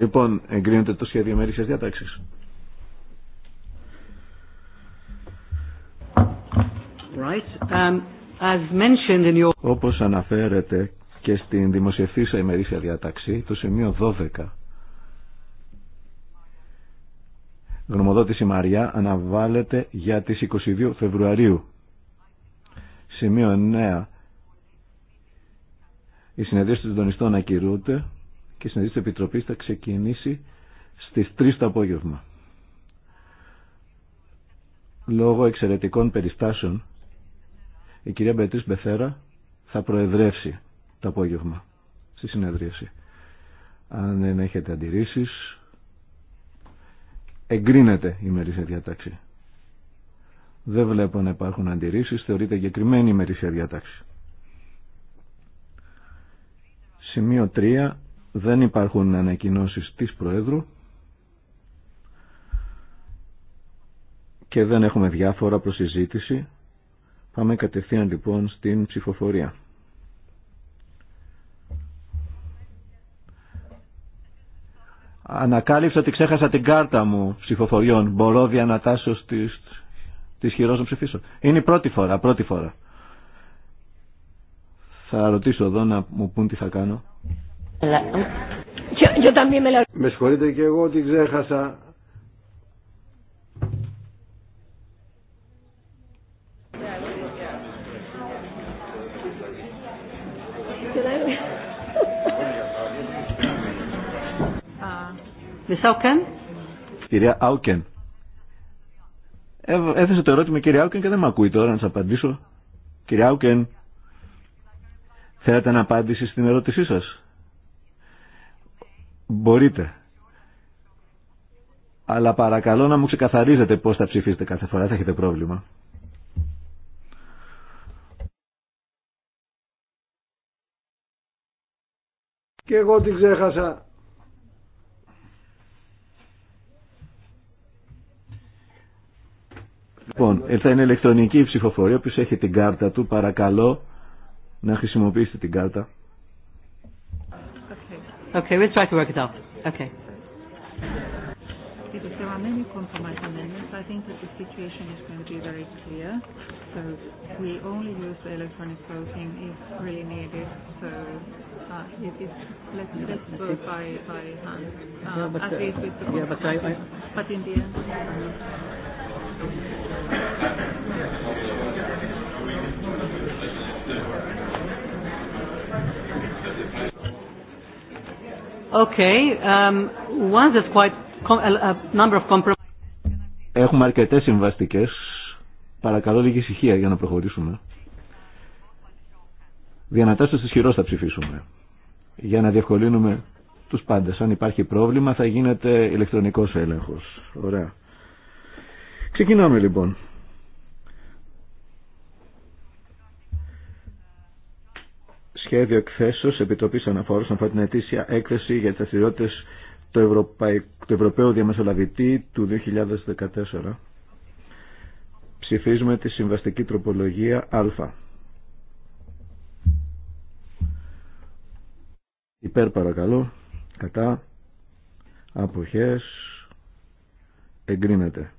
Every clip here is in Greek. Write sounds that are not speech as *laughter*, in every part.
Λοιπόν, εγκρίνεται το σχέδιο μερικές διάταξης. Right. Um, as mentioned in your... Όπως αναφέρεται και στην δημοσιευθήσα ημερήσια διάταξη, το σημείο 12. Γνωμοδότηση Μαριά αναβάλλεται για τις 22 Φεβρουαρίου. Σημείο 9 η συνεδρίαση του συντονιστών ακυρούνται και η συνεδρίαση της Επιτροπής θα ξεκινήσει στις 3 το απόγευμα. Λόγω εξαιρετικών περιστάσεων, η κυρία Μπετρίς Μπεθέρα θα προεδρεύσει το απόγευμα στη συνεδρίαση. Αν δεν έχετε αντιρρήσεις, εγκρίνεται η μερίσια διατάξη. Δεν βλέπω να υπάρχουν αντιρρήσεις, θεωρείται εγκεκριμένη η μερίσια διατάξη. Σημείο 3. Δεν υπάρχουν ανακοινώσεις της Προέδρου και δεν έχουμε διάφορα προς Πάμε κατευθείαν λοιπόν στην ψηφοφορία. Ανακάλυψα ότι ξέχασα την κάρτα μου ψηφοφοριών. Μπορώ διανατάσσω στις της χειρός να ψηφίσω. Είναι η πρώτη φορά, πρώτη φορά. Θα ρωτήσω εδώ να μου πούν τι θα κάνω. Με συγχωρείτε και εγώ ότι ξέχασα. Κυρία Άουκεν. Έθεσε το ερώτημα κυρία Άουκεν και δεν με ακούει τώρα να σας απαντήσω. Κυρία Άουκεν. Θέλετε να απάντηση στην ερώτησή σας. Μπορείτε. Αλλά παρακαλώ να μου ξεκαθαρίζετε πώς θα ψηφίσετε κάθε φορά. Θα έχετε πρόβλημα. Και εγώ την ξέχασα. Λοιπόν, θα είναι ηλεκτρονική ψηφοφορία. Όποιος έχει την κάρτα του, παρακαλώ να χρησιμοποιήσετε την κάρτα. Okay, okay we'll try to work it out. Okay. If there are many compromise amendments, I think that the situation is going to be very clear. So we only use the electronic voting if really needed. So uh, it is, let's, let's vote by, by hand. Uh, yeah, but, at least with the yeah, but, I, I... but in the end. Okay, um, quite a number of Έχουμε αρκετές συμβαστικές. Παρακαλώ λίγη ησυχία για να προχωρήσουμε. Διανατάσταση ισχυρός θα ψηφίσουμε. Για να διευκολύνουμε τους πάντες. Αν υπάρχει πρόβλημα θα γίνεται ηλεκτρονικός έλεγχος. Ωραία. Ξεκινάμε λοιπόν. σχέδιο εκθέσεως Επιτροπής Αναφόρων αφορά την ετήσια έκθεση για τις δραστηριότητε του, Ευρωπαίου Διαμεσολαβητή του 2014. Ψηφίζουμε τη συμβαστική τροπολογία Α. Υπέρ παρακαλώ, κατά, αποχές, εγκρίνεται.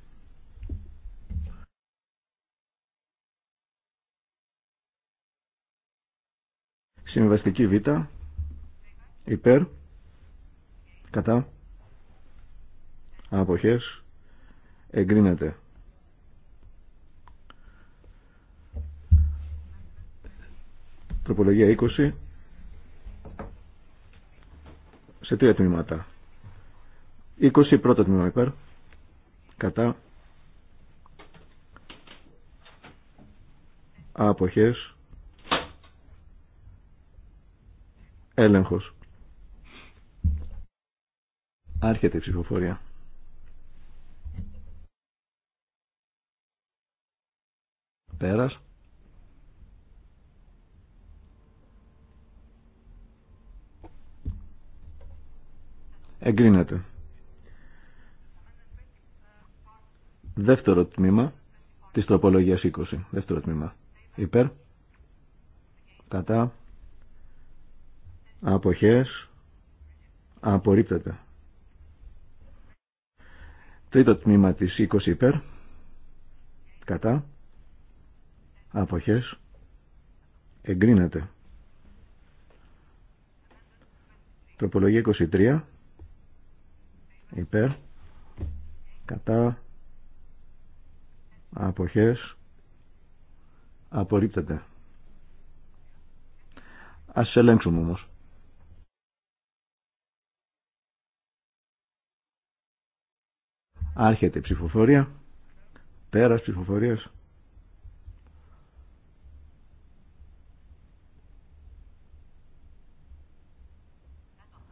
Συμβαστική Β. Υπέρ. Κατά. Αποχές. Εγκρίνεται. Τροπολογία 20. Σε τρία τμήματα. 20 πρώτο τμήμα υπέρ. Κατά. Αποχές έλεγχος. Άρχεται η ψηφοφορία. Πέρας. Εγκρίνεται. Δεύτερο τμήμα της τροπολογίας 20. Δεύτερο τμήμα. Υπέρ. Κατά αποχές απορρίπτεται. Τρίτο τμήμα της 20 υπέρ κατά αποχές εγκρίνεται. Τροπολογία 23 υπέρ κατά αποχές απορρίπτεται. Ας ελέγξουμε όμως. Άρχεται ψηφοφορία. Πέρας ψηφοφορίας.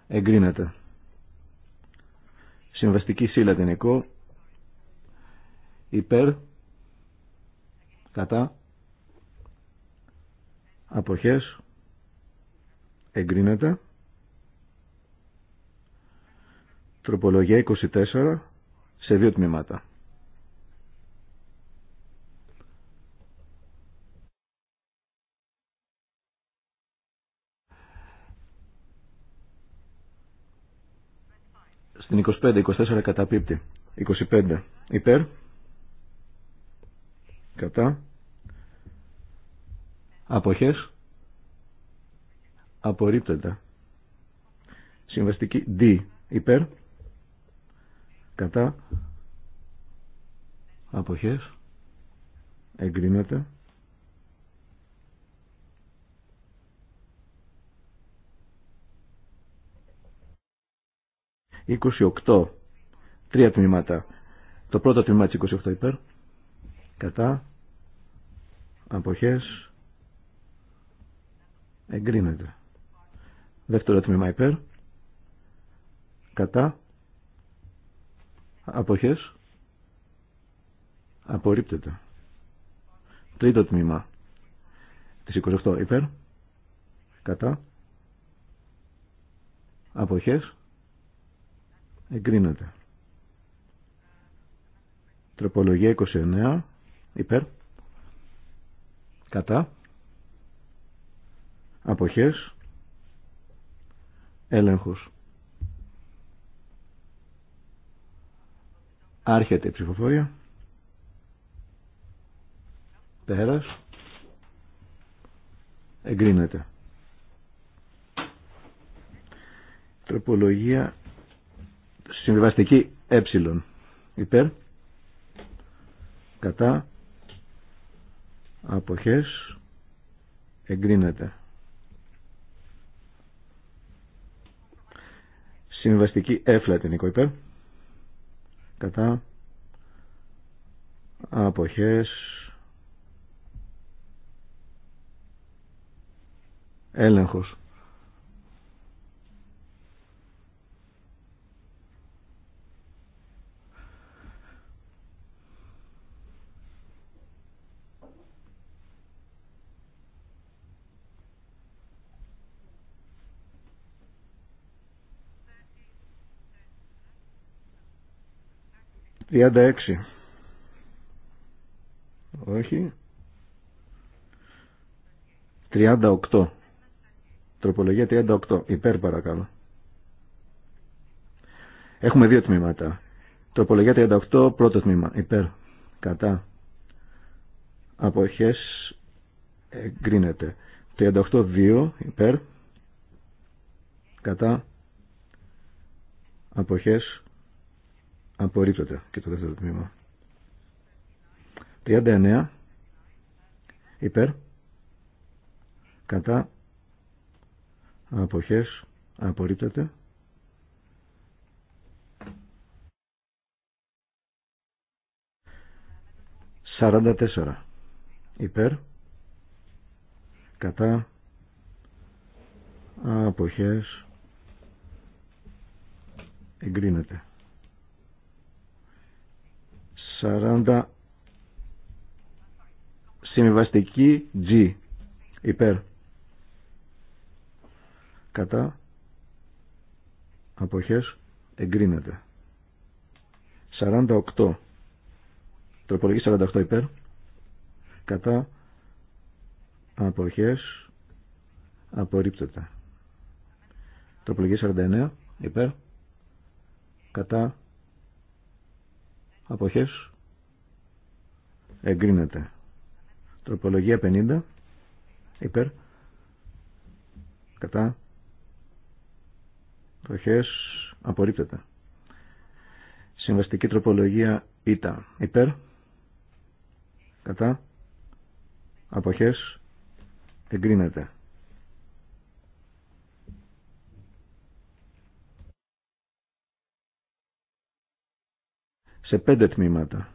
Εγκρίνεται. Συμβαστική σύλλα Υπέρ. Κατά. Αποχές. Εγκρίνεται. Τροπολογία 24 σε δύο τμήματα. Στην 25, 24 καταπίπτει. 25 υπέρ. Κατά. Αποχές. Απορρίπτεται. Συμβαστική D υπέρ κατά αποχές εγκρίνεται Είκοσι οκτώ, τρία τμήματα. Το πρώτο τμήμα της 28 υπέρ, κατά, αποχές, εγκρίνεται. Δεύτερο τμήμα υπέρ, κατά, Αποχές. Απορρίπτεται. Τρίτο τμήμα. Της 28 υπέρ. Κατά. Αποχές. Εγκρίνεται. Τροπολογία 29 υπέρ. Κατά. Αποχές. Έλεγχος. Άρχεται η ψηφοφορία. Πέρας. Εγκρίνεται. Τροπολογία συμβιβαστική ε. Υπέρ. Κατά. Αποχές. Εγκρίνεται. Συμβαστική F ε. τενικό υπέρ κατά αποχές έλεγχος 36. Όχι. 38. Τροπολογία 38. Υπέρ παρακαλώ. Έχουμε δύο τμήματα. Τροπολογία 38. Πρώτο τμήμα. Υπέρ. Κατά. Αποχές. Εγκρίνεται. 38.2. Υπέρ. Κατά. Αποχές. Απορρίπτεται και το δεύτερο τμήμα. 39 υπέρ κατά αποχές απορρίπτεται Σαράντα τέσσερα. Υπέρ. Κατά. Αποχές. Εγκρίνεται. 40 συμβιβαστική G υπέρ κατά αποχές εγκρίνεται 48 τροπολογή 48 υπέρ κατά αποχές απορρίπτεται τροπολογή 49 υπέρ κατά Αποχές. Εγκρίνεται. Τροπολογία 50. Υπέρ. Κατά. Αποχές. Απορρίπτεται. Συμβαστική τροπολογία Ήτα. Υπέρ. Κατά. Αποχές. Εγκρίνεται. σε πέντε τμήματα.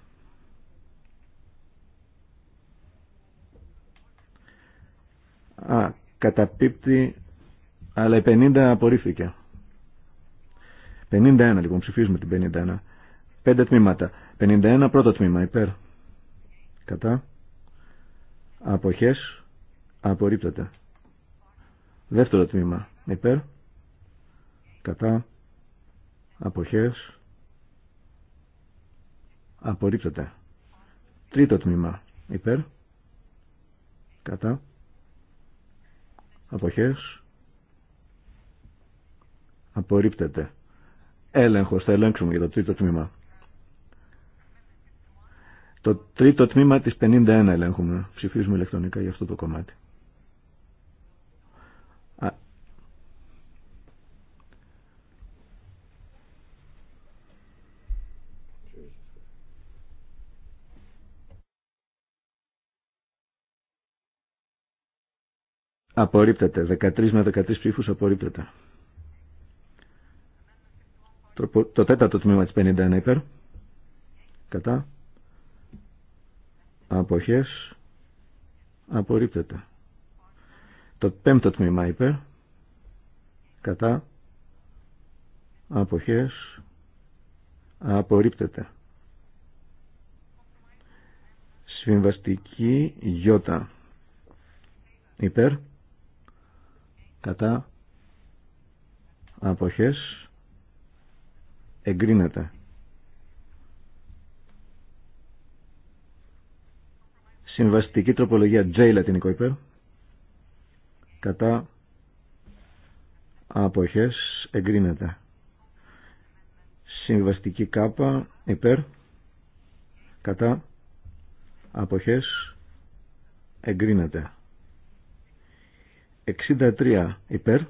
Α, καταπίπτει, αλλά η 50 απορρίφθηκε. 51 λοιπόν, ψηφίζουμε την 51. Πέντε τμήματα. 51 πρώτο τμήμα, υπέρ. Κατά. Αποχές. Απορρίπτεται. Δεύτερο τμήμα, υπέρ. Κατά. Αποχές. Απορρίπτεται. Τρίτο τμήμα. Υπέρ. Κατά. Αποχές. Απορρίπτεται. Έλεγχος. Θα ελέγξουμε για το τρίτο τμήμα. Το τρίτο τμήμα της 51 ελέγχουμε. Ψηφίζουμε ηλεκτρονικά για αυτό το κομμάτι. Απορρίπτεται. 13 με 13 ψήφους απορρίπτεται. Το, το τέταρτο τμήμα της 51 υπέρ. Κατά. Αποχές. Απορρίπτεται. Το πέμπτο τμήμα υπέρ. Κατά. Αποχές. Απορρίπτεται. Συμβαστική γιώτα. Υπέρ κατά αποχές εγκρίνεται. Συμβαστική τροπολογία J λατινικό υπέρ κατά αποχές εγκρίνεται. Συμβαστική K υπέρ κατά αποχές εγκρίνεται. 63 υπέρ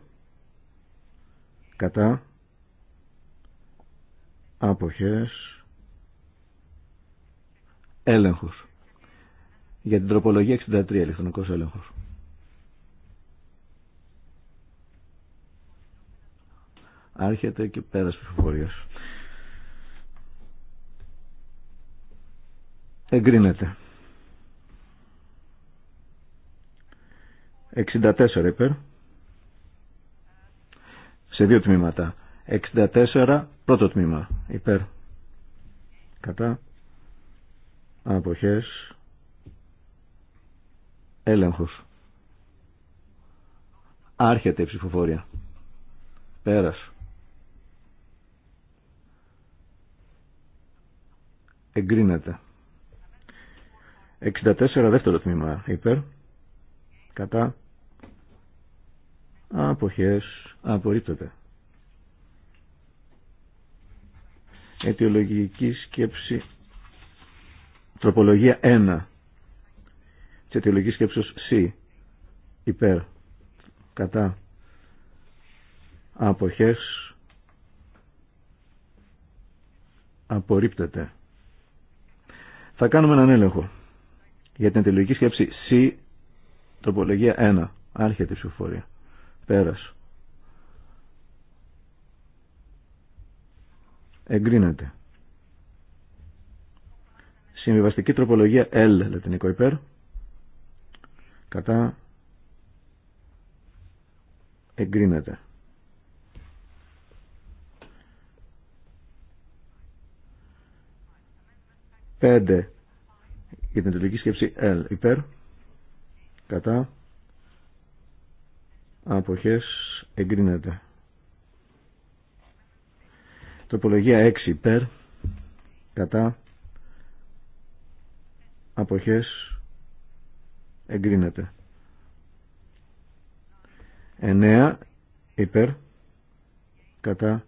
κατά άποχες έλεγχος για την τροπολογία 63 ηλεκτρονικός έλεγχος άρχεται και πέρας ψηφοφορίας εγκρίνεται 64 υπέρ. Σε δύο τμήματα. 64 πρώτο τμήμα υπέρ. Κατά. Αποχές. Έλεγχος. Άρχεται η ψηφοφορία. Πέρας. Εγκρίνεται. 64 δεύτερο τμήμα υπέρ. Κατά. Αποχές. Απορρίπτεται. Αιτιολογική σκέψη. Τροπολογία 1. Της αιτιολογικής σκέψης C. Υπέρ. Κατά. Αποχές. Απορρίπτεται. Θα κάνουμε έναν έλεγχο. Για την αιτιολογική σκέψη C. Τροπολογία 1. Άρχεται η ψηφοφορία. Πέρας. Εγκρίνεται. Συμβιβαστική τροπολογία L, λατινικό υπέρ. Κατά. Εγκρίνεται. Πέντε. Για την τελική σκέψη L, υπέρ. Κατά αποχές εγκρίνεται. Τοπολογία 6 υπέρ κατά αποχές εγκρίνεται. 9 υπέρ κατά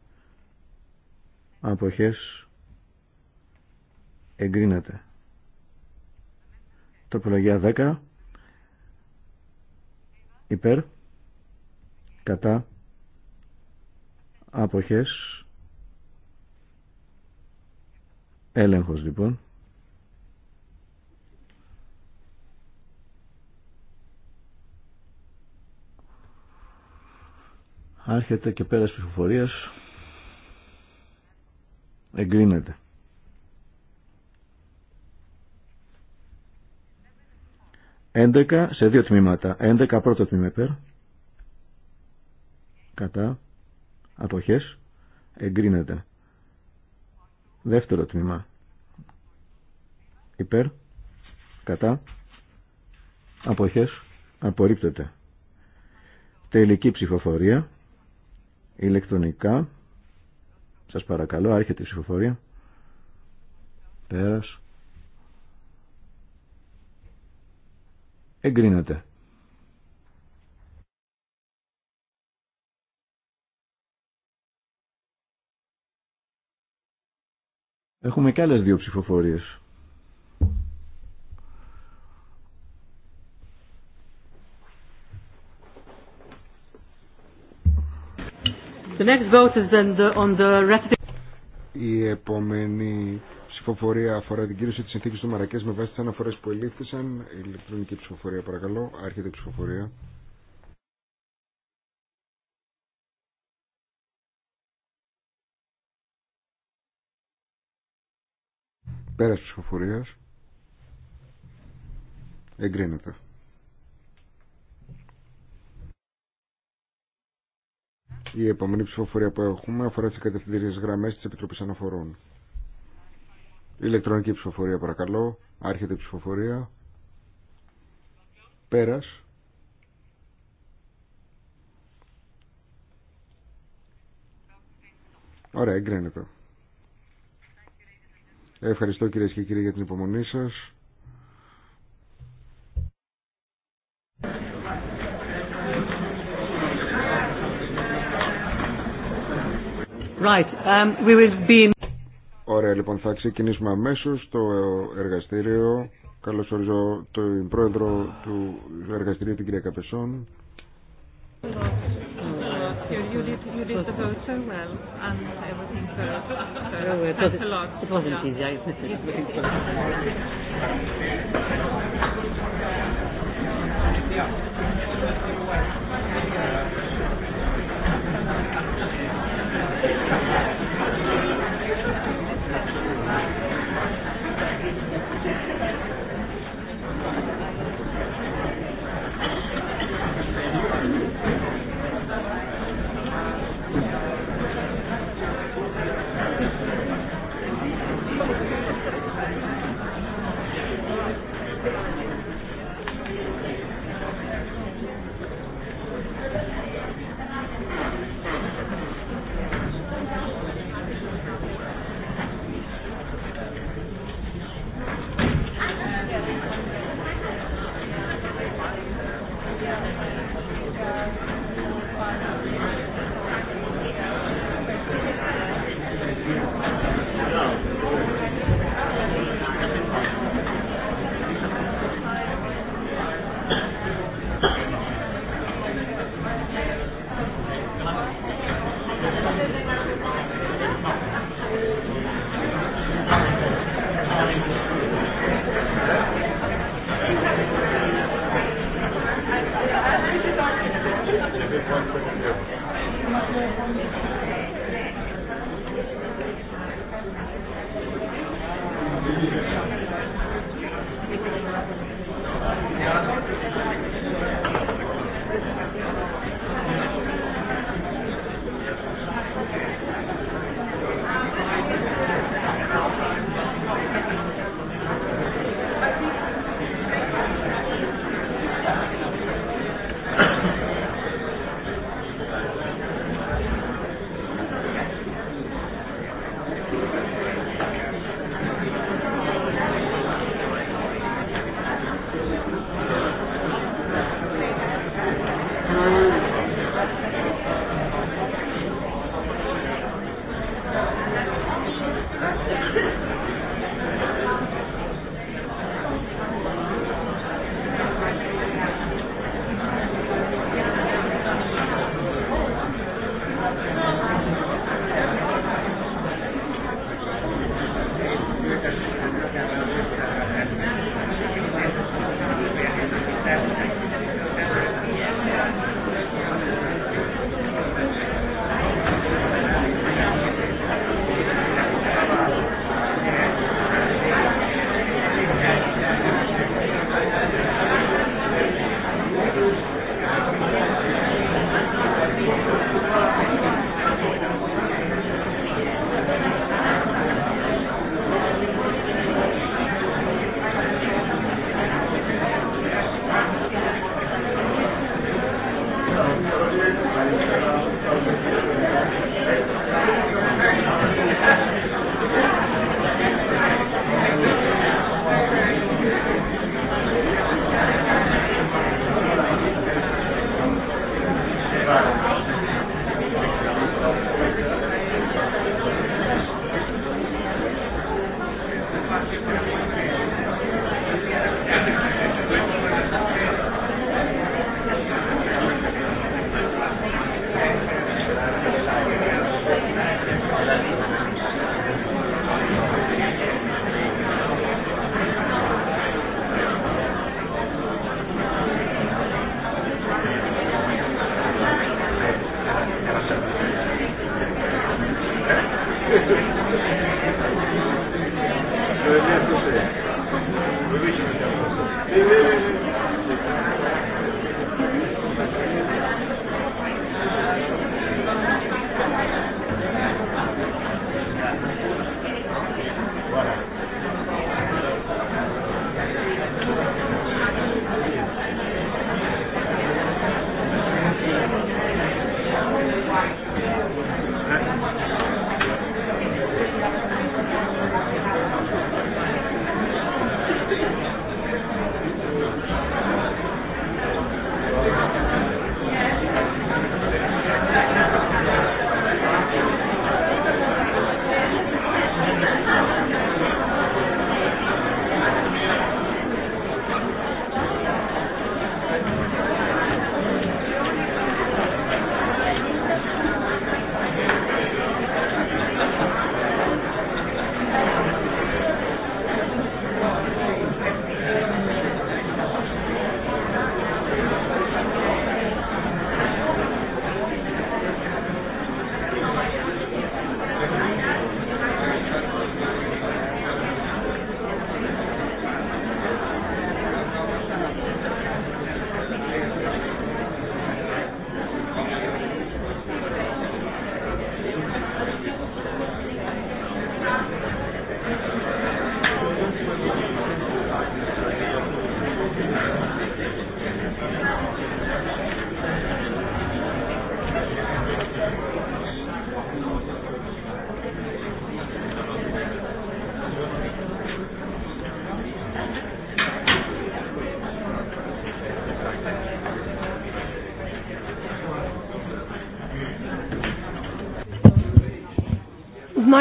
αποχές εγκρίνεται. Τοπολογία 10 υπέρ κατά άποχες έλεγχος λοιπόν άρχεται και πέρας ψηφοφορίας εγκρίνεται έντεκα σε δύο τμήματα έντεκα πρώτο τμήμα υπέρ κατά αποχές εγκρίνεται δεύτερο τμήμα υπέρ κατά αποχές απορρίπτεται τελική ψηφοφορία ηλεκτρονικά σας παρακαλώ άρχεται η ψηφοφορία πέρας εγκρίνεται Έχουμε και άλλες δύο ψηφοφορίες. The next vote is the, on the Η επόμενη ψηφοφορία αφορά την κύρωση της συνθήκης του Μαρακές με βάση τις αναφορές που ελήφθησαν. Η ηλεκτρονική ψηφοφορία παρακαλώ. Άρχεται η ψηφοφορία. Πέρας ψηφοφορίας. Εγκρίνεται. Η επόμενη ψηφοφορία που έχουμε αφορά τι κατευθυντήριε γραμμέ τη Επιτροπή Αναφορών. Ηλεκτρονική ψηφοφορία, παρακαλώ. Άρχεται η ψηφοφορία. Πέρα. Ωραία, εγκρίνεται. Ευχαριστώ κύριε και κύριοι για την υπομονή σα. Right. Um, we will be... Ωραία, λοιπόν, θα ξεκινήσουμε αμέσω το εργαστήριο. Καλώς ορίζω τον πρόεδρο του εργαστηρίου, την κυρία Καπεσόν you. You did, you did the vote so well and everything so, so it thanks a lot. It wasn't easy. I admit it.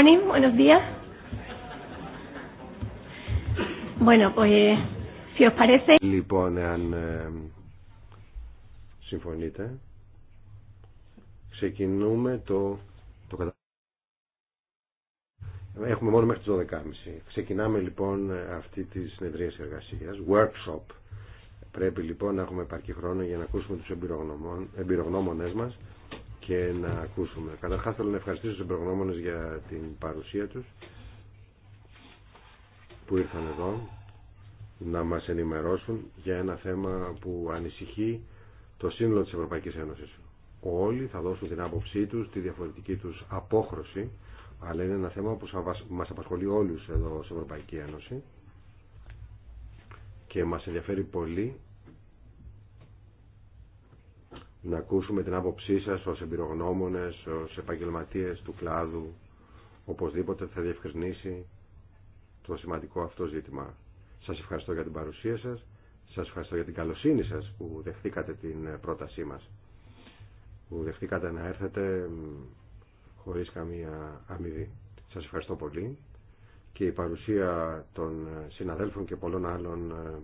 morning, buenos días. Bueno, pues, si os parece... Λοιπόν, αν ε, συμφωνείτε, ξεκινούμε το... το Έχουμε μόνο μέχρι το 12.30. Ξεκινάμε λοιπόν ε, αυτή τη συνεδρία εργασία, workshop. Πρέπει λοιπόν να έχουμε επαρκή χρόνο για να ακούσουμε τους εμπειρογνώμονες μας και να ακούσουμε. Καταρχά θέλω να ευχαριστήσω του για την παρουσία τους που ήρθαν εδώ να μας ενημερώσουν για ένα θέμα που ανησυχεί το σύνολο της Ευρωπαϊκής Ένωσης. Όλοι θα δώσουν την άποψή τους, τη διαφορετική τους απόχρωση, αλλά είναι ένα θέμα που μας απασχολεί όλους εδώ στην Ευρωπαϊκή Ένωση και μας ενδιαφέρει πολύ να ακούσουμε την άποψή σας ως εμπειρογνώμονες, ως επαγγελματίες του κλάδου, οπωσδήποτε θα διευκρινίσει το σημαντικό αυτό ζήτημα. Σας ευχαριστώ για την παρουσία σας, σας ευχαριστώ για την καλοσύνη σας που δεχτήκατε την πρότασή μας, που δεχτήκατε να έρθετε χωρίς καμία αμοιβή. Σας ευχαριστώ πολύ και η παρουσία των συναδέλφων και πολλών άλλων ε,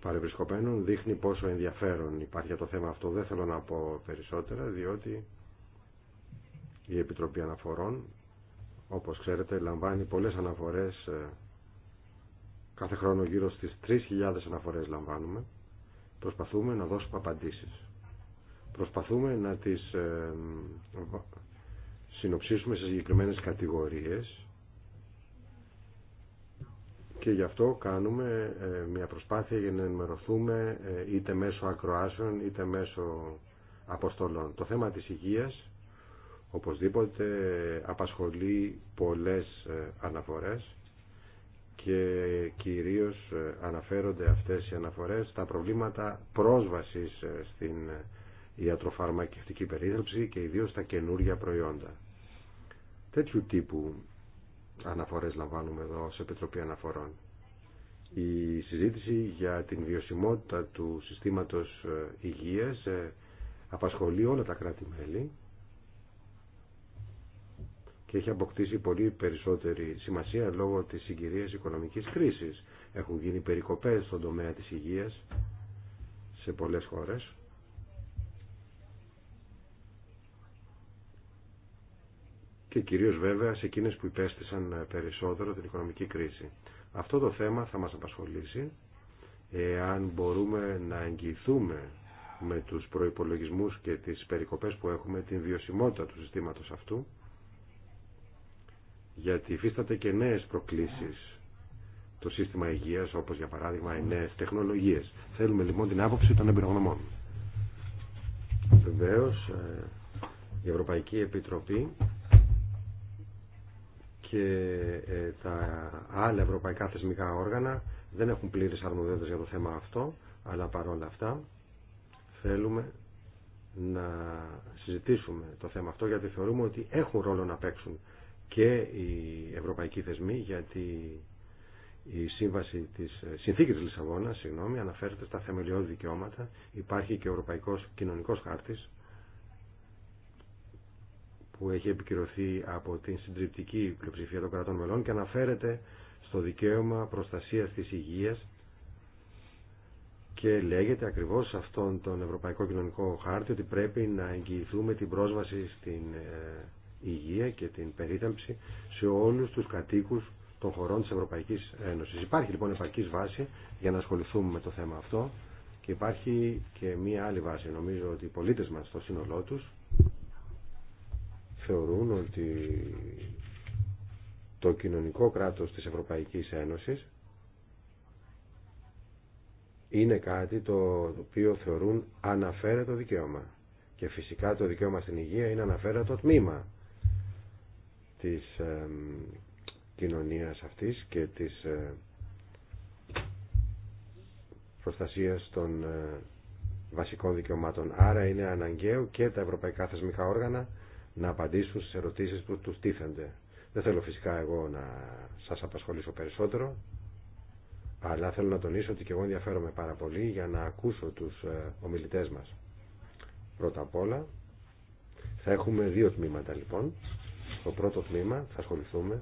παρευρισκομένων δείχνει πόσο ενδιαφέρον υπάρχει για το θέμα αυτό. Δεν θέλω να πω περισσότερα διότι η Επιτροπή Αναφορών όπως ξέρετε λαμβάνει πολλές αναφορές ε, κάθε χρόνο γύρω στις 3.000 αναφορές λαμβάνουμε προσπαθούμε να δώσουμε απαντήσεις προσπαθούμε να τις ε, συνοψίσουμε σε συγκεκριμένες κατηγορίες και γι' αυτό κάνουμε ε, μια προσπάθεια για να ενημερωθούμε ε, είτε μέσω ακροάσεων είτε μέσω αποστολών. Το θέμα της υγείας οπωσδήποτε απασχολεί πολλές ε, αναφορές και κυρίως αναφέρονται αυτές οι αναφορές στα προβλήματα πρόσβασης στην ιατροφαρμακευτική περίθαλψη και ιδίως στα καινούργια προϊόντα. Τέτοιου τύπου αναφορές λαμβάνουμε εδώ σε Επιτροπή Αναφορών. Η συζήτηση για την βιωσιμότητα του συστήματος ε, υγείας ε, απασχολεί όλα τα κράτη-μέλη και έχει αποκτήσει πολύ περισσότερη σημασία λόγω της συγκυρίας οικονομικής κρίσης. Έχουν γίνει περικοπές στον τομέα της υγείας σε πολλές χώρες και κυρίως βέβαια σε εκείνες που υπέστησαν ε, περισσότερο την οικονομική κρίση. Αυτό το θέμα θα μας απασχολήσει εάν μπορούμε να εγγυηθούμε με τους προϋπολογισμούς και τις περικοπές που έχουμε την βιωσιμότητα του συστήματος αυτού γιατί υφίσταται και νέες προκλήσεις το σύστημα υγείας όπως για παράδειγμα οι νέες τεχνολογίες. Θέλουμε λοιπόν την άποψη των εμπειρογνωμών. Βεβαίως ε, η Ευρωπαϊκή Επιτροπή και ε, τα άλλα ευρωπαϊκά θεσμικά όργανα δεν έχουν πλήρες αρμοδιότητες για το θέμα αυτό, αλλά παρόλα αυτά θέλουμε να συζητήσουμε το θέμα αυτό γιατί θεωρούμε ότι έχουν ρόλο να παίξουν και οι ευρωπαϊκοί θεσμοί γιατί η σύμβαση της ε, συνθήκη της Λισαβόνας συγγνώμη, αναφέρεται στα θεμελιώδη δικαιώματα υπάρχει και ο Ευρωπαϊκός Κοινωνικός Χάρτης που έχει επικυρωθεί από την συντριπτική πλειοψηφία των κρατών μελών και αναφέρεται στο δικαίωμα προστασίας της υγείας και λέγεται ακριβώς σε αυτόν τον Ευρωπαϊκό Κοινωνικό Χάρτη ότι πρέπει να εγγυηθούμε την πρόσβαση στην ε, υγεία και την περίθαλψη σε όλους τους κατοίκους των χωρών της Ευρωπαϊκής Ένωσης. Υπάρχει λοιπόν επαρκής βάση για να ασχοληθούμε με το θέμα αυτό και υπάρχει και μία άλλη βάση. Νομίζω ότι οι πολίτες μας στο σύνολό τους θεωρούν ότι το κοινωνικό κράτος της Ευρωπαϊκής Ένωσης είναι κάτι το οποίο θεωρούν αναφέρετο δικαίωμα. Και φυσικά το δικαίωμα στην υγεία είναι αναφέρετο τμήμα της κοινωνίας αυτής και της ε, προστασίας των ε, βασικών δικαιωμάτων. Άρα είναι αναγκαίο και τα ευρωπαϊκά θεσμικά όργανα να απαντήσουν στις ερωτήσεις που τους τίθενται. Δεν θέλω φυσικά εγώ να σας απασχολήσω περισσότερο, αλλά θέλω να τονίσω ότι και εγώ ενδιαφέρομαι πάρα πολύ για να ακούσω τους ε, ομιλητές μας. Πρώτα απ' όλα, θα έχουμε δύο τμήματα λοιπόν. Το πρώτο τμήμα θα ασχοληθούμε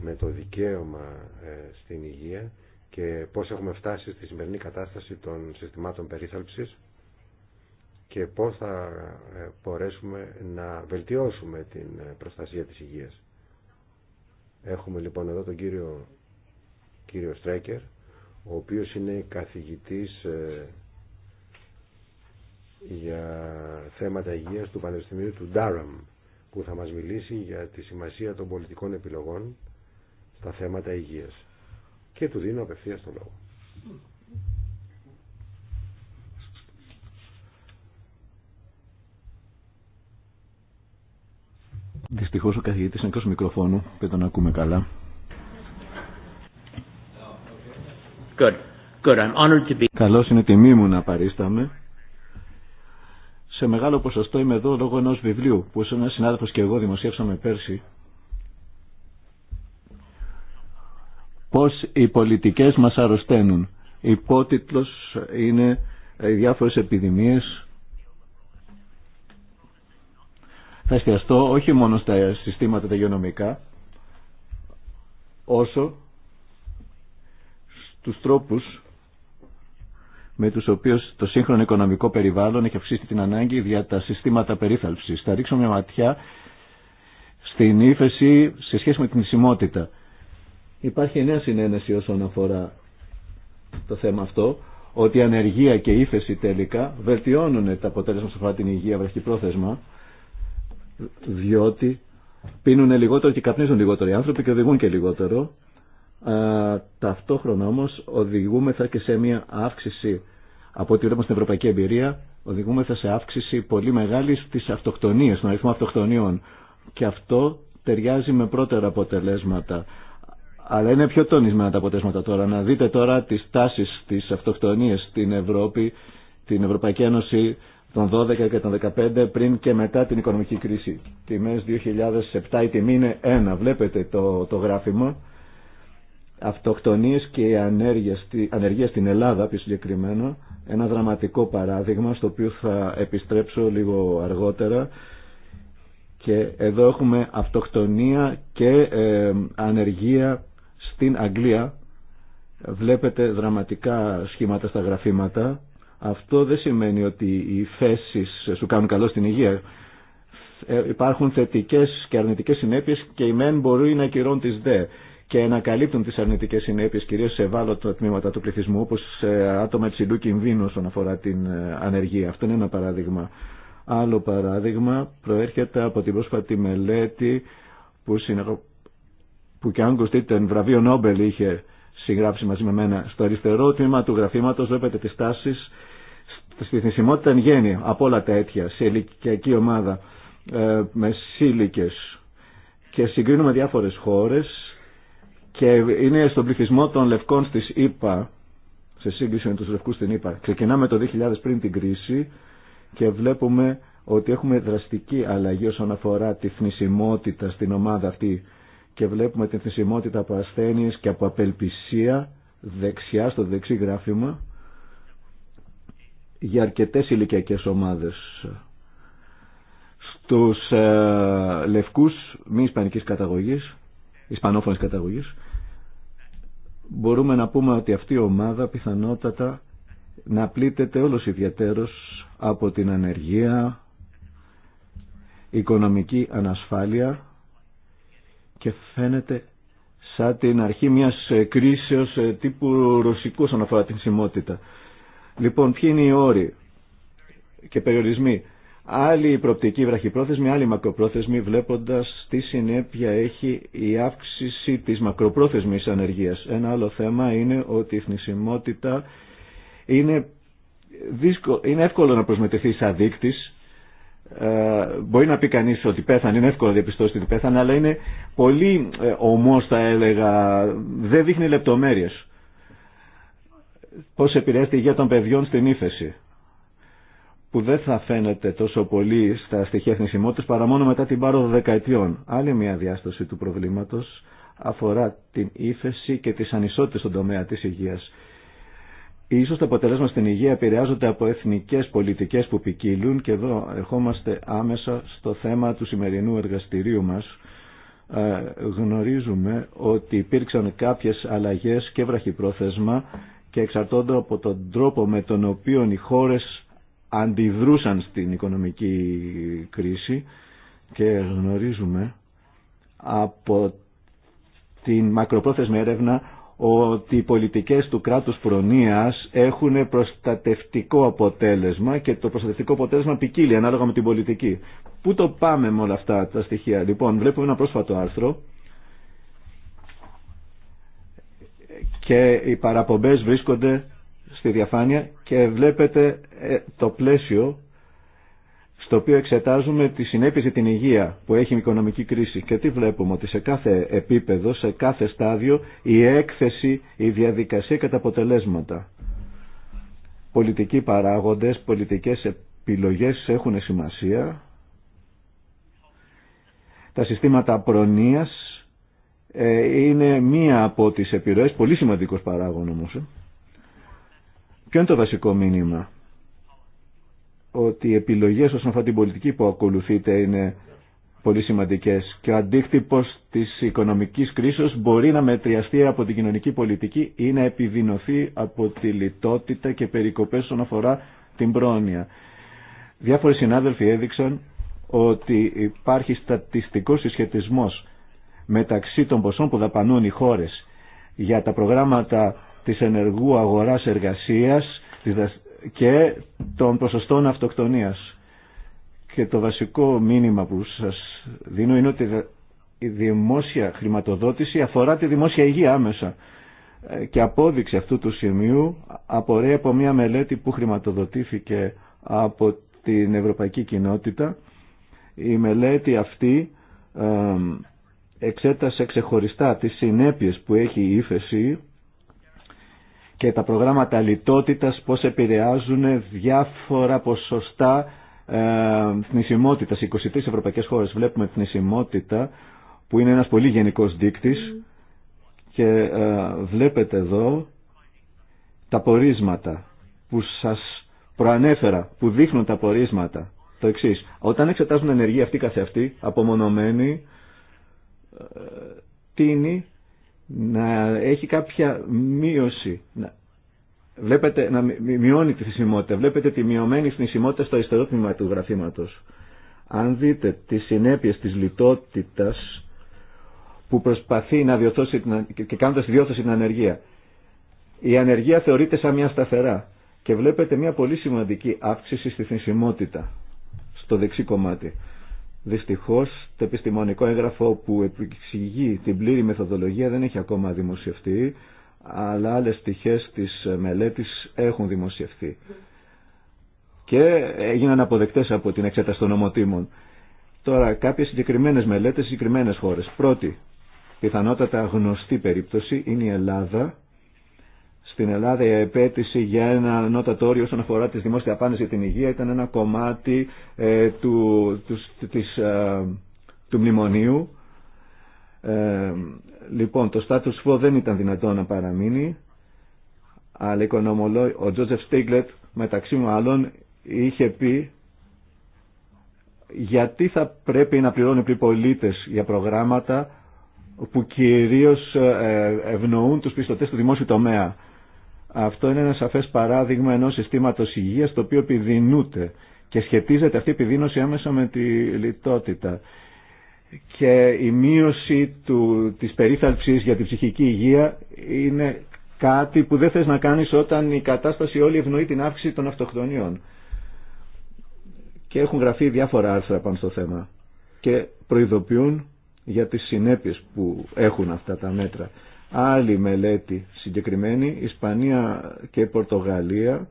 με το δικαίωμα ε, στην υγεία και πώς έχουμε φτάσει στη σημερινή κατάσταση των συστημάτων περίθαλψης και πώς θα ε, μπορέσουμε να βελτιώσουμε την ε, προστασία της υγείας. Έχουμε λοιπόν εδώ τον κύριο, κύριο Στρέκερ, ο οποίος είναι καθηγητής ε, για θέματα υγείας του Πανεπιστημίου του Ντάραμ, που θα μας μιλήσει για τη σημασία των πολιτικών επιλογών στα θέματα υγείας. Και του δίνω απευθείας τον λόγο. Δυστυχώς ο καθηγητής είναι εκτός μικροφώνου, και τον ακούμε καλά. Good. Καλώς είναι τιμή μου να παρίσταμαι. Σε μεγάλο ποσοστό είμαι εδώ λόγω ενός βιβλίου που ένα συνάδελφος και εγώ δημοσίευσαμε πέρσι. Πώς οι πολιτικές μας αρρωσταίνουν. Υπότιτλος είναι οι ε, διάφορες επιδημίες θα εστιαστώ όχι μόνο στα συστήματα τα υγειονομικά, όσο στους τρόπους με τους οποίους το σύγχρονο οικονομικό περιβάλλον έχει αυξήσει την ανάγκη για τα συστήματα περίθαλψης. Θα ρίξω μια ματιά στην ύφεση σε σχέση με την σημότητα. Υπάρχει νέα συνένεση όσον αφορά το θέμα αυτό, ότι η ανεργία και η ύφεση τελικά βελτιώνουν τα αποτέλεσμα σε αφορά την υγεία βραχυπρόθεσμα. πρόθεσμα διότι πίνουν λιγότερο και καπνίζουν λιγότερο οι άνθρωποι και οδηγούν και λιγότερο. ταυτόχρονα όμως οδηγούμεθα και σε μια αύξηση από ό,τι βλέπουμε στην ευρωπαϊκή εμπειρία, οδηγούμεθα σε αύξηση πολύ μεγάλη στις αυτοκτονίες, στον αριθμό αυτοκτονιών. Και αυτό ταιριάζει με πρώτερα αποτελέσματα. Αλλά είναι πιο τονισμένα τα αποτελέσματα τώρα. Να δείτε τώρα τις τάσεις, τη αυτοκτονία στην Ευρώπη, την Ευρωπαϊκή Ένωση τον 12 και τον 15 πριν και μετά την οικονομική κρίση. Τιμές 2007 η τιμή είναι ένα, Βλέπετε το, το γράφημα. Αυτοκτονίες και ανέργεια, ανεργία στην Ελλάδα πιο συγκεκριμένα. Ένα δραματικό παράδειγμα στο οποίο θα επιστρέψω λίγο αργότερα. Και εδώ έχουμε αυτοκτονία και ε, ανεργία στην Αγγλία. Βλέπετε δραματικά σχήματα στα γραφήματα αυτό δεν σημαίνει ότι οι θέσεις σου κάνουν καλό στην υγεία. Ε, υπάρχουν θετικές και αρνητικές συνέπειες και οι μεν μπορεί να ακυρώνουν τις δε και να καλύπτουν τις αρνητικές συνέπειες κυρίως σε ευάλωτα τμήματα του πληθυσμού όπως σε άτομα υψηλού κινδύνου όσον αφορά την ε, ανεργία. Αυτό είναι ένα παράδειγμα. Άλλο παράδειγμα προέρχεται από την πρόσφατη μελέτη που, συνεργο... που και αν κοστείτε βραβείο Νόμπελ είχε συγγράψει μαζί με μένα. Στο αριστερό τμήμα του γραφήματος βλέπετε τι τάσει στη θνησιμότητα εν γέννη από όλα τα αίτια σε ηλικιακή ομάδα ε, με σύλλικες και συγκρίνουμε διάφορες χώρες και είναι στον πληθυσμό των λευκών στις ΗΠΑ σε σύγκριση με τους λευκούς στην ΗΠΑ. Ξεκινάμε το 2000 πριν την κρίση και βλέπουμε ότι έχουμε δραστική αλλαγή όσον αφορά τη θνησιμότητα στην ομάδα αυτή και βλέπουμε την θνησιμότητα από ασθένειες και από απελπισία δεξιά στο δεξί γράφημα για αρκετές ηλικιακές ομάδες. Στους ε, λευκούς μη ισπανικής καταγωγής, ισπανόφωνης καταγωγής, μπορούμε να πούμε ότι αυτή η ομάδα πιθανότατα να πλήττεται όλος ιδιαίτερος από την ανεργία, οικονομική ανασφάλεια και φαίνεται σαν την αρχή μιας κρίσεως ε, τύπου ρωσικού όσον αφορά την σημότητα. Λοιπόν, ποιοι είναι οι όροι και περιορισμοί. Άλλη προπτική βραχυπρόθεσμη, άλλη μακροπρόθεσμη, βλέποντας τι συνέπεια έχει η αύξηση της μακροπρόθεσμης ανεργία. Ένα άλλο θέμα είναι ότι η θνησιμότητα είναι, δύσκο είναι εύκολο να προσμετεθεί σαν δείκτης. Ε, μπορεί να πει κανείς ότι πέθανε, είναι εύκολο να διαπιστώσει ότι πέθανε, αλλά είναι πολύ ε, θα έλεγα, δεν δείχνει λεπτομέρειες πώς επηρεάζεται η υγεία των παιδιών στην ύφεση που δεν θα φαίνεται τόσο πολύ στα στοιχεία θνησιμότητας παρά μόνο μετά την πάροδο δεκαετιών. Άλλη μια διάσταση του προβλήματος αφορά την ύφεση και τις ανισότητες στον τομέα της υγείας. Ίσως τα αποτελέσματα στην υγεία επηρεάζονται από εθνικές πολιτικές που ποικίλουν και εδώ ερχόμαστε άμεσα στο θέμα του σημερινού εργαστηρίου μας. Ε, γνωρίζουμε ότι υπήρξαν κάποιες αλλαγές και βραχυπρόθεσμα και εξαρτώνται από τον τρόπο με τον οποίο οι χώρες αντιδρούσαν στην οικονομική κρίση και γνωρίζουμε από την μακροπρόθεσμη έρευνα ότι οι πολιτικές του κράτους προνοίας έχουν προστατευτικό αποτέλεσμα και το προστατευτικό αποτέλεσμα ποικίλει ανάλογα με την πολιτική. Πού το πάμε με όλα αυτά τα στοιχεία. Λοιπόν, βλέπουμε ένα πρόσφατο άρθρο και οι παραπομπές βρίσκονται στη διαφάνεια και βλέπετε ε, το πλαίσιο στο οποίο εξετάζουμε τη συνέπειση την υγεία που έχει η οικονομική κρίση και τι βλέπουμε ότι σε κάθε επίπεδο, σε κάθε στάδιο η έκθεση, η διαδικασία και τα αποτελέσματα. Πολιτικοί παράγοντες, πολιτικές επιλογές έχουν σημασία. Τα συστήματα προνοίας ε, είναι μία από τις επιρροές, πολύ σημαντικός παράγον, όμως. Ε. Ποιο είναι το βασικό μήνυμα. Ότι οι επιλογές όσον αφορά την πολιτική που ακολουθείτε είναι πολύ σημαντικές και ο αντίκτυπος της οικονομικής κρίσης μπορεί να μετριαστεί από την κοινωνική πολιτική ή να επιδεινωθεί από τη λιτότητα και περικοπές όσον αφορά την πρόνοια. Διάφοροι συνάδελφοι έδειξαν ότι υπάρχει στατιστικός συσχετισμός μεταξύ των ποσών που δαπανούν οι χώρες για τα προγράμματα της ενεργού αγοράς εργασίας και των ποσοστών αυτοκτονίας. Και το βασικό μήνυμα που σας δίνω είναι ότι η δημόσια χρηματοδότηση αφορά τη δημόσια υγεία άμεσα. Ε, και απόδειξη αυτού του σημείου απορρέει από μια μελέτη που χρηματοδοτήθηκε από την Ευρωπαϊκή Κοινότητα. Η μελέτη αυτή εξέτασε ξεχωριστά τις συνέπειες που έχει η ύφεση και τα προγράμματα λιτότητας πώς επηρεάζουν διάφορα ποσοστά ε, Σε 23 ευρωπαϊκές χώρες βλέπουμε θνησιμότητα που είναι ένας πολύ γενικός δείκτης mm. και ε, βλέπετε εδώ τα πορίσματα που σας προανέφερα, που δείχνουν τα πορίσματα. Το εξής, όταν εξετάζουν ενεργή αυτή καθεαυτή απομονωμένη, τίνει να έχει κάποια μείωση. Να, βλέπετε, να μειώνει τη θυσιμότητα Βλέπετε τη μειωμένη θυσιμότητα στο αριστερό τμήμα του γραφήματος. Αν δείτε τις συνέπειες της λιτότητας που προσπαθεί να διορθώσει και κάνοντας τη διόρθωση την ανεργία. Η ανεργία θεωρείται σαν μια σταθερά και βλέπετε μια πολύ σημαντική αύξηση στη θνησιμότητα στο δεξί κομμάτι. Δυστυχώς το επιστημονικό έγγραφο που εξηγεί την πλήρη μεθοδολογία δεν έχει ακόμα δημοσιευτεί, αλλά άλλες στοιχές της μελέτης έχουν δημοσιευτεί. Και έγιναν αποδεκτές από την εξέταση των ομοτήμων. Τώρα κάποιες συγκεκριμένες μελέτες συγκεκριμένες χώρες. Πρώτη, πιθανότατα γνωστή περίπτωση είναι η Ελλάδα στην Ελλάδα η επέτηση για ένα νοτατόριο όσον αφορά τις δημόσια δαπάνες για την υγεία ήταν ένα κομμάτι ε, του, του, της, ε, του μνημονίου. Ε, λοιπόν, το status quo δεν ήταν δυνατό να παραμείνει, αλλά οικονομολό, ο Τζόζεφ Στίγκλετ μεταξύ μου άλλων είχε πει γιατί θα πρέπει να πληρώνουν οι πολίτες για προγράμματα που κυρίως ε, ευνοούν τους πιστωτές του δημόσιου τομέα. Αυτό είναι ένα σαφές παράδειγμα ενός συστήματος υγείας το οποίο επιδεινούται και σχετίζεται αυτή η επιδείνωση άμεσα με τη λιτότητα. Και η μείωση του, της περίθαλψης για την ψυχική υγεία είναι κάτι που δεν θες να κάνεις όταν η κατάσταση όλη ευνοεί την αύξηση των αυτοκτονιών. Και έχουν γραφεί διάφορα άρθρα πάνω στο θέμα και προειδοποιούν για τις συνέπειες που έχουν αυτά τα μέτρα. Άλλη μελέτη συγκεκριμένη, Ισπανία και Πορτογαλία,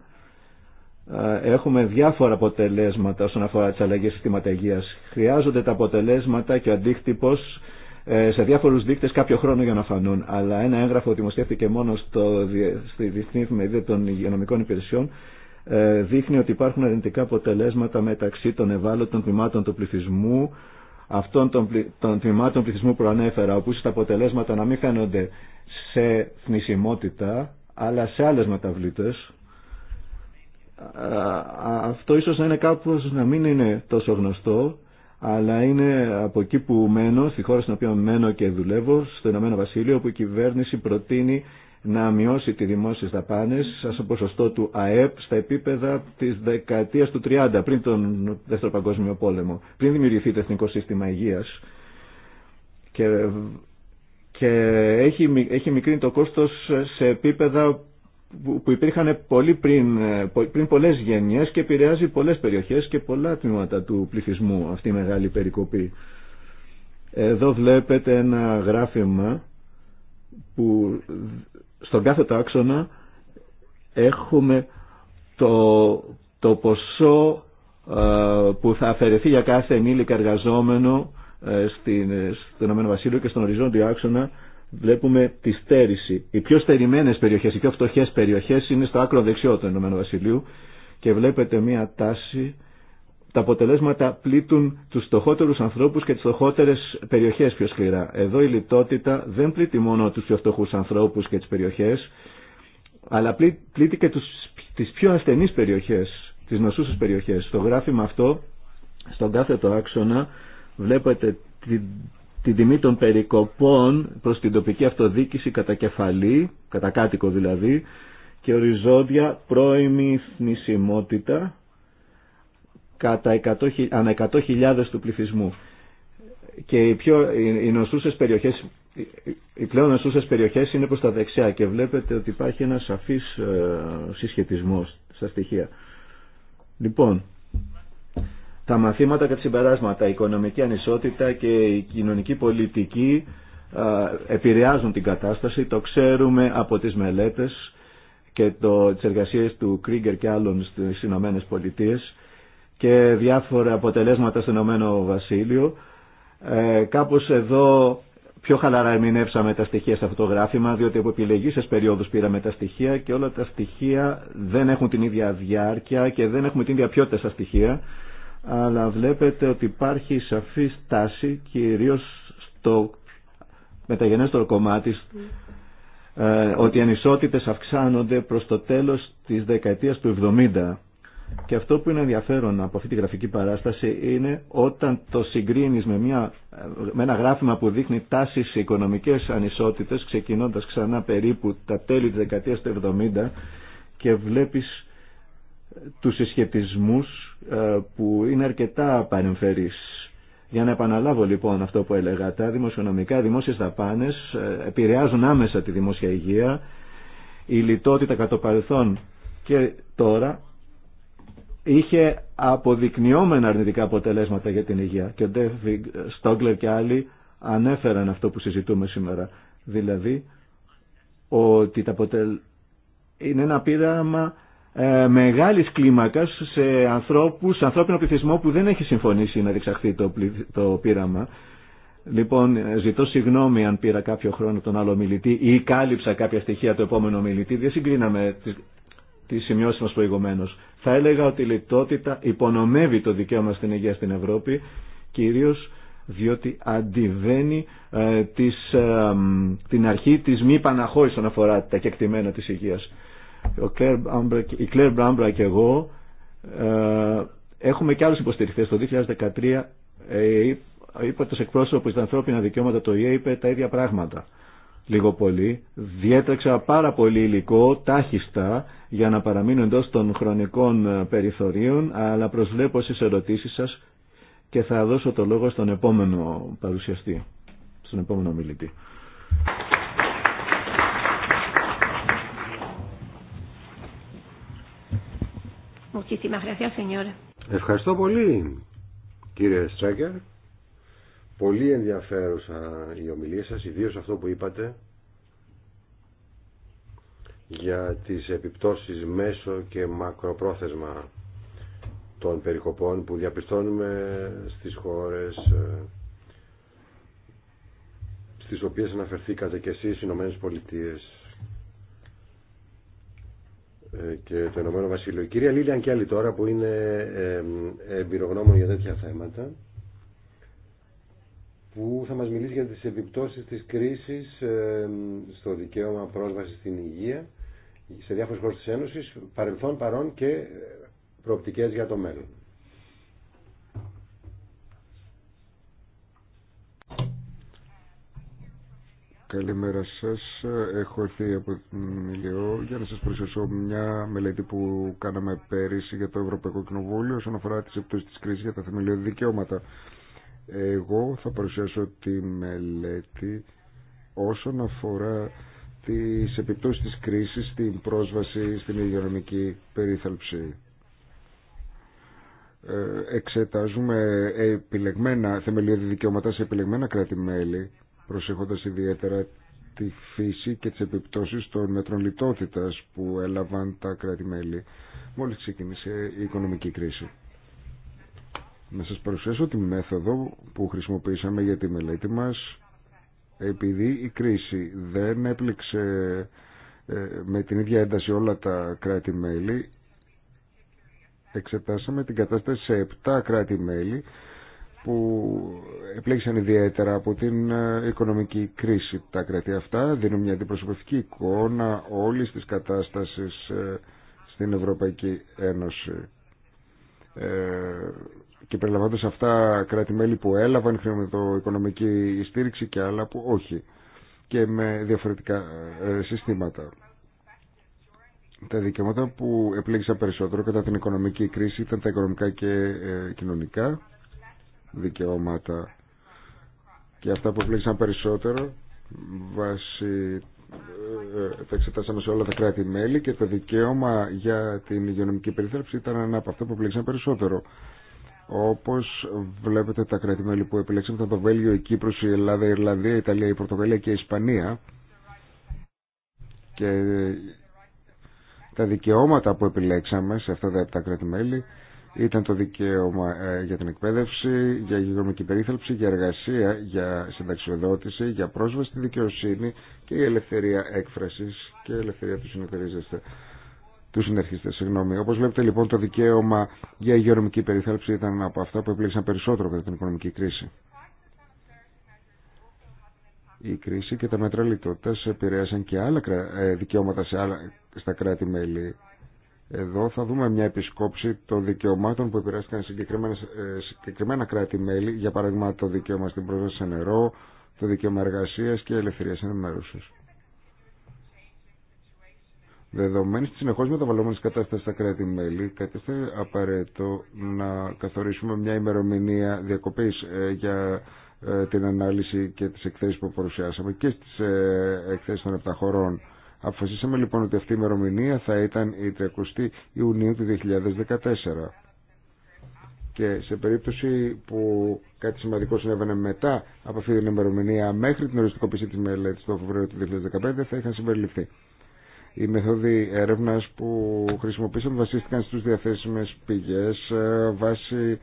έχουμε διάφορα αποτελέσματα όσον αφορά τις αλλαγές συστηματαγίας. Χρειάζονται τα αποτελέσματα και ο αντίκτυπος ε, σε διάφορους δείκτες κάποιο χρόνο για να φανούν. Αλλά ένα έγγραφο δημοσιεύτηκε μόνο στο, στη Διεθνή Εφημερίδα των Υγειονομικών Υπηρεσιών ε, δείχνει ότι υπάρχουν αρνητικά αποτελέσματα μεταξύ των ευάλωτων τμήματων του πληθυσμού αυτών των, πλη... των τμήματων πληθυσμού που ανέφερα, όπου τα αποτελέσματα να μην φαίνονται σε θνησιμότητα, αλλά σε άλλες μεταβλητές. Αυτό ίσως να είναι κάπως να μην είναι τόσο γνωστό, αλλά είναι από εκεί που μένω, στη χώρα στην οποία μένω και δουλεύω, στο Ηνωμένο Βασίλειο, που η κυβέρνηση προτείνει να μειώσει τη δημόσιες δαπάνε σαν ποσοστό του ΑΕΠ στα επίπεδα της δεκαετίας του 30 πριν τον Δεύτερο Παγκόσμιο Πόλεμο, πριν δημιουργηθεί το Εθνικό Σύστημα υγεία. και, και έχει, έχει μικρύνει το κόστος σε επίπεδα που υπήρχαν πολύ πριν, πριν πολλές γενιές και επηρεάζει πολλές περιοχές και πολλά τμήματα του πληθυσμού αυτή η μεγάλη περικοπή. Εδώ βλέπετε ένα γράφημα που στον κάθε τάξονα έχουμε το, το ποσό ε, που θα αφαιρεθεί για κάθε ενήλικα εργαζόμενο ε, στην, στον Ηνωμένο Βασίλειο και στον οριζόντιο άξονα βλέπουμε τη στέρηση. Οι πιο στερημένες περιοχές, οι πιο φτωχές περιοχές είναι στο άκρο δεξιό του Ηνωμένου Βασιλείου και βλέπετε μία τάση τα αποτελέσματα πλήττουν τους φτωχότερου ανθρώπους και τις φτωχότερε περιοχές πιο σκληρά. Εδώ η λιτότητα δεν πλήττει μόνο τους πιο φτωχούς ανθρώπους και τις περιοχές, αλλά πλήττει και τους, τις πιο ασθενείς περιοχές, τις νοσούσες περιοχές. Στο γράφημα αυτό, στον κάθετο άξονα, βλέπετε την, την τιμή των περικοπών προς την τοπική αυτοδίκηση κατά κεφαλή, κατά κάτοικο δηλαδή, και οριζόντια πρώιμη θνησιμότητα, κατά 100, ανά 100.000 του πληθυσμού. Και οι, πιο, οι, νοσούσες περιοχές, οι πλέον νοσούσες περιοχές είναι προς τα δεξιά και βλέπετε ότι υπάρχει ένας σαφής ε, συσχετισμός στα στοιχεία. Λοιπόν, τα μαθήματα και τα συμπεράσματα, η οικονομική ανισότητα και η κοινωνική πολιτική ε, επηρεάζουν την κατάσταση, το ξέρουμε από τις μελέτες και το, τις του Κρίγκερ και άλλων στις Ηνωμένες Πολιτείες και διάφορα αποτελέσματα στον Ηνωμένο Βασίλειο. Ε, κάπως εδώ πιο χαλαρά ερμηνεύσαμε τα στοιχεία σε αυτό το γράφημα, διότι από επιλεγήσεις περιόδους πήραμε τα στοιχεία και όλα τα στοιχεία δεν έχουν την ίδια διάρκεια και δεν έχουμε την ίδια ποιότητα στα στοιχεία, αλλά βλέπετε ότι υπάρχει σαφή στάση κυρίως στο μεταγενέστερο κομμάτι ε, ότι οι ανισότητες αυξάνονται προς το τέλος της δεκαετίας του 70 και αυτό που είναι ενδιαφέρον από αυτή τη γραφική παράσταση είναι όταν το συγκρίνεις με, μια, με ένα γράφημα που δείχνει τάσεις σε οικονομικές ανισότητες ξεκινώντας ξανά περίπου τα τέλη της δεκαετίας του 70 και βλέπεις ε, τους συσχετισμούς ε, που είναι αρκετά παρεμφερείς. Για να επαναλάβω λοιπόν αυτό που έλεγα, τα δημοσιονομικά, δημόσιες δαπάνες ε, επηρεάζουν άμεσα τη δημόσια υγεία, η λιτότητα κατ' παρελθόν και τώρα είχε αποδεικνυόμενα αρνητικά αποτελέσματα για την υγεία. Και ο Ντέφιγκ Στόγκλερ και άλλοι ανέφεραν αυτό που συζητούμε σήμερα. Δηλαδή ότι τα αποτελ... είναι ένα πείραμα ε, μεγάλης κλίμακας σε ανθρώπους, ανθρώπινο πληθυσμό που δεν έχει συμφωνήσει να διεξαχθεί το, το πείραμα. Λοιπόν, ζητώ συγγνώμη αν πήρα κάποιο χρόνο τον άλλο μιλητή ή κάλυψα κάποια στοιχεία του επόμενου μιλητή. Δεν συγκρίναμε τι σημειώσει μα προηγουμένω. Θα έλεγα ότι η λιτότητα υπονομεύει το δικαίωμα στην υγεία στην Ευρώπη, κυρίω διότι αντιβαίνει ε, της, ε, την αρχή της μη παναχώρησης όσον αφορά τα κεκτημένα της υγεία. Ο Κλέρ Μπράμπρα, η Κλέρ Μπράμπρα και εγώ ε, έχουμε και άλλου υποστηριχτές. Το 2013 ε, είπα το εκπρόσωπο τα ανθρώπινα δικαιώματα το ΙΕ είπε τα ίδια πράγματα λίγο πολύ, Διέταξα πάρα πολύ υλικό τάχιστα για να παραμείνω εντός των χρονικών ε, περιθωρίων, αλλά προσβλέπω στις ερωτήσεις σας και θα δώσω το λόγο στον επόμενο παρουσιαστή, στον επόμενο μιλητή. Ευχαριστώ πολύ κύριε Στράκερ. Πολύ ενδιαφέρουσα η ομιλία σας, ιδίως αυτό που είπατε για τις επιπτώσεις μέσω και μακροπρόθεσμα των περικοπών που διαπιστώνουμε στις χώρες ε, στις οποίες αναφερθήκατε και εσείς, οι Ηνωμένες Πολιτείες ε, και το Ηνωμένο Βασίλειο. Η κυρία Λίλιαν Κέλλη τώρα που είναι ε, εμπειρογνώμων για τέτοια θέματα που θα μας μιλήσει για τις επιπτώσεις της κρίσης ε, στο δικαίωμα πρόσβαση στην υγεία σε διάφορες χώρες της Ένωσης, παρελθόν, παρόν και ε, προοπτικές για το μέλλον. Καλημέρα σας. Έχω έρθει από την Ηλιό για να σας προσθέσω μια μελέτη που κάναμε πέρυσι για το Ευρωπαϊκό Κοινοβούλιο όσον αφορά τις επιπτώσεις της κρίσης για τα θεμελιώδη δικαιώματα. Εγώ θα παρουσιάσω τη μελέτη όσον αφορά τις επιπτώσεις της κρίσης στην πρόσβαση στην υγειονομική περίθαλψη. Ε, εξετάζουμε επιλεγμένα, θεμελιώδη δικαιώματα σε επιλεγμένα κράτη-μέλη, προσέχοντας ιδιαίτερα τη φύση και τις επιπτώσεις των μέτρων που έλαβαν τα κράτη-μέλη μόλις ξεκίνησε η οικονομική κρίση να σας παρουσιάσω τη μέθοδο που χρησιμοποιήσαμε για τη μελέτη μας επειδή η κρίση δεν έπληξε ε, με την ίδια ένταση όλα τα κράτη-μέλη εξετάσαμε την κατάσταση σε 7 κράτη-μέλη που επλέξαν ιδιαίτερα από την ε, οικονομική κρίση. Τα κράτη αυτά δίνουν μια αντιπροσωπευτική εικόνα όλης της κατάστασης ε, στην Ευρωπαϊκή Ένωση και περιλαμβάνοντας αυτά κράτη-μέλη που έλαβαν χρηματοοικονομική στήριξη και άλλα που όχι και με διαφορετικά ε, συστήματα. Τα δικαιώματα που επλήγησαν περισσότερο κατά την οικονομική κρίση ήταν τα οικονομικά και ε, κοινωνικά δικαιώματα και αυτά που επλήγησαν περισσότερο βάσει ε, τα εξετάσαμε σε όλα τα κράτη-μέλη και το δικαίωμα για την υγειονομική περίθαλψη ήταν ένα από αυτά που πλήξαν περισσότερο. Όπως βλέπετε τα κρατημέλη που επιλέξαμε ήταν το Βέλγιο, η Κύπρος, η Ελλάδα, η Ιρλανδία, η Ιταλία, η Πορτογαλία και η Ισπανία. Και τα δικαιώματα που επιλέξαμε σε αυτά τα κρατημέλη ήταν το δικαίωμα ε, για την εκπαίδευση, για υγειονομική περίθαλψη, για εργασία, για συνταξιοδότηση, για πρόσβαση στη δικαιοσύνη και η ελευθερία έκφρασης και η ελευθερία του συνεταιρίζεστε. Του συνερχίστε, συγγνώμη. Όπω βλέπετε λοιπόν το δικαίωμα για υγειονομική περιθάλψη ήταν από αυτά που επλήξαν περισσότερο κατά την οικονομική κρίση. Η κρίση και τα μέτρα λιτότητα επηρέασαν και άλλα ε, δικαιώματα στα κράτη-μέλη. Εδώ θα δούμε μια επισκόψη των δικαιωμάτων που επηρεασαν συγκεκριμενα συγκεκριμένα, ε, συγκεκριμένα κράτη-μέλη, για παράδειγμα το δικαίωμα στην πρόσβαση σε νερό, το δικαίωμα εργασία και ελευθερία ενημέρωση. Δεδομένη τη συνεχώ μεταβαλλόμενη κατάσταση στα κράτη-μέλη, κατέστη απαραίτητο να καθορίσουμε μια ημερομηνία διακοπή ε, για ε, την ανάλυση και τι εκθέσει που παρουσιάσαμε και στι ε, εκθέσει των 7 χωρών. Αποφασίσαμε λοιπόν ότι αυτή η ημερομηνία θα ήταν η 30 η Ιουνίου του 2014. Και σε περίπτωση που κάτι σημαντικό συνέβαινε μετά από αυτή την ημερομηνία μέχρι την οριστικοποίηση τη μελέτη το Φεβρουάριο του 2015 θα είχαν συμπεριληφθεί. Οι μεθόδοι έρευνας που χρησιμοποίησαν βασίστηκαν στους διαθέσιμες πηγές ε, βάσει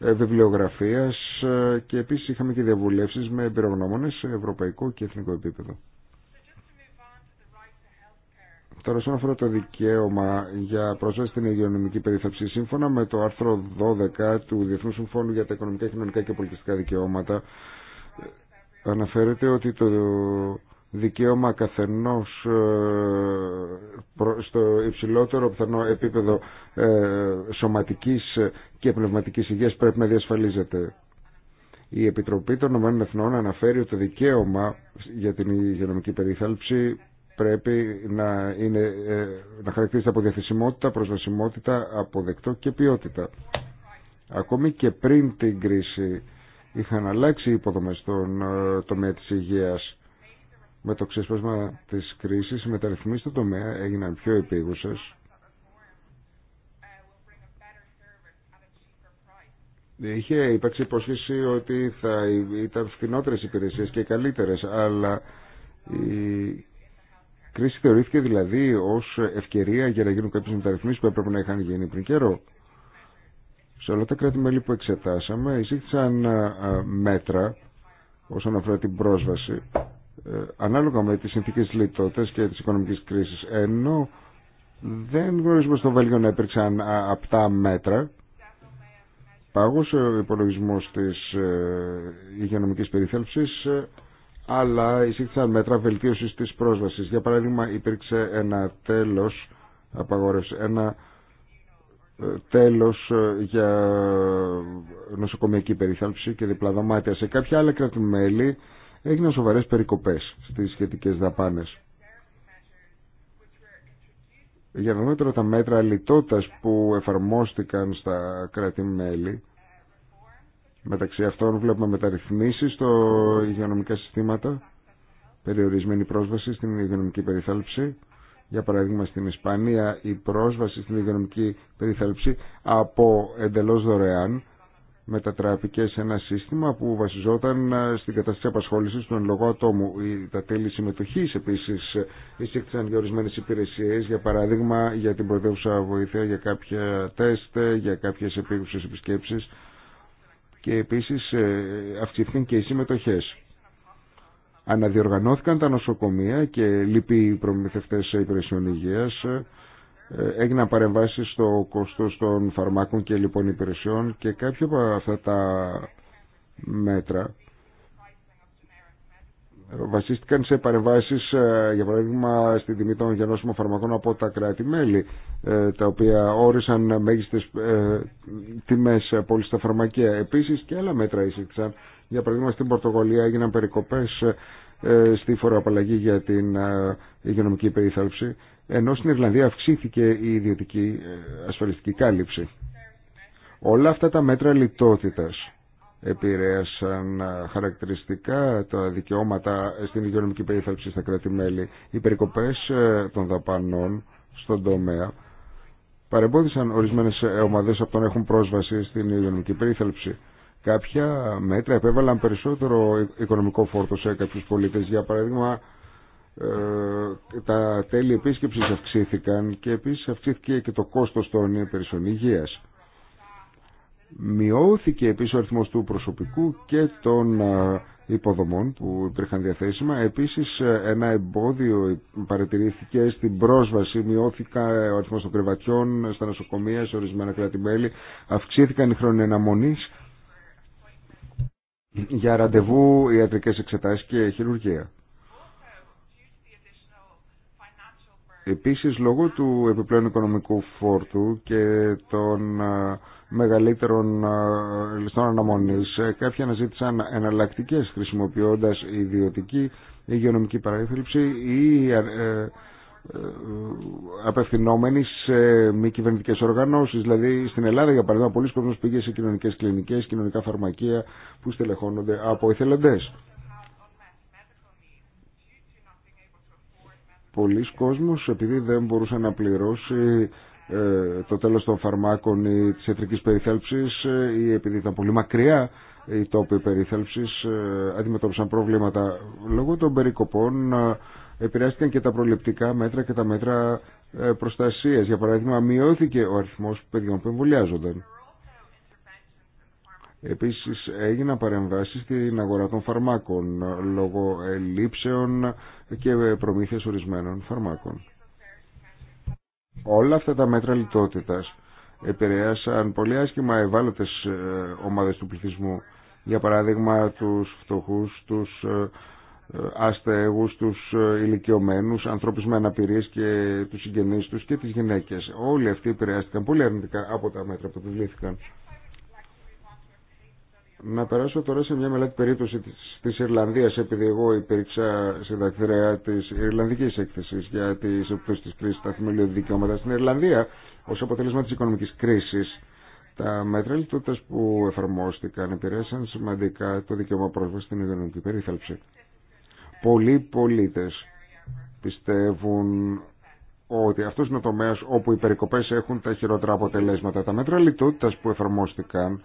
βιβλιογραφίας ε, και επίσης είχαμε και διαβουλεύσεις με εμπειρογνώμονες σε ευρωπαϊκό και εθνικό επίπεδο. Τώρα, όσον αφορά το δικαίωμα για πρόσβαση στην υγειονομική περίθαψη, σύμφωνα με το άρθρο 12 του Διεθνού Συμφώνου για τα Οικονομικά, Κοινωνικά και Πολιτιστικά Δικαιώματα, ε, αναφέρεται ότι το δικαίωμα καθενός ε, στο υψηλότερο πιθανό επίπεδο ε, σωματικής και πνευματικής υγείας πρέπει να διασφαλίζεται. Η Επιτροπή των Ηνωμένων Εθνών αναφέρει ότι το δικαίωμα για την υγειονομική περίθαλψη πρέπει να, είναι, ε, να χαρακτηρίζεται από διαθεσιμότητα, προσβασιμότητα, αποδεκτό και ποιότητα. Ακόμη και πριν την κρίση είχαν αλλάξει οι υποδομές στον τομέα της υγείας με το ξέσπασμα της κρίσης οι μεταρρυθμίσεις του τομέα έγιναν πιο επίγουσες Είχε υπάρξει υπόσχεση ότι θα ήταν φθηνότερες υπηρεσίες και καλύτερες, αλλά η κρίση θεωρήθηκε δηλαδή ως ευκαιρία για να γίνουν κάποιες μεταρρυθμίσεις που έπρεπε να είχαν γίνει πριν καιρό. Σε όλα τα κράτη-μέλη που εξετάσαμε εισήχθησαν ε, μέτρα όσον αφορά την πρόσβαση ε, ανάλογα με τις συνθήκες λιτότητας και της οικονομικής κρίσης ενώ δεν γνωρίζουμε στο Βέλγιο να υπήρξαν απτά μέτρα πάγωσε ο υπολογισμός της ε, υγειονομικής περιθέλψης ε, αλλά εισήχθησαν μέτρα βελτίωσης της πρόσβασης. Για παράδειγμα υπήρξε ένα τέλος απαγόρευση, ένα ε, τέλος για νοσοκομιακή περιθέλψη και διπλά δωμάτια. Σε κάποια άλλα κράτη-μέλη έγιναν σοβαρές περικοπές στι σχετικές δαπάνες. Για να δούμε τα μέτρα λιτότητα που εφαρμόστηκαν στα κράτη-μέλη, μεταξύ αυτών βλέπουμε μεταρρυθμίσεις στο υγειονομικά συστήματα, περιορισμένη πρόσβαση στην υγειονομική περιθάλψη, για παράδειγμα στην Ισπανία η πρόσβαση στην υγειονομική περιθάλψη από εντελώ δωρεάν μετατράπηκε σε ένα σύστημα που βασιζόταν ε, στην κατάσταση απασχόληση του εν λόγω ατόμου. Τα τέλη συμμετοχή επίση εισήχθησαν για ορισμένε υπηρεσίε, για παράδειγμα για την πρωτεύουσα βοήθεια, για κάποια τεστ, για κάποιε επίγουσε επισκέψει και επίση ε, αυξήθηκαν και οι συμμετοχέ. Αναδιοργανώθηκαν τα νοσοκομεία και οι προμηθευτέ υπηρεσιών υγεία ε, έγιναν παρεμβάσεις στο κόστος των φαρμάκων και λοιπόν υπηρεσιών και κάποια από αυτά τα μέτρα βασίστηκαν σε παρεμβάσεις ε, για παράδειγμα στην τιμή των γενώσιμων φαρμακών από τα κράτη-μέλη ε, τα οποία όρισαν μέγιστες τιμές πολύ στα φαρμακεία επίσης και άλλα μέτρα ήσυξαν. για παράδειγμα στην Πορτογαλία έγιναν περικοπές στη φοροαπαλλαγή για την υγειονομική περίθαλψη ενώ στην Ιρλανδία αυξήθηκε η ιδιωτική ε, ασφαλιστική κάλυψη. Όλα αυτά τα μέτρα λιτότητας επηρέασαν ε, χαρακτηριστικά τα δικαιώματα στην υγειονομική περίθαλψη στα κράτη-μέλη. Οι περικοπές ε, των δαπανών στον τομέα παρεμπόδισαν ορισμένες ομάδες από τον έχουν πρόσβαση στην υγειονομική περίθαλψη. Κάποια μέτρα επέβαλαν περισσότερο οικονομικό φόρτο σε κάποιους πολίτες. Για παράδειγμα, ε, τα τέλη επίσκεψης αυξήθηκαν και επίσης αυξήθηκε και το κόστος των υπηρεσιών υγείας. Μειώθηκε επίσης ο αριθμός του προσωπικού και των ε, υποδομών που υπήρχαν διαθέσιμα. Επίσης ε, ένα εμπόδιο παρατηρήθηκε στην πρόσβαση, μειώθηκε ο αριθμός των κρεβατιών στα νοσοκομεία, σε ορισμένα κράτη-μέλη, αυξήθηκαν οι χρόνοι αναμονής για ραντεβού, ιατρικές εξετάσεις και χειρουργία. Επίσης, λόγω του επιπλέον οικονομικού φόρτου και των ε, μεγαλύτερων ε, ληστών αναμονής, ε, κάποιοι αναζήτησαν εναλλακτικές, χρησιμοποιώντας ιδιωτική υγειονομική παράθλιψη ή απευθυνόμενοι σε μη κυβερνητικέ οργανώσεις. Δηλαδή στην Ελλάδα, για παράδειγμα, πολλοί κόσμοι πήγε σε κοινωνικέ κλινικέ, κοινωνικά φαρμακεία που στελεχώνονται από εθελοντές. πολλοί κόσμος επειδή δεν μπορούσε να πληρώσει ε, το τέλος των φαρμάκων ή της ιατρικής περιθέλψης ε, ή επειδή ήταν πολύ μακριά οι τόποι περιθέλψης ε, αντιμετώπισαν προβλήματα. Λόγω των περικοπών επηρεάστηκαν και τα προληπτικά μέτρα και τα μέτρα προστασίας. Για παράδειγμα, μειώθηκε ο αριθμός παιδιών που εμβολιάζονταν. Επίσης έγιναν παρεμβάσεις στην αγορά των φαρμάκων λόγω λήψεων και προμήθειας ορισμένων φαρμάκων. Όλα αυτά τα μέτρα λιτότητας επηρέασαν πολύ άσχημα ευάλωτες ε, ομάδες του πληθυσμού. Για παράδειγμα τους φτωχούς, τους ε, αστέγους, τους ε, ηλικιωμένους, ανθρώπους με αναπηρίες και τους συγγενείς τους και τις γυναίκες. Όλοι αυτοί επηρεάστηκαν πολύ αρνητικά από τα μέτρα που επιβλήθηκαν. Να περάσω τώρα σε μια μελέτη περίπτωση τη Ιρλανδίας, επειδή εγώ υπήρξα συντακτηρέα τη Ιρλανδική Έκθεση για τις επιπτώσει τη κρίση στα θεμελιώδη δικαιώματα στην Ιρλανδία ω αποτέλεσμα τη οικονομική κρίση, Τα μέτρα λιτότητας που εφαρμόστηκαν επηρέασαν σημαντικά το δικαίωμα πρόσβαση στην οικονομική περίθαλψη. Πολλοί πολίτε πιστεύουν ότι αυτό είναι ο τομέα όπου οι περικοπέ έχουν τα χειρότερα αποτελέσματα. Τα μέτρα λιτότητα που εφαρμόστηκαν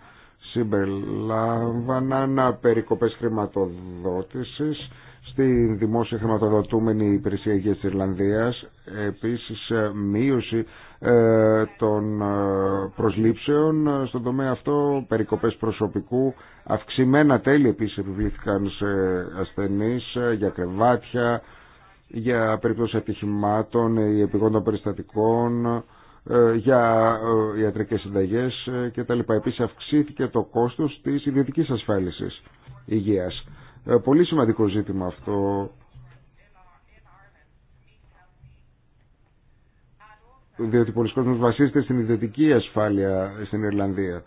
συμπεριλάμβαναν περικοπές χρηματοδότησης στην δημόσια χρηματοδοτούμενη υπηρεσία υγείας της Ιρλανδίας, επίσης ε, μείωση ε, των ε, προσλήψεων στον τομέα αυτό, περικοπές προσωπικού, αυξημένα τέλη επίσης επιβλήθηκαν σε ασθενείς για κρεβάτια, για περίπτωση ατυχημάτων ή επιγόντων περιστατικών, ε, για ε, ιατρικές συνταγές ε, και τα λοιπά. Επίσης αυξήθηκε το κόστος της ιδιωτικής ασφάλισης υγείας. Πολύ σημαντικό ζήτημα αυτό. Διότι πολλοί κόσμοι βασίζεται στην ιδιωτική ασφάλεια στην Ιρλανδία.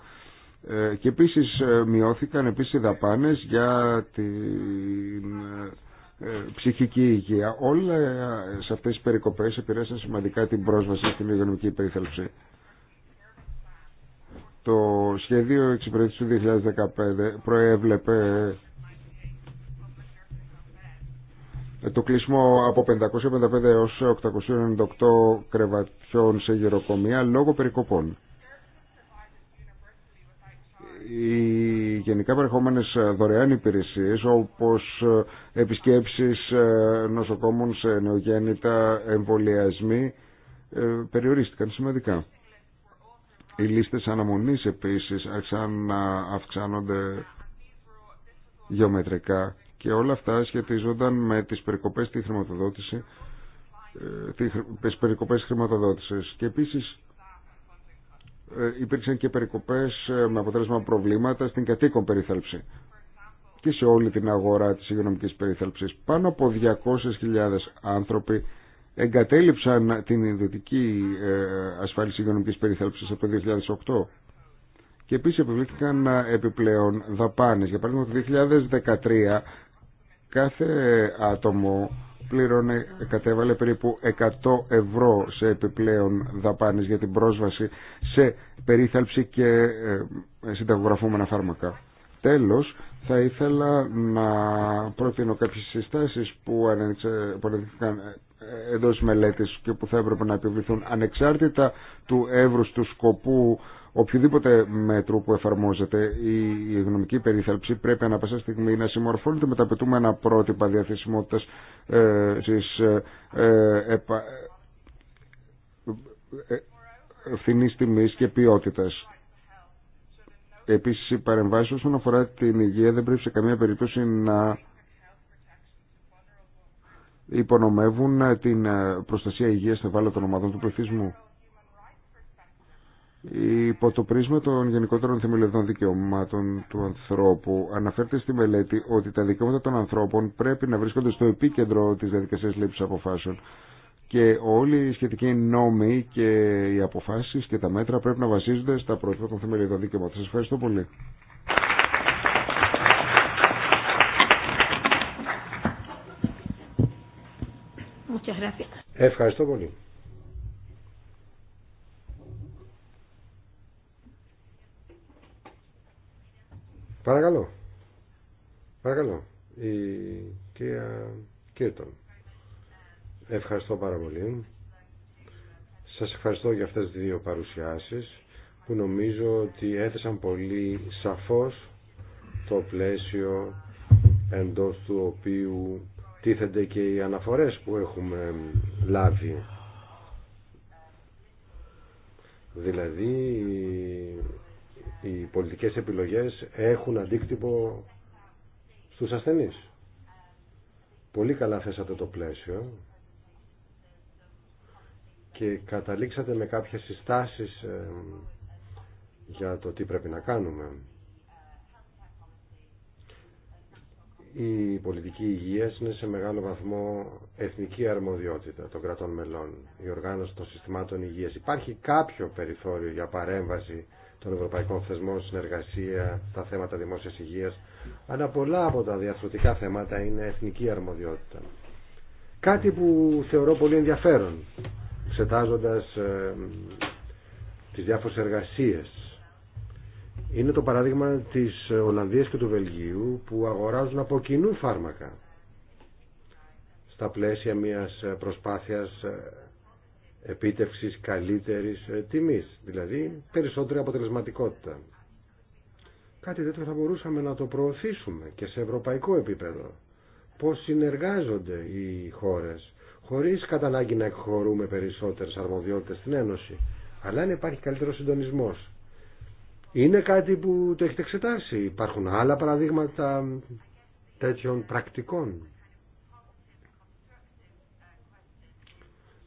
Και επίσης μειώθηκαν επίσης οι δαπάνες για την ε, ψυχική υγεία. Όλα σε αυτές τις περικοπές επηρέασαν σημαντικά την πρόσβαση στην υγειονομική περίθαλψη. Το σχέδιο εξυπηρέτησης του 2015 προέβλεπε ε, το κλείσιμο από 555 έως 898 κρεβατιών σε γεροκομεία λόγω περικοπών οι γενικά παρεχόμενες δωρεάν υπηρεσίες όπως επισκέψεις ε, νοσοκόμων σε νεογέννητα, εμβολιασμοί ε, περιορίστηκαν σημαντικά. Οι λίστες αναμονής επίσης να αυξάνονται γεωμετρικά και όλα αυτά σχετίζονταν με τις περικοπές της χρηματοδότηση ε, τις περικοπές χρηματοδότησης και επίσης ε, υπήρξαν και περικοπές ε, με αποτέλεσμα προβλήματα στην κατοίκον περίθαλψη και σε όλη την αγορά της υγειονομικής περίθαλψης. Πάνω από 200.000 άνθρωποι εγκατέλειψαν την ιδιωτική ε, ασφάλιση υγειονομικής περίθαλψης από το 2008 και επίσης επιβλήθηκαν επιπλέον δαπάνες. Για παράδειγμα το 2013 κάθε άτομο πλήρωνε, κατέβαλε περίπου 100 ευρώ σε επιπλέον δαπάνες για την πρόσβαση σε περίθαλψη και ε, ε, συνταγογραφούμενα φάρμακα. Τέλος, θα ήθελα να προτείνω κάποιες συστάσεις που αναδείχθηκαν ε, εντός μελέτης και που θα έπρεπε να επιβληθούν ανεξάρτητα του εύρους του σκοπού οποιοδήποτε μέτρο που εφαρμόζεται η γνωμική περίθαλψη πρέπει ανά πάσα στιγμή να συμμορφώνεται με τα πετούμενα πρότυπα διαθεσιμότητας ε, της ε ε, ε, ε, φθηνής τιμής και ποιότητας. Επίσης οι παρεμβάσεις όσον αφορά την υγεία δεν πρέπει σε καμία περίπτωση να υπονομεύουν την ε, προστασία υγείας στα βάλα των ομάδων του πληθυσμού. Υπό το πρίσμα των γενικότερων θεμελιωδών δικαιωμάτων του ανθρώπου, αναφέρεται στη μελέτη ότι τα δικαιώματα των ανθρώπων πρέπει να βρίσκονται στο επίκεντρο τη διαδικασία λήψη αποφάσεων και όλοι οι σχετικοί νόμοι και οι αποφάσει και τα μέτρα πρέπει να βασίζονται στα πρότυπα των θεμελιωδών δικαιωμάτων. Σα ευχαριστώ πολύ. Ευχαριστώ πολύ. Παρακαλώ. Παρακαλώ. Η κυρία Κίρτον. Ευχαριστώ πάρα πολύ. Σας ευχαριστώ για αυτές τις δύο παρουσιάσεις που νομίζω ότι έθεσαν πολύ σαφώς το πλαίσιο εντός του οποίου τίθενται και οι αναφορές που έχουμε λάβει. Δηλαδή οι πολιτικές επιλογές έχουν αντίκτυπο στους ασθενείς. Πολύ καλά θέσατε το πλαίσιο και καταλήξατε με κάποιες συστάσεις ε, για το τι πρέπει να κάνουμε. Η πολιτική υγεία είναι σε μεγάλο βαθμό εθνική αρμοδιότητα των κρατών μελών, η οργάνωση των συστημάτων υγείας. Υπάρχει κάποιο περιθώριο για παρέμβαση τον Ευρωπαϊκό Θεσμό Συνεργασία, τα θέματα δημόσιας υγείας, αλλά πολλά από τα διαφορετικά θέματα είναι εθνική αρμοδιότητα. Κάτι που θεωρώ πολύ ενδιαφέρον, εξετάζοντα ε, τις διάφορες εργασίες, είναι το παράδειγμα της Ολλανδίας και του Βελγίου που αγοράζουν από κοινού φάρμακα στα πλαίσια μιας προσπάθειας ε, επίτευξης καλύτερης ε, τιμής, δηλαδή περισσότερη αποτελεσματικότητα. Κάτι τέτοιο θα μπορούσαμε να το προωθήσουμε και σε ευρωπαϊκό επίπεδο. Πώς συνεργάζονται οι χώρες, χωρίς κατά ανάγκη να εκχωρούμε περισσότερες αρμοδιότητες στην Ένωση, αλλά αν υπάρχει καλύτερο συντονισμός. Είναι κάτι που το έχετε εξετάσει. Υπάρχουν άλλα παραδείγματα τέτοιων πρακτικών.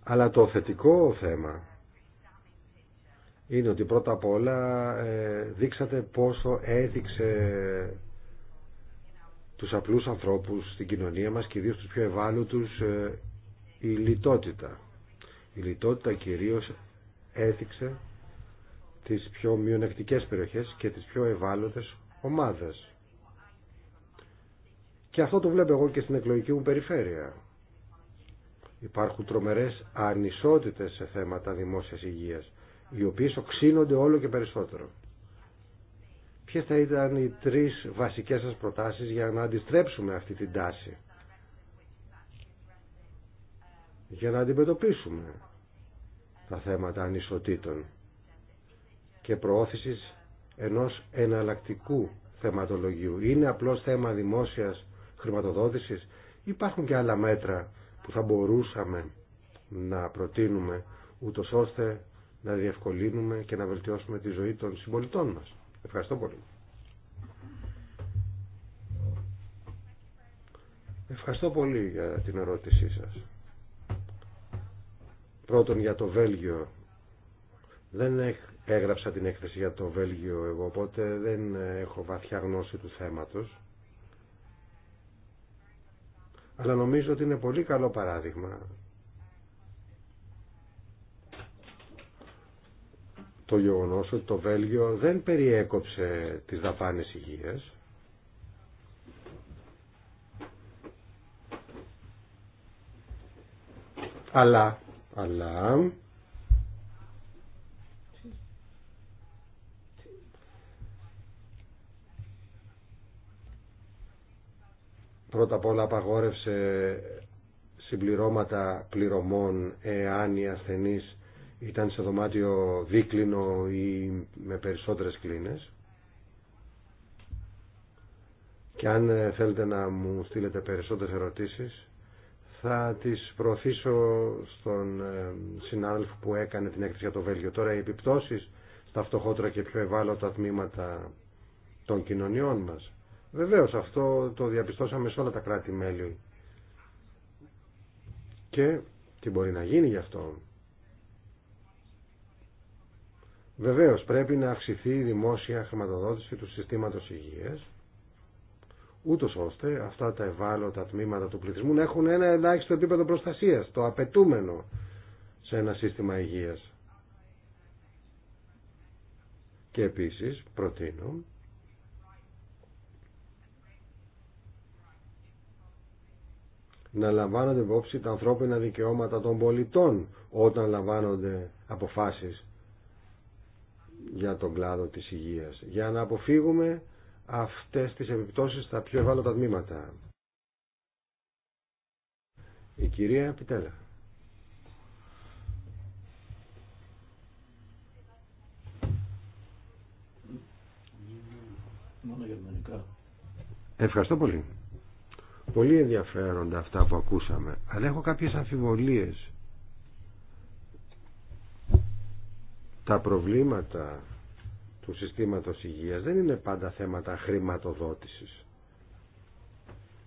Αλλά το θετικό θέμα είναι ότι πρώτα απ' όλα ε, δείξατε πόσο έδειξε τους απλούς ανθρώπους στην κοινωνία μας και ιδίως τους πιο ευάλωτους ε, η λιτότητα. Η λιτότητα κυρίως έδειξε τις πιο μειονεκτικές περιοχές και τις πιο ευάλωτες ομάδες. Και αυτό το βλέπω εγώ και στην εκλογική μου περιφέρεια. Υπάρχουν τρομερές ανισότητες σε θέματα δημόσιας υγείας, οι οποίες οξύνονται όλο και περισσότερο. Ποιες θα ήταν οι τρεις βασικές σας προτάσεις για να αντιστρέψουμε αυτή την τάση, για να αντιμετωπίσουμε τα θέματα ανισοτήτων και προώθησης ενός εναλλακτικού θεματολογίου. Είναι απλώς θέμα δημόσιας χρηματοδότησης. Υπάρχουν και άλλα μέτρα που θα μπορούσαμε να προτείνουμε ούτω ώστε να διευκολύνουμε και να βελτιώσουμε τη ζωή των συμπολιτών μας. Ευχαριστώ πολύ. Ευχαριστώ πολύ για την ερώτησή σας. Πρώτον για το Βέλγιο. Δεν έγραψα την έκθεση για το Βέλγιο εγώ, οπότε δεν έχω βαθιά γνώση του θέματος αλλά νομίζω ότι είναι πολύ καλό παράδειγμα το γεγονός ότι το Βέλγιο δεν περιέκοψε τις δαπάνες υγείας αλλά αλλά Πρώτα απ' όλα απαγόρευσε συμπληρώματα πληρωμών εάν οι ασθενείς ήταν σε δωμάτιο δίκλινο ή με περισσότερες κλίνες. Και αν ε, θέλετε να μου στείλετε περισσότερες ερωτήσεις, θα τις προωθήσω στον ε, συνάδελφο που έκανε την έκθεση για το Βέλγιο. Τώρα οι επιπτώσεις στα φτωχότερα και πιο ευάλωτα τμήματα των κοινωνιών μας Βεβαίως αυτό το διαπιστώσαμε σε όλα τα κράτη-μέλη. Και τι μπορεί να γίνει γι' αυτό. Βεβαίως πρέπει να αυξηθεί η δημόσια χρηματοδότηση του συστήματος υγείας ούτως ώστε αυτά τα ευάλωτα τμήματα του πληθυσμού να έχουν ένα ελάχιστο επίπεδο προστασίας, το απαιτούμενο σε ένα σύστημα υγείας. Και επίσης προτείνω να λαμβάνονται υπόψη τα ανθρώπινα δικαιώματα των πολιτών όταν λαμβάνονται αποφάσεις για τον κλάδο της υγείας για να αποφύγουμε αυτές τις επιπτώσεις στα πιο ευάλωτα τμήματα. Η κυρία Πιτέλα. Ευχαριστώ πολύ πολύ ενδιαφέροντα αυτά που ακούσαμε, αλλά έχω κάποιες αμφιβολίες. Τα προβλήματα του συστήματος υγείας δεν είναι πάντα θέματα χρηματοδότησης.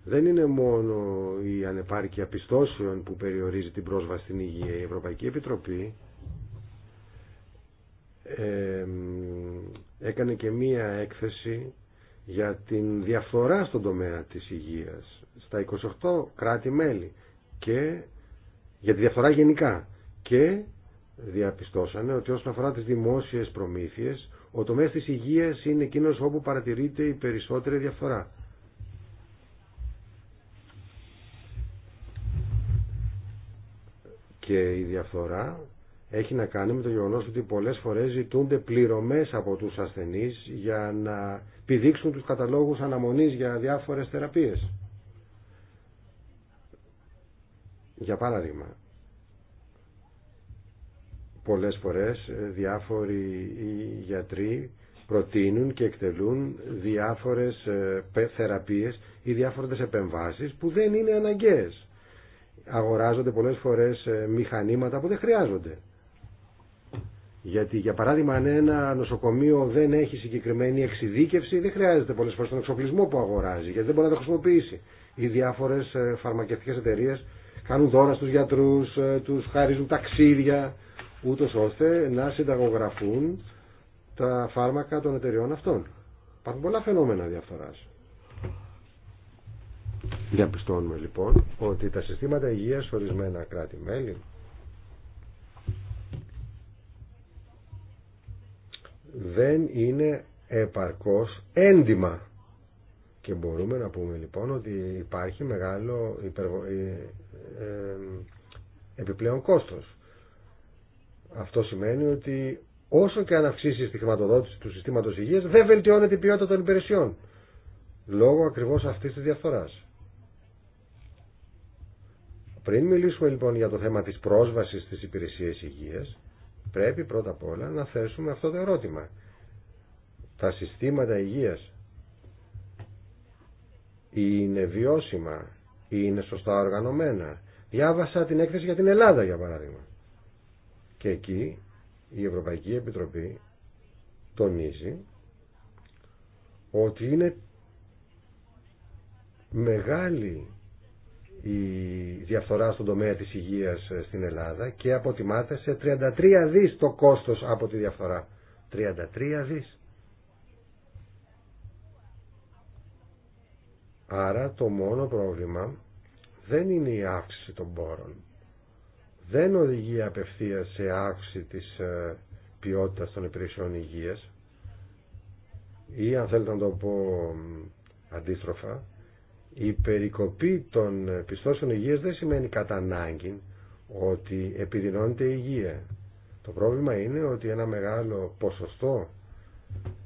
Δεν είναι μόνο η ανεπάρκεια πιστώσεων που περιορίζει την πρόσβαση στην υγεία. Η Ευρωπαϊκή Επιτροπή έκανε και μία έκθεση για την διαφθορά στον τομέα της υγείας στα 28 κράτη-μέλη και για τη διαφθορά γενικά και διαπιστώσανε ότι όσον αφορά τις δημόσιες προμήθειες ο τομέας της υγείας είναι εκείνος όπου παρατηρείται η περισσότερη διαφθορά. Και η διαφθορά έχει να κάνει με το γεγονός ότι πολλές φορές ζητούνται πληρωμές από τους ασθενείς για να πηδήξουν τους καταλόγους αναμονής για διάφορες θεραπείες. Για παράδειγμα, πολλές φορές ε, διάφοροι γιατροί προτείνουν και εκτελούν διάφορες ε, θεραπείες ή διάφορες επεμβάσεις που δεν είναι αναγκαίες. Αγοράζονται πολλές φορές ε, μηχανήματα που δεν χρειάζονται. Γιατί για παράδειγμα αν ένα νοσοκομείο δεν έχει συγκεκριμένη εξειδίκευση δεν χρειάζεται πολλές φορές τον εξοπλισμό που αγοράζει γιατί δεν μπορεί να το χρησιμοποιήσει. Οι διάφορες φαρμακευτικές εταιρείες κάνουν δώρα στους γιατρούς, ε, τους χαρίζουν ταξίδια, ούτως ώστε να συνταγογραφούν τα φάρμακα των εταιριών αυτών. Υπάρχουν πολλά φαινόμενα διαφθοράς. Διαπιστώνουμε λοιπόν ότι τα συστήματα υγείας ορισμένα κράτη-μέλη δεν είναι επαρκώς έντιμα και μπορούμε να πούμε λοιπόν ότι υπάρχει μεγάλο ε, ε, ε, επιπλέον κόστος. Αυτό σημαίνει ότι όσο και αν αυξήσει τη χρηματοδότηση του συστήματος υγείας δεν βελτιώνεται η ποιότητα των υπηρεσιών λόγω ακριβώς αυτής της διαφθοράς. Πριν μιλήσουμε λοιπόν για το θέμα της πρόσβασης στις υπηρεσίες υγείας, πρέπει πρώτα απ' όλα να θέσουμε αυτό το ερώτημα. Τα συστήματα υγείας είναι βιώσιμα, είναι σωστά οργανωμένα. Διάβασα την έκθεση για την Ελλάδα για παράδειγμα. Και εκεί η Ευρωπαϊκή Επιτροπή τονίζει ότι είναι μεγάλη η διαφθορά στον τομέα της υγείας ε, στην Ελλάδα και αποτιμάται σε 33 δις το κόστος από τη διαφθορά. 33 δις. Άρα το μόνο πρόβλημα δεν είναι η αύξηση των πόρων. Δεν οδηγεί απευθείας σε αύξηση της ε, ποιότητας των υπηρεσιών υγείας ή αν θέλετε να το πω αντίστροφα η περικοπή των πιστώσεων υγείας δεν σημαίνει κατά ανάγκη ότι επιδεινώνεται η υγεία. Το πρόβλημα είναι ότι ένα μεγάλο ποσοστό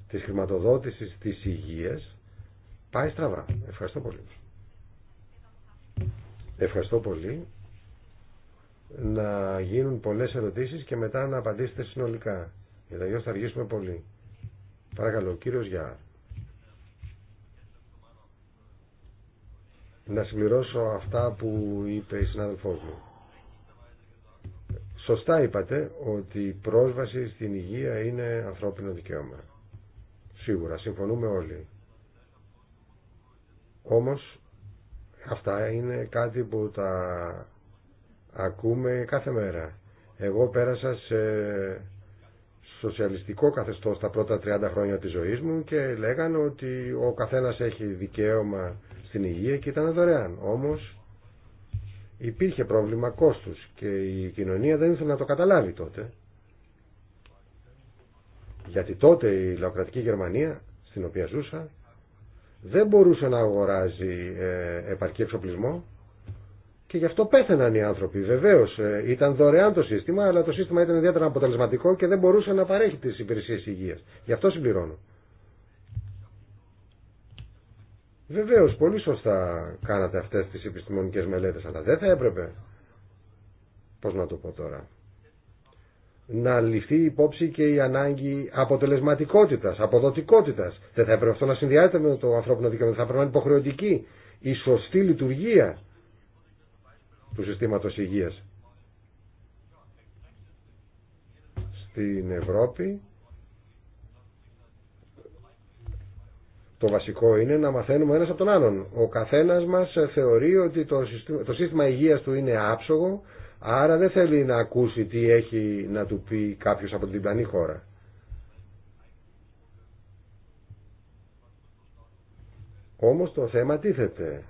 της χρηματοδότησης της υγείας Πάει στραβά. Ευχαριστώ πολύ. Ευχαριστώ πολύ. Να γίνουν πολλές ερωτήσεις και μετά να απαντήσετε συνολικά. Γιατί αλλιώς θα αργήσουμε πολύ. Παρακαλώ, κύριος για Να συμπληρώσω αυτά που είπε η συνάδελφός μου. Σωστά είπατε ότι η πρόσβαση στην υγεία είναι ανθρώπινο δικαίωμα. Σίγουρα, συμφωνούμε όλοι. Όμως αυτά είναι κάτι που τα ακούμε κάθε μέρα. Εγώ πέρασα σε σοσιαλιστικό καθεστώς τα πρώτα 30 χρόνια της ζωής μου και λέγανε ότι ο καθένας έχει δικαίωμα στην υγεία και ήταν δωρεάν. Όμως υπήρχε πρόβλημα κόστους και η κοινωνία δεν ήθελε να το καταλάβει τότε. Γιατί τότε η λαοκρατική Γερμανία στην οποία ζούσα δεν μπορούσε να αγοράζει ε, επαρκή εξοπλισμό και γι' αυτό πέθαιναν οι άνθρωποι. Βεβαίω ε, ήταν δωρεάν το σύστημα, αλλά το σύστημα ήταν ιδιαίτερα αποτελεσματικό και δεν μπορούσε να παρέχει τι υπηρεσίε υγεία. Γι' αυτό συμπληρώνω. Βεβαίω, πολύ σωστά κάνατε αυτέ τι επιστημονικέ μελέτε, αλλά δεν θα έπρεπε. Πώ να το πω τώρα να ληφθεί υπόψη και η ανάγκη αποτελεσματικότητας, αποδοτικότητας. Δεν θα έπρεπε αυτό να συνδυάζεται με το ανθρώπινο δικαίωμα. Θα έπρεπε να είναι υποχρεωτική η σωστή λειτουργία του συστήματος υγείας. Στην Ευρώπη το βασικό είναι να μαθαίνουμε ένας από τον άλλον. Ο καθένας μας θεωρεί ότι το σύστημα υγείας του είναι άψογο Άρα δεν θέλει να ακούσει τι έχει να του πει κάποιος από την διπλανή χώρα. Όμως το θέμα τίθεται.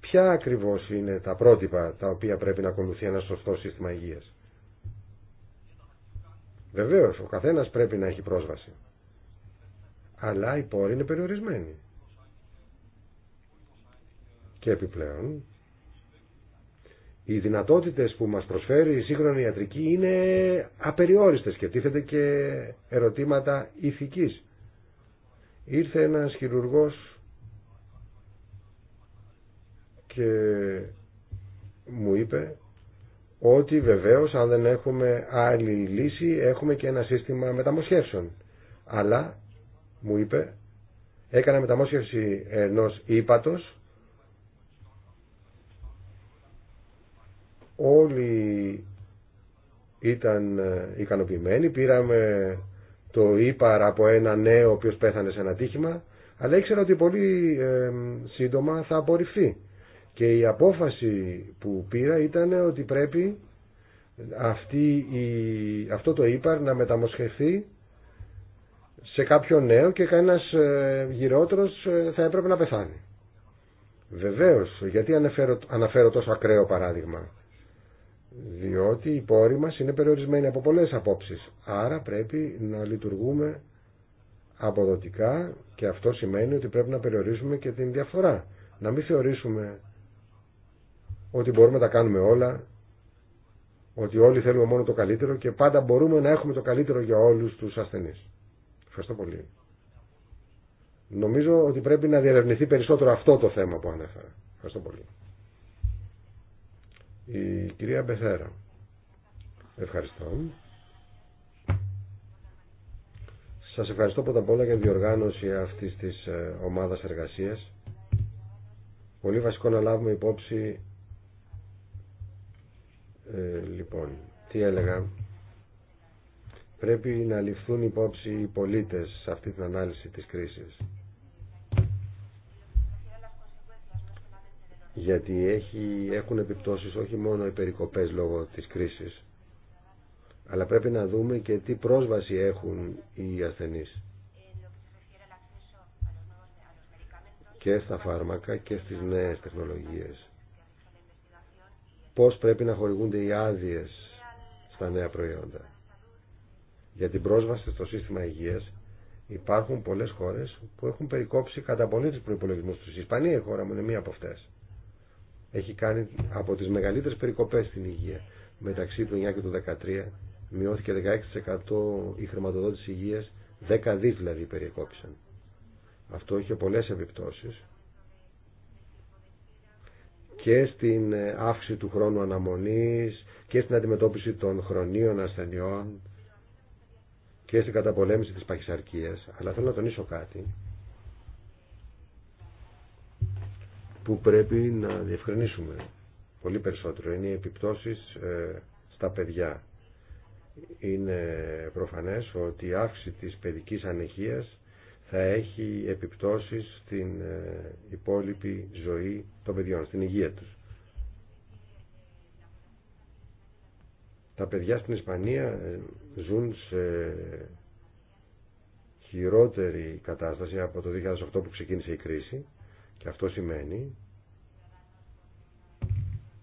Ποια ακριβώς είναι τα πρότυπα τα οποία πρέπει να ακολουθεί ένα σωστό σύστημα υγείας. Βεβαίως, ο καθένας πρέπει να έχει πρόσβαση. Αλλά οι πόροι είναι περιορισμένοι. Και επιπλέον, οι δυνατότητες που μας προσφέρει η σύγχρονη ιατρική είναι απεριόριστες και τίθεται και ερωτήματα ηθικής. Ήρθε ένας χειρουργός και μου είπε ότι βεβαίως αν δεν έχουμε άλλη λύση έχουμε και ένα σύστημα μεταμοσχεύσεων. Αλλά, μου είπε, έκανα μεταμόσχευση ενός ύπατος Όλοι ήταν ε, ικανοποιημένοι. Πήραμε το ύπαρ από ένα νέο ο οποίος πέθανε σε ένα τύχημα. Αλλά ήξερα ότι πολύ ε, σύντομα θα απορριφθεί. Και η απόφαση που πήρα ήταν ότι πρέπει αυτή η, αυτό το ύπαρ να μεταμοσχευθεί σε κάποιο νέο και κανένας ε, γυρότερος θα έπρεπε να πεθάνει. Βεβαίως, γιατί αναφέρω, αναφέρω τόσο ακραίο παράδειγμα διότι οι πόροι μας είναι περιορισμένοι από πολλές απόψεις. Άρα πρέπει να λειτουργούμε αποδοτικά και αυτό σημαίνει ότι πρέπει να περιορίσουμε και την διαφορά. Να μην θεωρήσουμε ότι μπορούμε να τα κάνουμε όλα, ότι όλοι θέλουμε μόνο το καλύτερο και πάντα μπορούμε να έχουμε το καλύτερο για όλους τους ασθενείς. Ευχαριστώ πολύ. Νομίζω ότι πρέπει να διερευνηθεί περισσότερο αυτό το θέμα που ανέφερα. Ευχαριστώ πολύ. Η κυρία Μπεθέρα. Ευχαριστώ. Σας ευχαριστώ πρώτα απ' όλα για την διοργάνωση αυτής της ε, ομάδας εργασίας. Πολύ βασικό να λάβουμε υπόψη ε, λοιπόν, τι έλεγα πρέπει να ληφθούν υπόψη οι πολίτες σε αυτή την ανάλυση της κρίσης. γιατί έχουν επιπτώσεις όχι μόνο οι περικοπές λόγω της κρίσης, αλλά πρέπει να δούμε και τι πρόσβαση έχουν οι ασθενείς και στα φάρμακα και στις νέες τεχνολογίες. Πώς πρέπει να χορηγούνται οι άδειες στα νέα προϊόντα. Για την πρόσβαση στο σύστημα υγείας υπάρχουν πολλές χώρες που έχουν περικόψει κατά πολύ τους προϋπολογισμούς τους. Η Ισπανία η χώρα μου είναι μία από αυτές έχει κάνει από τις μεγαλύτερες περικοπές στην υγεία. Μεταξύ του 9 και του 13 μειώθηκε 16% η χρηματοδότηση υγείας, 10 δις δηλαδή περικόπησαν. Αυτό είχε πολλές επιπτώσεις και στην ε, αύξηση του χρόνου αναμονής και στην αντιμετώπιση των χρονίων ασθενειών και στην καταπολέμηση της παχυσαρκίας. Αλλά θέλω να τονίσω κάτι που πρέπει να διευκρινίσουμε πολύ περισσότερο είναι οι επιπτώσεις ε, στα παιδιά. Είναι προφανές ότι η αύξηση της παιδικής ανεχίας θα έχει επιπτώσεις στην ε, υπόλοιπη ζωή των παιδιών, στην υγεία τους. Τα παιδιά στην Ισπανία ε, ζουν σε χειρότερη κατάσταση από το 2008 που ξεκίνησε η κρίση και αυτό σημαίνει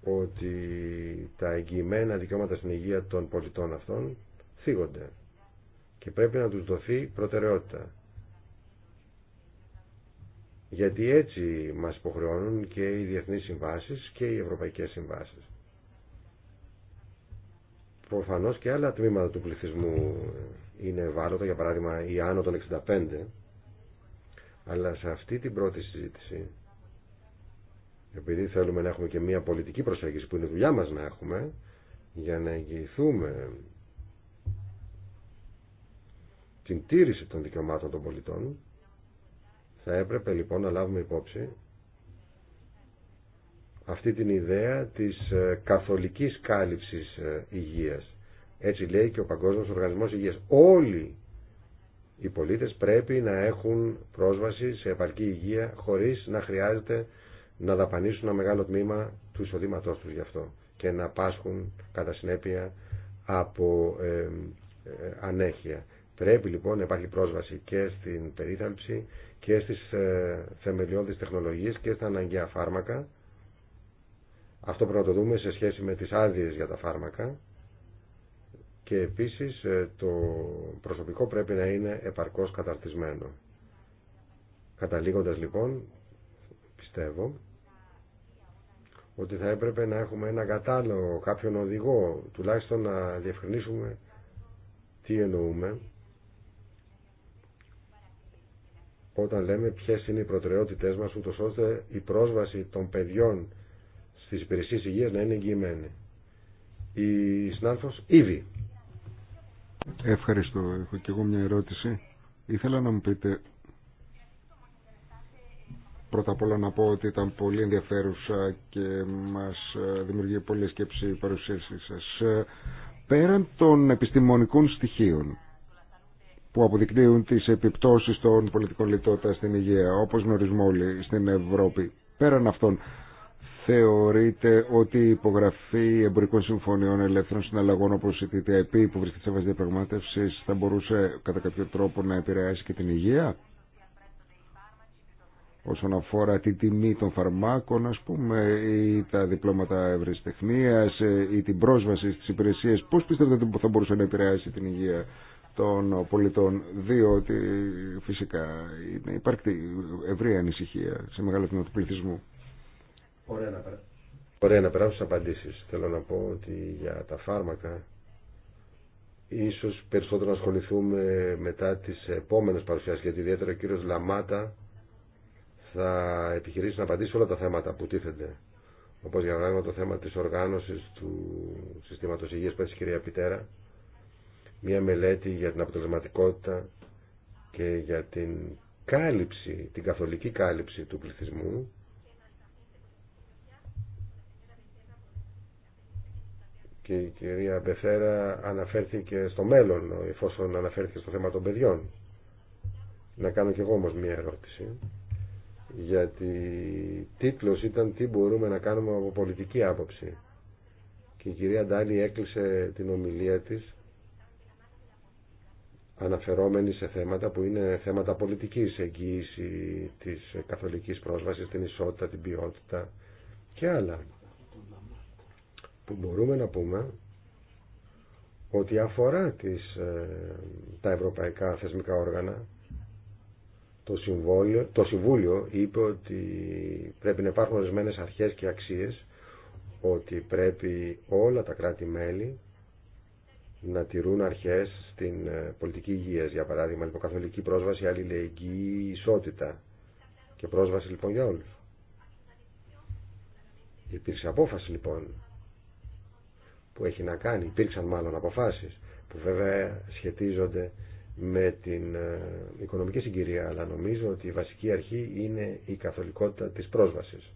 ότι τα εγγυημένα δικαιώματα στην υγεία των πολιτών αυτών θίγονται και πρέπει να τους δοθεί προτεραιότητα. Γιατί έτσι μας υποχρεώνουν και οι διεθνείς συμβάσεις και οι ευρωπαϊκές συμβάσεις. Προφανώς και άλλα τμήματα του πληθυσμού είναι ευάλωτα, για παράδειγμα η άνω των 65 αλλά σε αυτή την πρώτη συζήτηση, επειδή θέλουμε να έχουμε και μια πολιτική προσέγγιση που είναι δουλειά μας να έχουμε, για να εγγυηθούμε την τήρηση των δικαιωμάτων των πολιτών, θα έπρεπε λοιπόν να λάβουμε υπόψη αυτή την ιδέα της ε, καθολικής κάλυψης ε, υγείας. Έτσι λέει και ο Παγκόσμιος Οργανισμός Υγείας. Όλοι οι πολίτες πρέπει να έχουν πρόσβαση σε επαρκή υγεία χωρίς να χρειάζεται να δαπανίσουν ένα μεγάλο τμήμα του εισοδήματό τους γι' αυτό και να πάσχουν κατά συνέπεια από ε, ανέχεια. Πρέπει λοιπόν να υπάρχει πρόσβαση και στην περίθαλψη και στις ε, θεμελιώδεις τεχνολογίες και στα αναγκαία φάρμακα. Αυτό πρέπει να το δούμε σε σχέση με τις άδειες για τα φάρμακα και επίσης ε, το προσωπικό πρέπει να είναι επαρκώς καταρτισμένο. Καταλήγοντας λοιπόν, πιστεύω ότι θα έπρεπε να έχουμε ένα κατάλληλο, κάποιον οδηγό, τουλάχιστον να διευκρινίσουμε τι εννοούμε όταν λέμε ποιες είναι οι προτεραιότητές μας, ούτως ώστε η πρόσβαση των παιδιών στις υπηρεσίες υγείας να είναι εγγυημένη. Η συνάδελφος Ήβη. Ευχαριστώ. Έχω και εγώ μια ερώτηση. Ήθελα να μου πείτε πρώτα απ' όλα να πω ότι ήταν πολύ ενδιαφέρουσα και μας ε, δημιουργεί πολλή σκέψη η παρουσίασή σας. Ε, πέραν των επιστημονικών στοιχείων που αποδεικνύουν τις επιπτώσεις των πολιτικών λιτότητας στην υγεία, όπως γνωρίζουμε όλοι στην Ευρώπη, πέραν αυτών, θεωρείτε ότι η υπογραφή εμπορικών συμφωνιών ελεύθερων συναλλαγών όπω η TTIP που βρίσκεται σε βάση διαπραγματεύση θα μπορούσε κατά κάποιο τρόπο να επηρεάσει και την υγεία όσον αφορά τη τιμή των φαρμάκων ας πούμε ή τα διπλώματα ευρεσιτεχνία ή την πρόσβαση στις υπηρεσίες πώς πιστεύετε ότι θα μπορούσε να επηρεάσει την υγεία των πολιτών διότι φυσικά είναι υπάρχει ευρία ανησυχία σε μεγάλο τμήμα του πληθυσμού. Ωραία να περάσω. Ωραία να απαντήσεις. Θέλω να πω ότι για τα φάρμακα ίσως περισσότερο να ασχοληθούμε μετά τις επόμενες παρουσιάσεις γιατί ιδιαίτερα ο κύριος Λαμάτα θα επιχειρήσει να απαντήσει όλα τα θέματα που τίθενται. Όπως για παράδειγμα το θέμα της οργάνωσης του συστήματος υγείας που κυρία Πιτέρα, μια μελέτη για την αποτελεσματικότητα και για την κάλυψη, την καθολική κάλυψη του πληθυσμού και η κυρία Μπεθέρα αναφέρθηκε στο μέλλον εφόσον αναφέρθηκε στο θέμα των παιδιών. Να κάνω κι εγώ όμως μία ερώτηση γιατί τίτλος ήταν τι μπορούμε να κάνουμε από πολιτική άποψη και η κυρία Ντάλη έκλεισε την ομιλία της αναφερόμενη σε θέματα που είναι θέματα πολιτικής εγγύηση της καθολικής πρόσβασης, την ισότητα, την ποιότητα και άλλα που μπορούμε να πούμε ότι αφορά τις, ε, τα ευρωπαϊκά θεσμικά όργανα το, συμβόλιο, το Συμβούλιο είπε ότι πρέπει να υπάρχουν ορισμένε αρχές και αξίες ότι πρέπει όλα τα κράτη-μέλη να τηρούν αρχές στην ε, πολιτική υγεία, για παράδειγμα, λοιπόν, καθολική πρόσβαση, αλληλεγγύη, ισότητα και πρόσβαση λοιπόν για όλους. Υπήρξε απόφαση λοιπόν που έχει να κάνει, υπήρξαν μάλλον αποφάσεις που βέβαια σχετίζονται με την ε, οικονομική συγκυρία, αλλά νομίζω ότι η βασική αρχή είναι η καθολικότητα της πρόσβασης.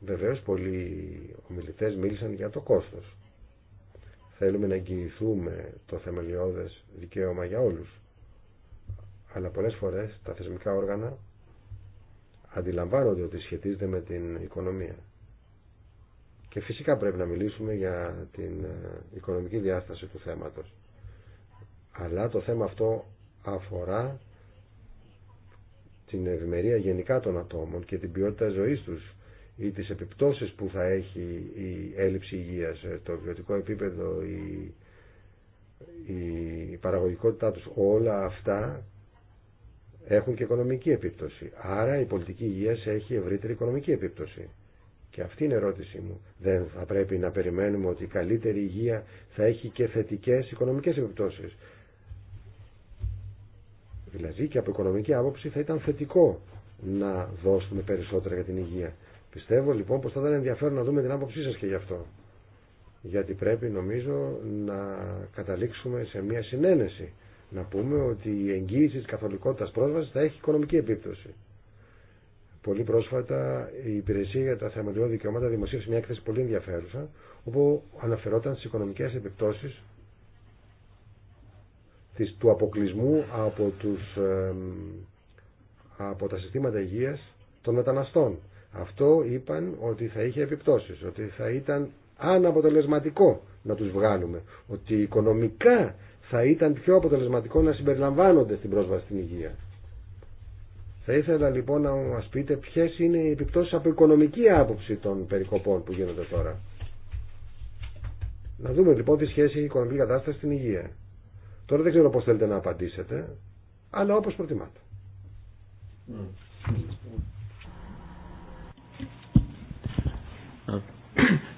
Βεβαίως πολλοί ομιλητές μίλησαν για το κόστος. Θέλουμε να εγγυηθούμε το θεμελιώδες δικαίωμα για όλους. Αλλά πολλές φορές τα θεσμικά όργανα αντιλαμβάνονται ότι σχετίζεται με την οικονομία. Και φυσικά πρέπει να μιλήσουμε για την ε, οικονομική διάσταση του θέματος. Αλλά το θέμα αυτό αφορά την ευημερία γενικά των ατόμων και την ποιότητα ζωής τους ή τις επιπτώσεις που θα έχει η έλλειψη υγείας, το βιωτικό επίπεδο, η, η παραγωγικότητά τους, όλα αυτά έχουν και οικονομική επίπτωση. Άρα η πολιτική υγείας έχει ευρύτερη οικονομική επίπτωση. Και αυτή είναι η ερώτησή μου. Δεν θα πρέπει να περιμένουμε ότι η καλύτερη υγεία θα έχει και θετικές οικονομικές επιπτώσεις. Δηλαδή και από οικονομική άποψη θα ήταν θετικό να δώσουμε περισσότερα για την υγεία. Πιστεύω λοιπόν πως θα ήταν ενδιαφέρον να δούμε την άποψή σας και γι' αυτό. Γιατί πρέπει νομίζω να καταλήξουμε σε μια συνένεση. Να πούμε ότι η εγγύηση της καθολικότητας πρόσβασης θα έχει οικονομική επίπτωση. Πολύ πρόσφατα η Υπηρεσία για τα Θεμελιώδη Δικαιώματα δημοσίευσε μια έκθεση πολύ ενδιαφέρουσα, όπου αναφερόταν στι οικονομικέ επιπτώσει του αποκλεισμού από, τους, από τα συστήματα υγείας των μεταναστών. Αυτό είπαν ότι θα είχε επιπτώσεις, ότι θα ήταν αναποτελεσματικό να τους βγάλουμε, ότι οικονομικά θα ήταν πιο αποτελεσματικό να συμπεριλαμβάνονται στην πρόσβαση στην υγεία. Θα ήθελα λοιπόν να μα πείτε ποιε είναι οι επιπτώσεις από οικονομική άποψη των περικοπών που γίνονται τώρα. Να δούμε λοιπόν τι σχέση η οικονομική κατάσταση στην υγεία. Τώρα δεν ξέρω πω θέλετε να απαντήσετε, αλλά όπως προτιμάτε.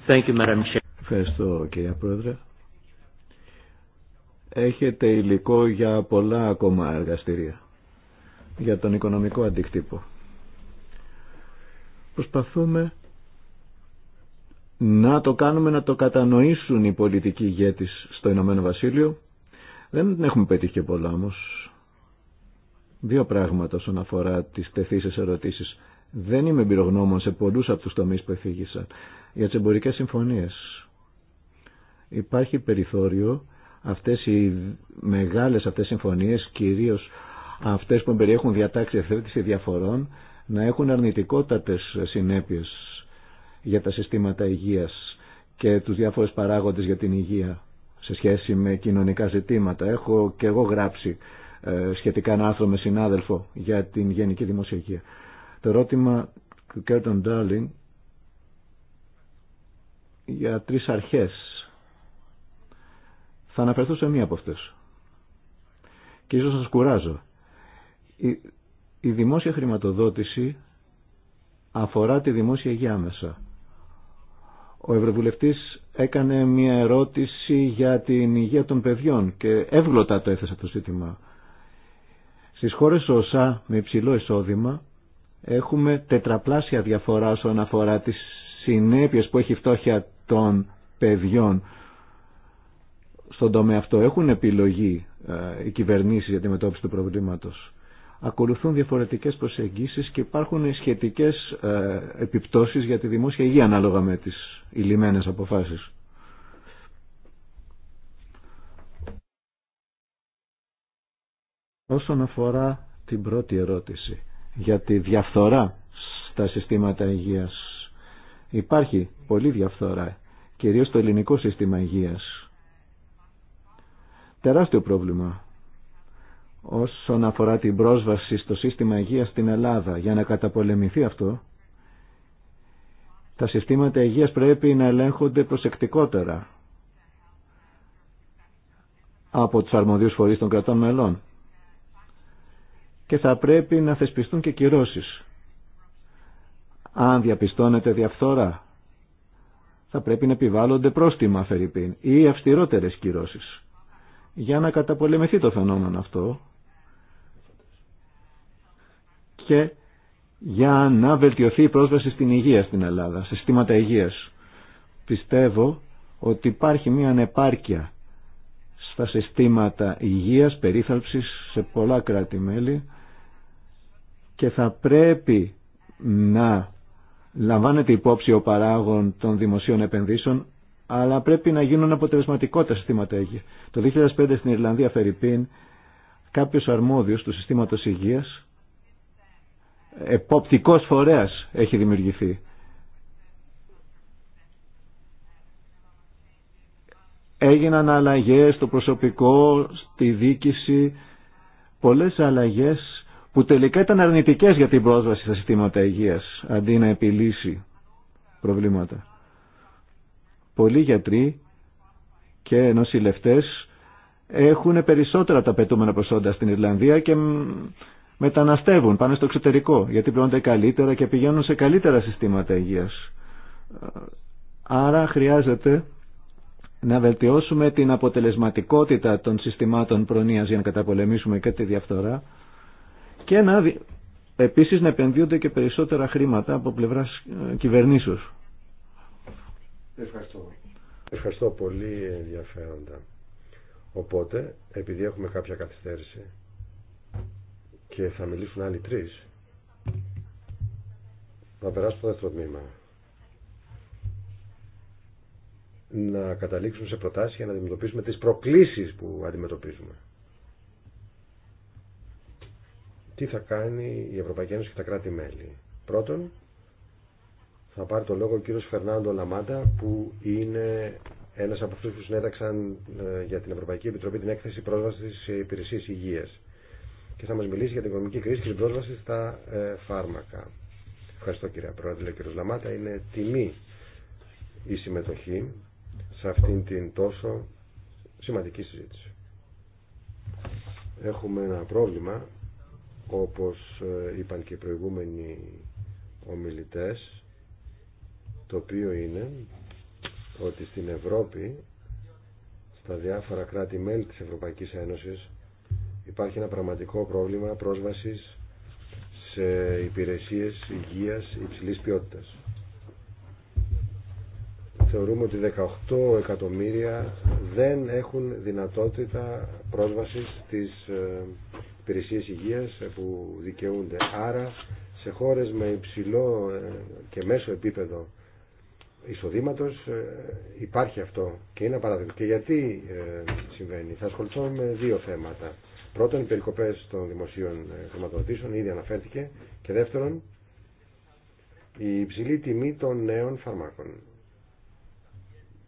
Thank you, Ευχαριστώ κύριε Πρόεδρε. Έχετε υλικό για πολλά ακόμα εργαστήρια για τον οικονομικό αντικτύπο. Προσπαθούμε να το κάνουμε να το κατανοήσουν οι πολιτικοί ηγέτης στο Ηνωμένο Βασίλειο. Δεν έχουμε πετύχει και πολλά όμως. Δύο πράγματα όσον αφορά τις τεθήσεις ερωτήσεις. Δεν είμαι εμπειρογνώμων σε πολλούς από τους τομείς που εφήγησα. Για τις εμπορικέ συμφωνίες υπάρχει περιθώριο αυτές οι μεγάλες αυτές συμφωνίες, κυρίως αυτές που περιέχουν διατάξεις ευθέτηση διαφορών να έχουν αρνητικότατες συνέπειες για τα συστήματα υγείας και τους διάφορες παράγοντες για την υγεία σε σχέση με κοινωνικά ζητήματα. Έχω και εγώ γράψει ε, σχετικά ένα άθρο με συνάδελφο για την γενική δημοσιογεία. Το ερώτημα του Κέρτον Ντάρλινγκ για τρεις αρχές. Θα αναφερθώ σε μία από αυτές. Και ίσως σας κουράζω. Η, δημόσια χρηματοδότηση αφορά τη δημόσια υγεία άμεσα. Ο Ευρωβουλευτής έκανε μια ερώτηση για την υγεία των παιδιών και εύγλωτα το έθεσε το ζήτημα. Στις χώρες ΩΣΑ με υψηλό εισόδημα έχουμε τετραπλάσια διαφορά όσον αφορά τις συνέπειες που έχει η φτώχεια των παιδιών στον τομέα αυτό. Έχουν επιλογή ε, οι κυβερνήσεις για τη μετώπιση του προβλήματος ακολουθούν διαφορετικές προσεγγίσεις και υπάρχουν σχετικές ε, επιπτώσεις για τη δημόσια υγεία ανάλογα με τις ηλιμένες αποφάσεις. Όσον αφορά την πρώτη ερώτηση για τη διαφθορά στα συστήματα υγείας, υπάρχει πολλή διαφθορά, κυρίως στο ελληνικό σύστημα υγείας. Τεράστιο πρόβλημα όσον αφορά την πρόσβαση στο σύστημα υγείας στην Ελλάδα. Για να καταπολεμηθεί αυτό, τα συστήματα υγείας πρέπει να ελέγχονται προσεκτικότερα από τους αρμοδίους φορείς των κρατών μελών και θα πρέπει να θεσπιστούν και κυρώσεις. Αν διαπιστώνεται διαφθόρα, θα πρέπει να επιβάλλονται πρόστιμα, Φερρυπίν, ή αυστηρότερες κυρώσεις. Για να καταπολεμηθεί το φαινόμενο αυτό, και για να βελτιωθεί η πρόσβαση στην υγεία στην Ελλάδα, σε συστήματα υγείας. Πιστεύω ότι υπάρχει μια ανεπάρκεια στα συστήματα υγείας, περίθαλψης σε πολλά κράτη-μέλη και θα πρέπει να λαμβάνεται υπόψη ο παράγων των δημοσίων επενδύσεων αλλά πρέπει να γίνουν αποτελεσματικότερα συστήματα υγεία. Το 2005 στην Ιρλανδία Φερρυπίν κάποιος αρμόδιος του συστήματος υγείας εποπτικός φορέας έχει δημιουργηθεί. Έγιναν αλλαγές στο προσωπικό, στη δίκηση, πολλές αλλαγές που τελικά ήταν αρνητικές για την πρόσβαση στα συστήματα υγείας, αντί να επιλύσει προβλήματα. Πολλοί γιατροί και νοσηλευτές έχουν περισσότερα τα πετούμενα προσόντα στην Ιρλανδία και μεταναστεύουν, πάνε στο εξωτερικό, γιατί πληρώνονται καλύτερα και πηγαίνουν σε καλύτερα συστήματα υγείας. Ε, άρα χρειάζεται να βελτιώσουμε την αποτελεσματικότητα των συστημάτων προνοίας για να καταπολεμήσουμε και τη διαφθορά και να, επίσης να επενδύονται και περισσότερα χρήματα από πλευράς ε, κυβερνήσεως. Ευχαριστώ. Ευχαριστώ πολύ ενδιαφέροντα. Οπότε, επειδή έχουμε κάποια καθυστέρηση, και θα μιλήσουν άλλοι τρει. θα περάσουν στο δεύτερο τμήμα να καταλήξουμε σε προτάσει για να αντιμετωπίσουμε τι προκλήσει που αντιμετωπίζουμε τι θα κάνει η Ευρωπαϊκή Ένωση και τα κράτη-μέλη πρώτον θα πάρει το λόγο ο κύριος Φερνάντο Λαμάντα που είναι ένας από αυτούς που συνέταξαν ε, για την Ευρωπαϊκή Επιτροπή την έκθεση πρόσβασης σε υπηρεσίες υγείας και θα μα μιλήσει για την οικονομική κρίση και την πρόσβαση στα ε, φάρμακα. Ευχαριστώ κύριε Πρόεδρε, κύριο Λαμάτα. Είναι τιμή η συμμετοχή σε αυτήν την τόσο σημαντική συζήτηση. Έχουμε ένα πρόβλημα, όπως ε, είπαν και οι προηγούμενοι ομιλητές, το οποίο είναι ότι στην Ευρώπη, στα διάφορα κράτη-μέλη της Ευρωπαϊκής Ένωσης, Υπάρχει ένα πραγματικό πρόβλημα πρόσβασης σε υπηρεσίες υγείας υψηλής ποιότητας. Θεωρούμε ότι 18 εκατομμύρια δεν έχουν δυνατότητα πρόσβασης στις ε, υπηρεσίες υγείας που δικαιούνται. Άρα σε χώρες με υψηλό ε, και μέσο επίπεδο εισοδήματος ε, υπάρχει αυτό και είναι απαράδεκτο. Και γιατί συμβαίνει. Θα ασχοληθώ με δύο θέματα. Πρώτον, οι περικοπέ των δημοσίων ε, χρηματοδοτήσεων, ήδη αναφέρθηκε. Και δεύτερον, η υψηλή τιμή των νέων φαρμάκων,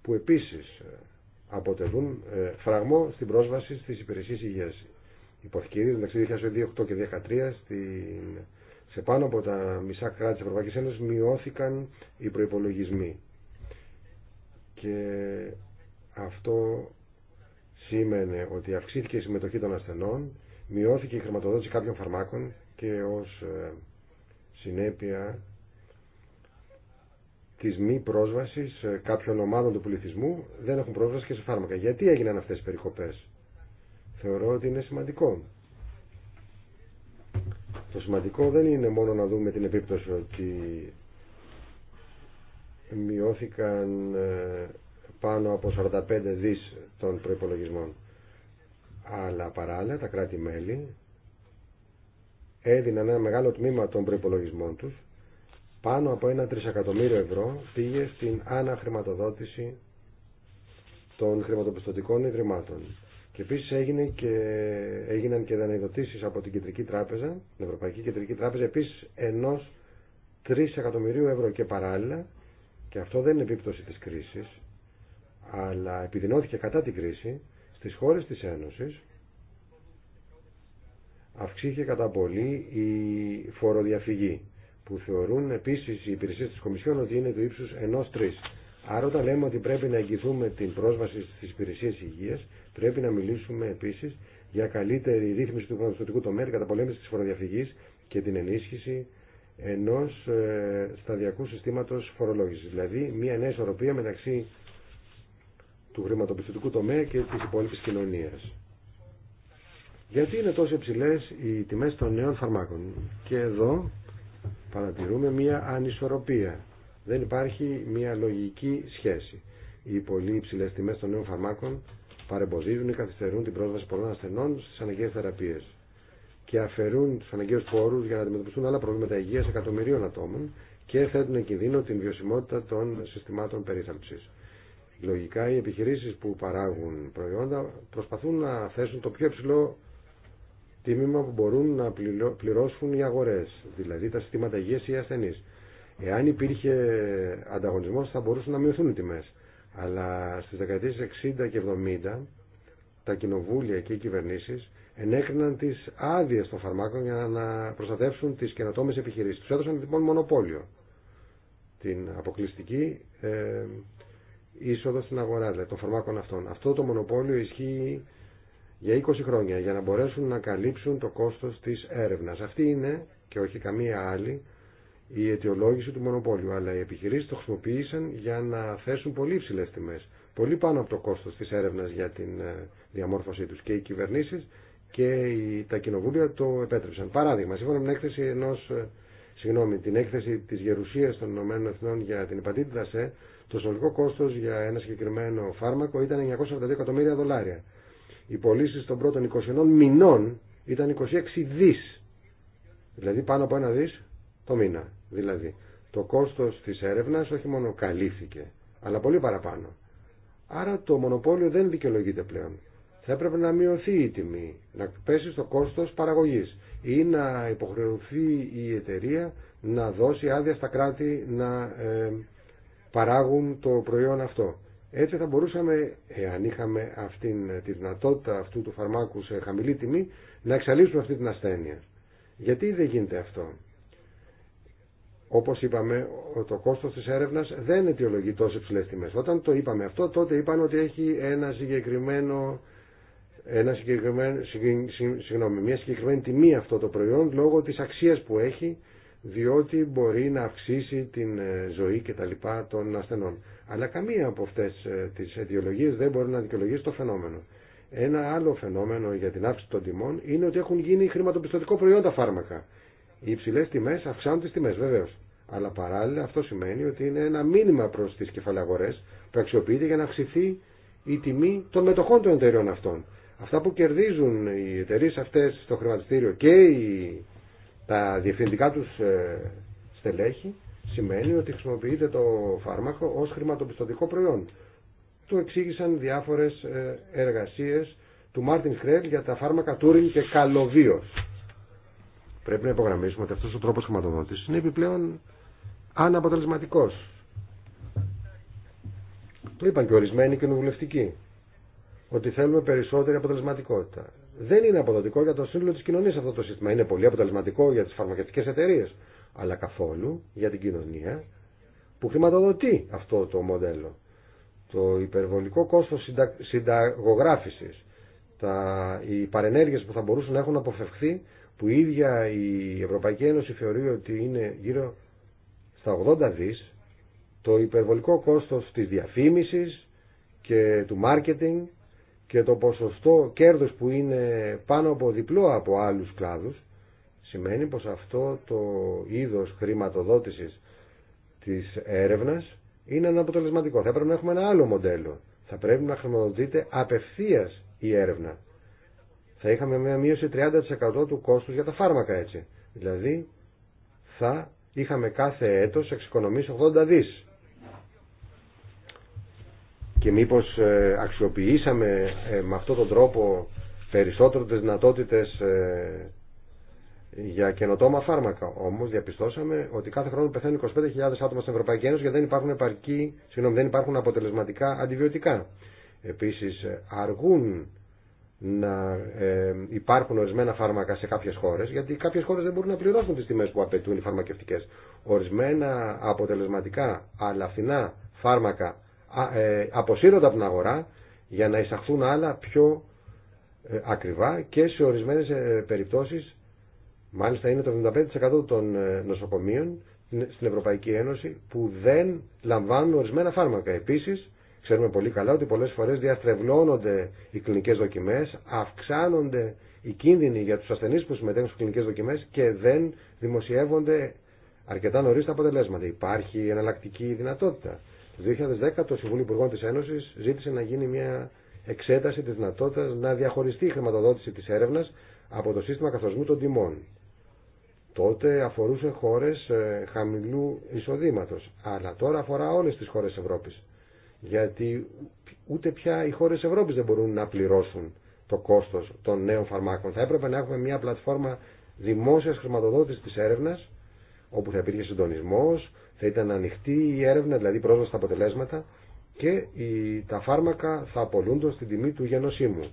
που επίσης ε, αποτελούν ε, φραγμό στην πρόσβαση στις υπηρεσίες υγείας. ήδη μεταξύ 2008 και 2013 στην... σε πάνω από τα μισά κράτη τη Ευρωπαϊκή Ένωση μειώθηκαν οι προπολογισμοί Και αυτό σήμαινε ότι αυξήθηκε η συμμετοχή των ασθενών, μειώθηκε η χρηματοδότηση κάποιων φαρμάκων και ως ε, συνέπεια της μη πρόσβασης ε, κάποιων ομάδων του πληθυσμού δεν έχουν πρόσβαση και σε φάρμακα. Γιατί έγιναν αυτές οι περικοπές. Θεωρώ ότι είναι σημαντικό. Το σημαντικό δεν είναι μόνο να δούμε την επίπτωση ότι μειώθηκαν ε, πάνω από 45 δις των προϋπολογισμών. Αλλά παράλληλα τα κράτη-μέλη έδιναν ένα μεγάλο τμήμα των προϋπολογισμών τους πάνω από ένα τρισεκατομμύριο ευρώ πήγε στην αναχρηματοδότηση των χρηματοπιστωτικών ιδρυμάτων. Και επίσης έγινε και, έγιναν και δανειδοτήσεις από την Κεντρική Τράπεζα, την Ευρωπαϊκή Κεντρική Τράπεζα, επίσης ενός 3 εκατομμυρίου ευρώ και παράλληλα, και αυτό δεν είναι επίπτωση της κρίσης, αλλά επιδεινώθηκε κατά την κρίση στις χώρες της Ένωσης αυξήθηκε κατά πολύ η φοροδιαφυγή που θεωρούν επίσης οι υπηρεσίες της Κομισιόν ότι είναι του ύψους ενός τρεις. Άρα όταν λέμε ότι πρέπει να εγγυθούμε την πρόσβαση στις υπηρεσίες υγείας πρέπει να μιλήσουμε επίσης για καλύτερη ρύθμιση του χρηματοδοτικού τομέα, κατά καταπολέμηση της φοροδιαφυγής και την ενίσχυση ενός ε, σταδιακού συστήματος φορολόγησης. Δηλαδή μια νέα ισορροπία μεταξύ του χρηματοπιστωτικού τομέα και της υπόλοιπης κοινωνίας. Γιατί είναι τόσο υψηλέ οι τιμές των νέων φαρμάκων. Και εδώ παρατηρούμε μια ανισορροπία. Δεν υπάρχει μια λογική σχέση. Οι πολύ υψηλέ τιμές των νέων φαρμάκων παρεμποδίζουν ή καθυστερούν την πρόσβαση πολλών ασθενών στις αναγκαίες θεραπείες και αφαιρούν του αναγκαίου πόρου για να αντιμετωπιστούν άλλα προβλήματα υγεία εκατομμυρίων ατόμων και θέτουν κινδύνο την βιωσιμότητα των συστημάτων περίθαλψη. Λογικά οι επιχειρήσεις που παράγουν προϊόντα προσπαθούν να θέσουν το πιο υψηλό τίμημα που μπορούν να πληρώσουν οι αγορές, δηλαδή τα συστήματα υγείας ή ασθενείς. Εάν υπήρχε ανταγωνισμός θα μπορούσαν να μειωθούν οι τιμές. Αλλά στις δεκαετίες 60 και 70 τα κοινοβούλια και οι κυβερνήσεις ενέκριναν τις άδειε των φαρμάκων για να προστατεύσουν τις καινοτόμες επιχειρήσεις. Τους έδωσαν λοιπόν μονοπόλιο, την αποκλειστική ε, είσοδο στην αγορά δηλαδή, των φαρμάκων αυτών. Αυτό το μονοπόλιο ισχύει για 20 χρόνια για να μπορέσουν να καλύψουν το κόστο τη έρευνα. Αυτή είναι και όχι καμία άλλη η αιτιολόγηση του μονοπόλιου. Αλλά οι επιχειρήσει το χρησιμοποίησαν για να θέσουν πολύ υψηλέ τιμέ, Πολύ πάνω από το κόστο τη έρευνα για την ε, διαμόρφωσή του Και οι κυβερνήσει και τα κοινοβούλια το επέτρεψαν. Παράδειγμα, σύμφωνα με την έκθεση ενός... Ε, συγγνώμη, την έκθεση τη γερουσία των ΗΠΑ για την υπατήτητα ΣΕ, το συνολικό κόστο για ένα συγκεκριμένο φάρμακο ήταν 942 εκατομμύρια δολάρια. Οι πωλήσει των πρώτων 21 μηνών ήταν 26 δι, Δηλαδή πάνω από ένα δι το μήνα. Δηλαδή το κόστο τη έρευνα όχι μόνο καλύφθηκε, αλλά πολύ παραπάνω. Άρα το μονοπόλιο δεν δικαιολογείται πλέον. Θα έπρεπε να μειωθεί η τιμή, να πέσει στο κόστο παραγωγή ή να υποχρεωθεί η εταιρεία να δώσει άδεια στα κράτη να ε, παράγουν το προϊόν αυτό. Έτσι θα μπορούσαμε, εάν είχαμε αυτή τη δυνατότητα αυτού του φαρμάκου σε χαμηλή τιμή, να εξαλείψουμε αυτή την ασθένεια. Γιατί δεν γίνεται αυτό. Όπως είπαμε, το κόστος της έρευνας δεν αιτιολογεί τόσο υψηλές τιμές. Όταν το είπαμε αυτό, τότε είπαν ότι έχει ένα συγκεκριμένο, συγγνώμη, μια συγκεκριμένη τιμή αυτό το προϊόν λόγω της αξίας που έχει διότι μπορεί να αυξήσει την ε, ζωή και τα λοιπά των ασθενών. Αλλά καμία από αυτές ε, τις αιτιολογίες δεν μπορεί να δικαιολογήσει το φαινόμενο. Ένα άλλο φαινόμενο για την αύξηση των τιμών είναι ότι έχουν γίνει χρηματοπιστωτικό προϊόν τα φάρμακα. Οι υψηλέ τιμέ αυξάνουν τι τιμέ, βεβαίω. Αλλά παράλληλα αυτό σημαίνει ότι είναι ένα μήνυμα προ τι κεφαλαγορέ που αξιοποιείται για να αυξηθεί η τιμή των μετοχών των εταιρεών αυτών. Αυτά που κερδίζουν οι εταιρείε αυτέ στο χρηματιστήριο και οι τα διευθυντικά τους ε, στελέχη σημαίνει ότι χρησιμοποιείται το φάρμακο ως χρηματοπιστωτικό προϊόν. Του εξήγησαν διάφορες ε, εργασίες του Μάρτιν Χρέλ για τα φάρμακα Τούριν και Καλοβίος. Πρέπει να υπογραμμίσουμε ότι αυτός ο τρόπος χρηματοδότησης είναι επιπλέον αναποτελεσματικός. Το είπαν και ορισμένοι κοινοβουλευτικοί ότι θέλουμε περισσότερη αποτελεσματικότητα δεν είναι αποδοτικό για το σύνολο τη κοινωνία αυτό το σύστημα. Είναι πολύ αποτελεσματικό για τι φαρμακευτικέ εταιρείε, αλλά καθόλου για την κοινωνία που χρηματοδοτεί αυτό το μοντέλο. Το υπερβολικό κόστο συντα... συνταγογράφησης, τα... οι παρενέργειες που θα μπορούσαν να έχουν αποφευχθεί, που η ίδια η Ευρωπαϊκή Ένωση θεωρεί ότι είναι γύρω στα 80 δις, το υπερβολικό κόστο τη διαφήμιση και του μάρκετινγκ, και το ποσοστό κέρδους που είναι πάνω από διπλό από άλλους κλάδους σημαίνει πως αυτό το είδος χρηματοδότησης της έρευνας είναι αναποτελεσματικό. Θα πρέπει να έχουμε ένα άλλο μοντέλο. Θα πρέπει να χρηματοδοτείται απευθείας η έρευνα. Θα είχαμε μια μείωση 30% του κόστους για τα φάρμακα έτσι. Δηλαδή θα είχαμε κάθε έτος εξοικονομήσει 80 δις και μήπως ε, αξιοποιήσαμε ε, με αυτόν τον τρόπο περισσότερο τις δυνατότητες ε, για καινοτόμα φάρμακα. Όμω διαπιστώσαμε ότι κάθε χρόνο πεθαίνουν 25.000 άτομα στην Ευρωπαϊκή Ένωση και δεν υπάρχουν, επαρκή, συγγνώμη, δεν υπάρχουν αποτελεσματικά αντιβιωτικά. Επίσης αργούν να υπάρχουν ορισμένα φάρμακα σε κάποιε χώρε, γιατί κάποιε χώρε δεν μπορούν να πληρώσουν τι τιμέ που απαιτούν οι φαρμακευτικέ. Ορισμένα αποτελεσματικά αλλά φθηνά φάρμακα ε, αποσύρονται από την αγορά για να εισαχθούν άλλα πιο ε, ακριβά και σε ορισμένες ε, περιπτώσεις μάλιστα είναι το 75% των νοσοκομείων στην Ευρωπαϊκή Ένωση που δεν λαμβάνουν ορισμένα φάρμακα. Επίσης ξέρουμε πολύ καλά ότι πολλές φορές διαστρεβλώνονται οι κλινικές δοκιμές, αυξάνονται οι κίνδυνοι για τους ασθενείς που συμμετέχουν στις κλινικές δοκιμές και δεν δημοσιεύονται αρκετά νωρί τα αποτελέσματα. Υπάρχει εναλλακτική δυνατότητα. Το 2010 το Συμβούλιο Υπουργών της Ένωσης ζήτησε να γίνει μια εξέταση τη δυνατότητα να διαχωριστεί η χρηματοδότηση τη έρευνα από το σύστημα καθορισμού των τιμών. Τότε αφορούσε χώρε ε, χαμηλού εισοδήματο. αλλά τώρα αφορά όλες τις χώρες Ευρώπη. Γιατί ούτε πια οι χώρες Ευρώπη δεν μπορούν να πληρώσουν το κόστο των νέων φαρμάκων. Θα έπρεπε να έχουμε μια πλατφόρμα δημόσια χρηματοδότηση τη έρευνα όπου θα υπήρχε συντονισμό θα ήταν ανοιχτή η έρευνα, δηλαδή πρόσβαση στα αποτελέσματα και τα φάρμακα θα απολούνται στην τιμή του γενοσύμου.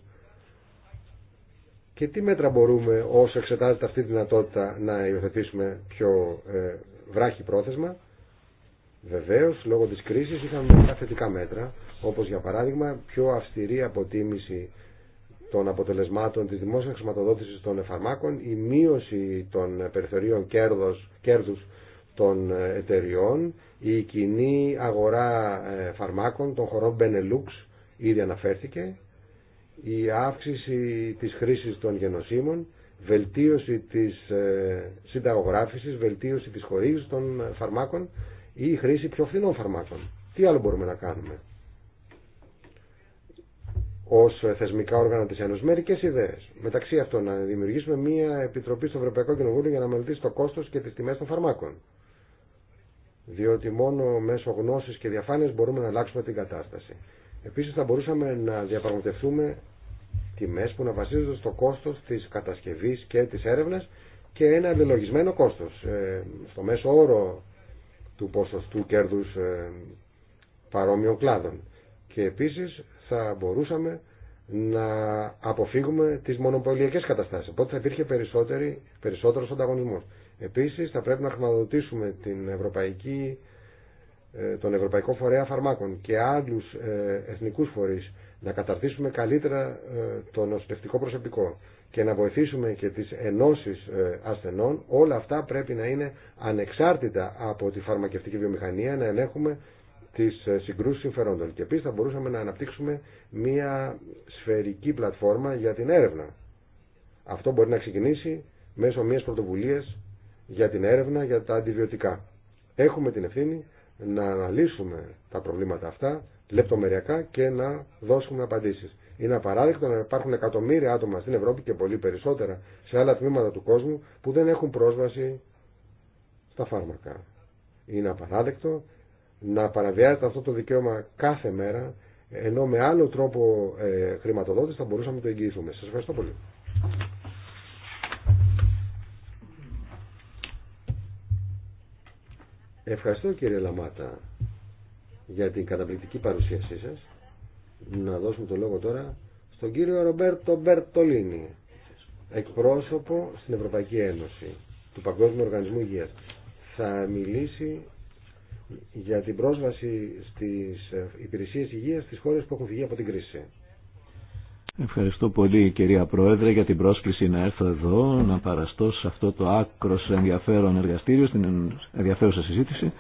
Και τι μέτρα μπορούμε όσο εξετάζεται αυτή τη δυνατότητα να υιοθετήσουμε πιο ε, βράχη πρόθεσμα. Βεβαίω, λόγω της κρίσης είχαμε τα θετικά μέτρα, όπως για παράδειγμα πιο αυστηρή αποτίμηση των αποτελεσμάτων της δημόσιας χρηματοδότησης των εφαρμάκων, η μείωση των περιθωρίων κέρδους, κέρδους των εταιριών, η κοινή αγορά ε, φαρμάκων των χωρών Benelux ήδη αναφέρθηκε, η αύξηση της χρήσης των γενοσύμων, βελτίωση της ε, συνταγογράφησης, βελτίωση της χορήγησης των φαρμάκων ή η χρήση πιο φθηνών φαρμάκων. Τι άλλο μπορούμε να κάνουμε ως θεσμικά όργανα της Ένωσης. Μερικές ιδέες. Μεταξύ αυτών να δημιουργήσουμε μια επιτροπή στο Ευρωπαϊκό Κοινοβούλιο για να μελετήσει το κόστος και τις τιμές των φαρμάκων διότι μόνο μέσω γνώσης και διαφάνειας μπορούμε να αλλάξουμε την κατάσταση. Επίσης θα μπορούσαμε να διαπραγματευτούμε τιμές που να βασίζονται στο κόστος της κατασκευής και της έρευνας και ένα αντιλογισμένο κόστος. Ε, στο μέσο όρο του ποσοστού κέρδους ε, παρόμοιων κλάδων. Και επίσης θα μπορούσαμε να αποφύγουμε τις μονοπωλιακές καταστάσεις. Οπότε θα υπήρχε περισσότερο περισσότερος ανταγωνισμός. Επίσης θα πρέπει να χρηματοδοτήσουμε την Ευρωπαϊκή, ε, τον Ευρωπαϊκό Φορέα Φαρμάκων και άλλους ε, εθνικούς φορείς να καταρτήσουμε καλύτερα ε, το νοσηλευτικό προσωπικό και να βοηθήσουμε και τις ενώσεις ασθενών, όλα αυτά πρέπει να είναι ανεξάρτητα από τη φαρμακευτική βιομηχανία, να ελέγχουμε τις συγκρούσεις συμφερόντων. Και επίσης θα μπορούσαμε να αναπτύξουμε μια σφαιρική πλατφόρμα για την έρευνα. Αυτό μπορεί να ξεκινήσει μέσω μιας πρωτοβουλίας για την έρευνα για τα αντιβιωτικά. Έχουμε την ευθύνη να αναλύσουμε τα προβλήματα αυτά λεπτομεριακά και να δώσουμε απαντήσεις. Είναι απαράδεκτο να υπάρχουν εκατομμύρια άτομα στην Ευρώπη και πολύ περισσότερα σε άλλα τμήματα του κόσμου που δεν έχουν πρόσβαση στα φάρμακα. Είναι απαράδεκτο να παραβιάζεται αυτό το δικαίωμα κάθε μέρα ενώ με άλλο τρόπο ε, χρηματοδότηση θα μπορούσαμε να το εγγυηθούμε. Σας ευχαριστώ πολύ. Ευχαριστώ κύριε Λαμάτα για την καταπληκτική παρουσίασή σας. Να δώσουμε το λόγο τώρα στον κύριο Ρομπέρτο Μπερτολίνη, εκπρόσωπο στην Ευρωπαϊκή Ένωση του Παγκόσμιου Οργανισμού Υγείας. Θα μιλήσει για την πρόσβαση στις ε, υπηρεσίες υγείας στις χώρες που έχουν φυγεί από την κρίση. Ευχαριστώ πολύ κυρία Πρόεδρε για την πρόσκληση να έρθω εδώ να παραστώ σε αυτό το άκρος ενδιαφέρον εργαστήριο, στην ενδιαφέρουσα συζήτηση.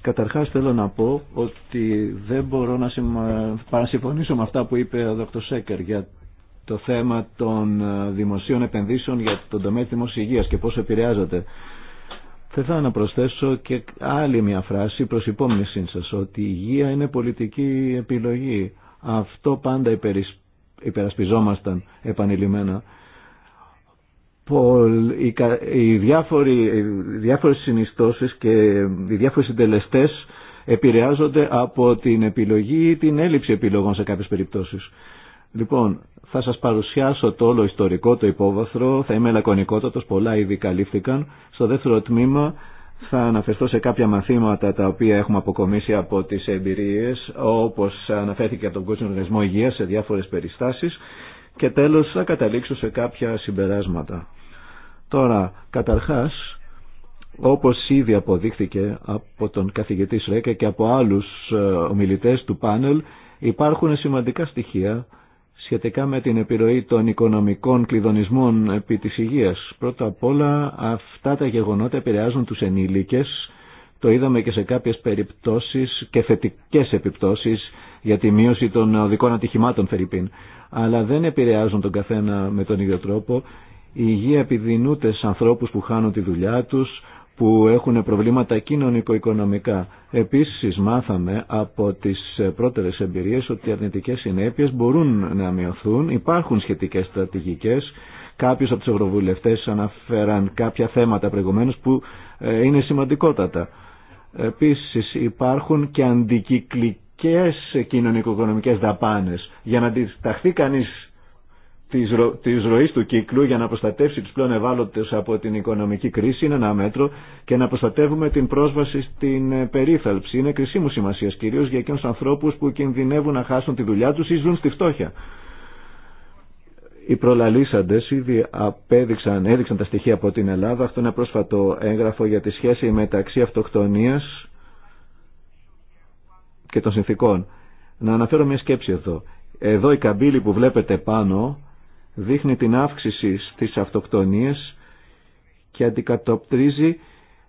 Καταρχάς θέλω να πω ότι δεν μπορώ να παρασυμφωνήσω με αυτά που είπε ο Δ. Σέκερ για το θέμα των ε, δημοσίων επενδύσεων για τον τομέα της δημόσιας υγείας και πώς επηρεάζεται. Θα ήθελα να προσθέσω και άλλη μια φράση προς υπόμνησή σας ότι η υγεία είναι πολιτική επιλογή. Αυτό πάντα υπερισπέζει υπερασπιζόμασταν επανειλημμένα. Οι, οι, διάφοροι, οι διάφορες συνιστώσεις και οι διάφορες συντελεστές επηρεάζονται από την επιλογή ή την έλλειψη επιλογών σε κάποιες περιπτώσεις. Λοιπόν, θα σας παρουσιάσω το όλο ιστορικό, το υπόβαθρο, θα είμαι λακωνικότατος, πολλά ήδη καλύφθηκαν. Στο δεύτερο τμήμα θα αναφερθώ σε κάποια μαθήματα τα οποία έχουμε αποκομίσει από τις εμπειρίες όπως αναφέρθηκε από τον Κόσμιο Οργανισμό Υγείας σε διάφορες περιστάσεις και τέλος θα καταλήξω σε κάποια συμπεράσματα. Τώρα, καταρχάς, όπως ήδη αποδείχθηκε από τον καθηγητή Σρέκα και από άλλους ε, ομιλητές του πάνελ, υπάρχουν σημαντικά στοιχεία σχετικά με την επιρροή των οικονομικών κλειδονισμών επί της υγείας. Πρώτα απ' όλα αυτά τα γεγονότα επηρεάζουν τους ενήλικες, το είδαμε και σε κάποιες περιπτώσεις και θετικές επιπτώσεις για τη μείωση των οδικών ατυχημάτων Φερρυπίν. Αλλά δεν επηρεάζουν τον καθένα με τον ίδιο τρόπο. Η υγεία επιδεινούται σε ανθρώπους που χάνουν τη δουλειά τους, που έχουν προβλήματα κοινωνικο-οικονομικά. Επίσης μάθαμε από τις πρώτερες εμπειρίες ότι οι αρνητικές συνέπειες μπορούν να μειωθούν, υπάρχουν σχετικές στρατηγικές. Κάποιος από τους ευρωβουλευτές αναφέραν κάποια θέματα προηγουμένως που ε, είναι σημαντικότατα. Επίσης υπάρχουν και αντικυκλικές κοινωνικο-οικονομικές δαπάνες. Για να αντισταχθεί κανείς της, ρο, της ροής του κύκλου για να προστατεύσει τους πλέον ευάλωτες από την οικονομική κρίση είναι ένα μέτρο και να προστατεύουμε την πρόσβαση στην ε, περίθαλψη. Είναι κρισίμου σημασίας κυρίως για εκείνους ανθρώπους που κινδυνεύουν να χάσουν τη δουλειά τους ή ζουν στη φτώχεια. Οι προλαλήσαντες ήδη απέδειξαν, έδειξαν τα στοιχεία από την Ελλάδα. Αυτό είναι πρόσφατο έγγραφο για τη σχέση μεταξύ αυτοκτονίας και των συνθήκων. Να αναφέρω μια σκέψη εδώ. Εδώ η καμπύλη που βλέπετε πάνω δείχνει την αύξηση στις αυτοκτονίες και αντικατοπτρίζει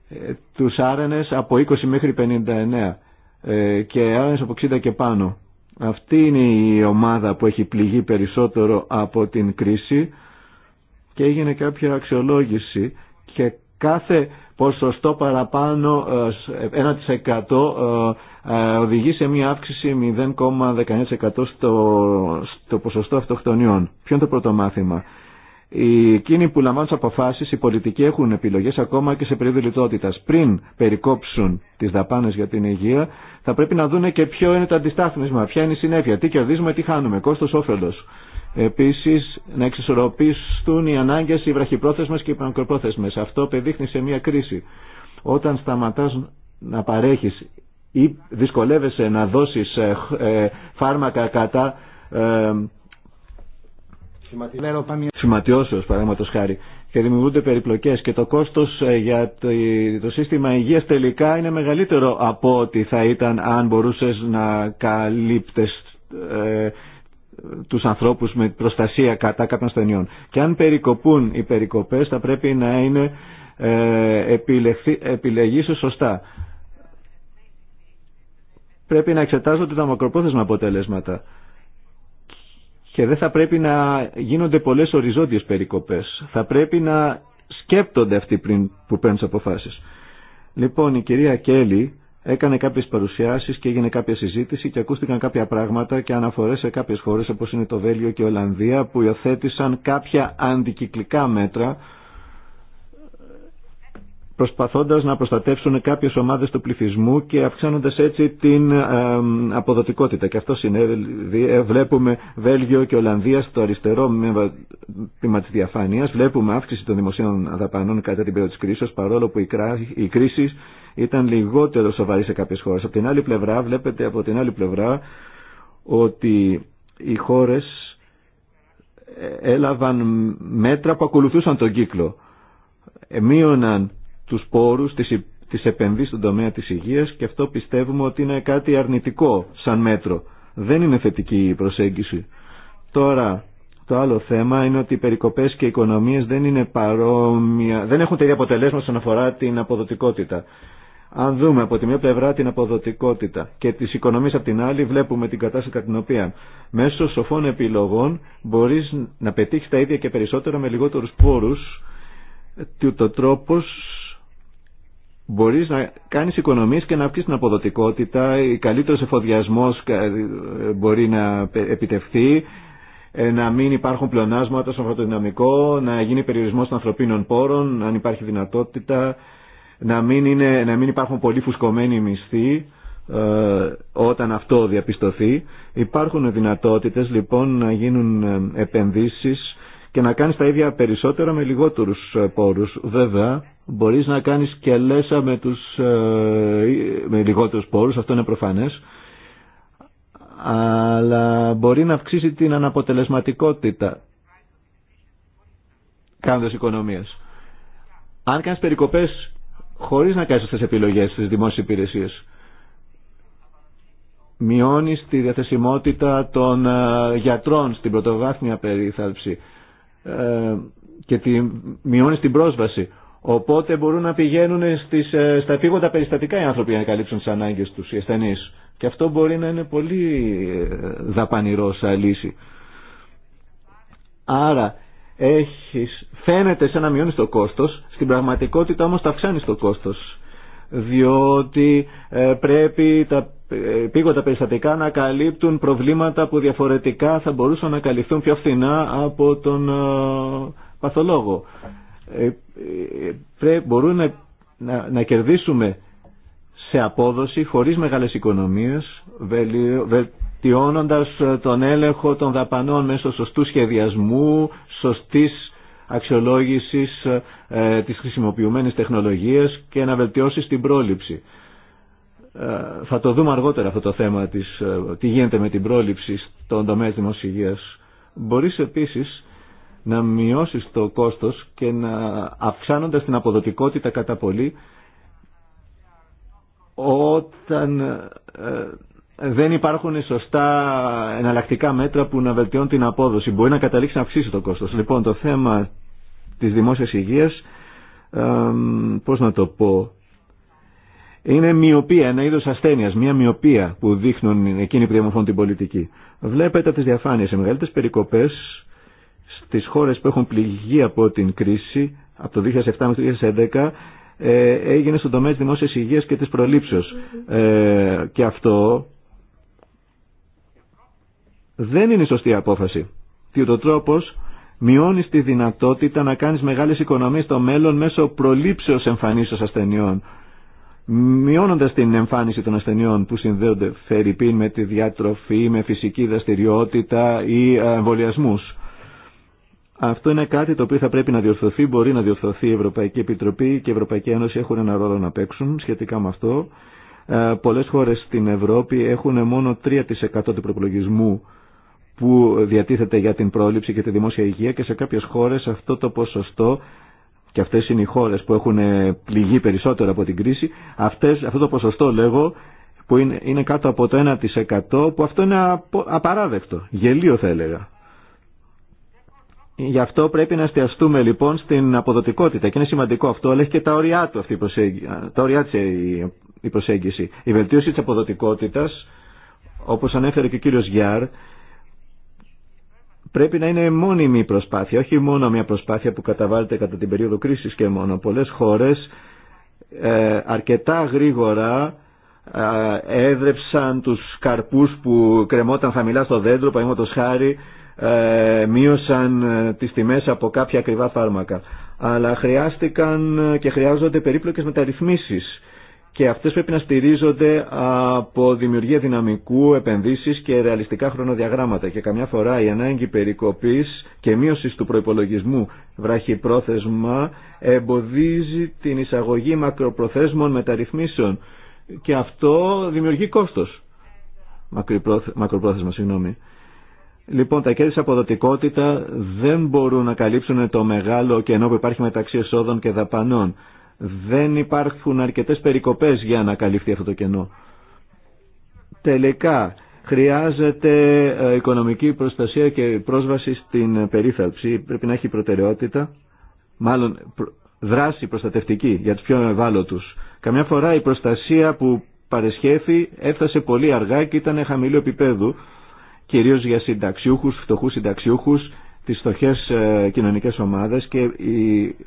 ε, τους άρενες από 20 μέχρι 59 ε, και άρενες από 60 και πάνω. Αυτή είναι η ομάδα που έχει πληγεί περισσότερο από την κρίση και έγινε κάποια αξιολόγηση και κάθε ποσοστό παραπάνω 1% ε, ε, ε, οδηγεί σε μια αύξηση 0,19% στο, στο ποσοστό αυτοκτονιών. Ποιο είναι το πρώτο μάθημα. Οι εκείνοι που λαμβάνουν τι αποφάσει, οι πολιτικοί έχουν επιλογέ ακόμα και σε περίοδο λιτότητα. Πριν περικόψουν τι δαπάνε για την υγεία, θα πρέπει να δούνε και ποιο είναι το αντιστάθμισμα, ποια είναι η συνέπεια, τι κερδίζουμε, τι χάνουμε, κόστο όφελο. Επίση να εξισορροπήσουν οι ανάγκε οι βραχυπρόθεσμε και οι πανκροπρόθεσμες. Αυτό επιδείχνει σε μια κρίση. Όταν σταματά να παρέχεις ή δυσκολεύεσαι να δώσεις ε, ε, φάρμακα κατά ε, σηματιώσεως, παραδείγματος χάρη, και δημιουργούνται περιπλοκές και το κόστος ε, για το σύστημα υγείας τελικά είναι μεγαλύτερο από ό,τι θα ήταν αν μπορούσες να καλύπτες τους ανθρώπους με προστασία κατά κάποιων ασθενειών. Και αν περικοπούν οι περικοπές θα πρέπει να είναι ε, σωστά. Πρέπει να εξετάζονται τα μακροπρόθεσμα αποτελέσματα και δεν θα πρέπει να γίνονται πολλές οριζόντιες περικοπές. Θα πρέπει να σκέπτονται αυτοί πριν που παίρνουν τι αποφάσεις. Λοιπόν, η κυρία Κέλλη έκανε κάποιες παρουσιάσεις και έγινε κάποια συζήτηση και ακούστηκαν κάποια πράγματα και αναφορές σε κάποιες χώρες όπως είναι το Βέλγιο και η Ολλανδία που υιοθέτησαν κάποια αντικυκλικά μέτρα προσπαθώντας να προστατεύσουν κάποιες ομάδες του πληθυσμού και αυξάνοντας έτσι την αποδοτικότητα. Και αυτό συνέβη. Ε, βλέπουμε Βέλγιο και Ολλανδία στο αριστερό τμήμα της διαφάνειας. Βλέπουμε αύξηση των δημοσίων δαπανών κατά την περίοδο της κρίσης, παρόλο που οι κρίση ήταν λιγότερο σοβαρή σε κάποιες χώρες. Από την άλλη πλευρά βλέπετε από την άλλη πλευρά ότι οι χώρες ε, έλαβαν μέτρα που ακολουθούσαν τον κύκλο. Ε, μείωναν τους πόρους της επενδύσης στον τομέα της υγείας και αυτό πιστεύουμε ότι είναι κάτι αρνητικό σαν μέτρο. Δεν είναι θετική η προσέγγιση. Τώρα, το άλλο θέμα είναι ότι οι περικοπές και οι οικονομίες δεν είναι δεν έχουν τέτοια αποτελέσματα όσον αφορά την αποδοτικότητα. Αν δούμε από τη μία πλευρά την αποδοτικότητα και τις οικονομίες από την άλλη βλέπουμε την κατάσταση κατά την οποία μέσω σοφών επιλογών μπορείς να πετύχεις τα ίδια και περισσότερα με λιγότερους πόρους το τρόπος μπορείς να κάνεις οικονομίες και να αυξήσεις την αποδοτικότητα, η καλύτερος εφοδιασμός ε, μπορεί να επιτευχθεί, ε, να μην υπάρχουν πλεονάσματα στον φωτοδυναμικό, να γίνει περιορισμός των ανθρωπίνων πόρων, αν υπάρχει δυνατότητα, να μην, είναι, να μην υπάρχουν πολύ φουσκωμένοι μισθοί ε, όταν αυτό διαπιστωθεί. Υπάρχουν δυνατότητες λοιπόν να γίνουν ε, επενδύσεις και να κάνεις τα ίδια περισσότερα με λιγότερους ε, πόρους. Βέβαια, μπορείς να κάνεις και λέσα με, τους, με λιγότερους πόρους, αυτό είναι προφανές, αλλά μπορεί να αυξήσει την αναποτελεσματικότητα κάνοντας οικονομίες. Αν κάνεις περικοπές χωρίς να κάνεις αυτές τις επιλογές στις δημόσιες υπηρεσίες. Μειώνει τη διαθεσιμότητα των ε, γιατρών στην πρωτοβάθμια περίθαλψη ε, και τη, μειώνεις την πρόσβαση. Οπότε μπορούν να πηγαίνουν στις, ε, στα επίγοντα περιστατικά οι άνθρωποι για να καλύψουν τις ανάγκες τους, οι ασθενείς. Και αυτό μπορεί να είναι πολύ δαπανηρό σαν λύση. Άρα έχεις, φαίνεται σε να μειώνεις το κόστος, στην πραγματικότητα όμως τα αυξάνεις το κόστος. Διότι ε, πρέπει τα ε, πήγοντα περιστατικά να καλύπτουν προβλήματα που διαφορετικά θα μπορούσαν να καλυφθούν πιο φθηνά από τον ε, παθολόγο. πρέ μπορούμε να, να, κερδίσουμε σε απόδοση χωρίς μεγάλες οικονομίες, Τιώνοντας ε, τον έλεγχο των δαπανών μέσω σωστού σχεδιασμού, σωστής αξιολόγησης ε, ε της χρησιμοποιουμένης τεχνολογίας και να βελτιώσει την πρόληψη. Ε, θα το δούμε αργότερα αυτό το θέμα της, τι γίνεται με την πρόληψη στον τομέα της υγείας. Μπορείς επίσης να μειώσεις το κόστος και να αυξάνοντας την αποδοτικότητα κατά πολύ όταν δεν υπάρχουν σωστά εναλλακτικά μέτρα που να βελτιώνουν την απόδοση. Μπορεί να καταλήξει να αυξήσει το κόστος. Λοιπόν, το θέμα της δημόσιας υγείας, πώς να το πω, είναι μοιοπία, ένα είδος ασθένειας, μια μοιοπία που δείχνουν εκείνοι που διαμορφώνουν την πολιτική. Βλέπετε από τις διαφάνειες, οι μεγαλύτερες περικοπές στις χώρες που έχουν πληγεί από την κρίση, από το 2007 μέχρι το 2011, ε, έγινε στον τομέα της δημόσιας υγείας και της προλήψεως. Ε, και αυτό δεν είναι σωστή απόφαση. Διότι ο τρόπο μειώνει τη δυνατότητα να κάνει μεγάλε οικονομίε στο μέλλον μέσω προλήψεως εμφανίσεω ασθενειών. μειώνοντα την εμφάνιση των ασθενειών που συνδέονται φερρυπίν με τη διατροφή, με φυσική δραστηριότητα ή ε, εμβολιασμού. Αυτό είναι κάτι το οποίο θα πρέπει να διορθωθεί, μπορεί να διορθωθεί η Ευρωπαϊκή Επιτροπή και η Ευρωπαϊκή Ένωση έχουν ένα ρόλο να παίξουν σχετικά με αυτό. Ε, Πολλέ χώρε στην Ευρώπη έχουν μόνο 3% του προπολογισμού που διατίθεται για την πρόληψη και τη δημόσια υγεία και σε κάποιες χώρες αυτό το ποσοστό και αυτές είναι οι χώρες που έχουν ε, πληγεί περισσότερο από την κρίση αυτές, αυτό το ποσοστό λέγω που είναι, είναι κάτω από το 1% που αυτό είναι απαράδεκτο, γελίο θα έλεγα. Γι' αυτό πρέπει να εστιαστούμε λοιπόν στην αποδοτικότητα και είναι σημαντικό αυτό, αλλά έχει και τα όρια του αυτή η προσέγγιση, της ε, η προσέγγιση. Η βελτίωση της αποδοτικότητας, όπως ανέφερε και ο κύριος Γιάρ, πρέπει να είναι μόνιμη προσπάθεια, όχι μόνο μια προσπάθεια που καταβάλλεται κατά την περίοδο κρίσης και μόνο. Πολλές χώρες ε, αρκετά γρήγορα ε, έδρεψαν τους καρπούς που κρεμόταν χαμηλά στο δέντρο, παραδείγματος χάρη, ε, μείωσαν ε, τις τιμές από κάποια ακριβά φάρμακα. Αλλά χρειάστηκαν ε, και χρειάζονται περίπλοκες μεταρρυθμίσεις και αυτές πρέπει να στηρίζονται από δημιουργία δυναμικού, επενδύσεις και ρεαλιστικά χρονοδιαγράμματα και καμιά φορά η ανάγκη περικοπής και μείωσης του προϋπολογισμού πρόθεσμα, εμποδίζει την εισαγωγή μακροπροθέσμων μεταρρυθμίσεων και αυτό δημιουργεί κόστος μακροπρόθεσμα, συγγνώμη. Λοιπόν, τα κέρδη αποδοτικότητα δεν μπορούν να καλύψουν το μεγάλο κενό που υπάρχει μεταξύ εσόδων και δαπανών. Δεν υπάρχουν αρκετές περικοπές για να καλυφθεί αυτό το κενό. Τελικά, χρειάζεται ε, οικονομική προστασία και πρόσβαση στην περίθαλψη. Πρέπει να έχει προτεραιότητα, μάλλον δράση προστατευτική για τους πιο ευάλωτους. Καμιά φορά η προστασία που παρεσχέθη έφτασε πολύ αργά και ήταν χαμηλού επίπεδου, κυρίως για συνταξιούχους, φτωχούς συνταξιούχους τις στοχές ε, κοινωνικές ομάδες και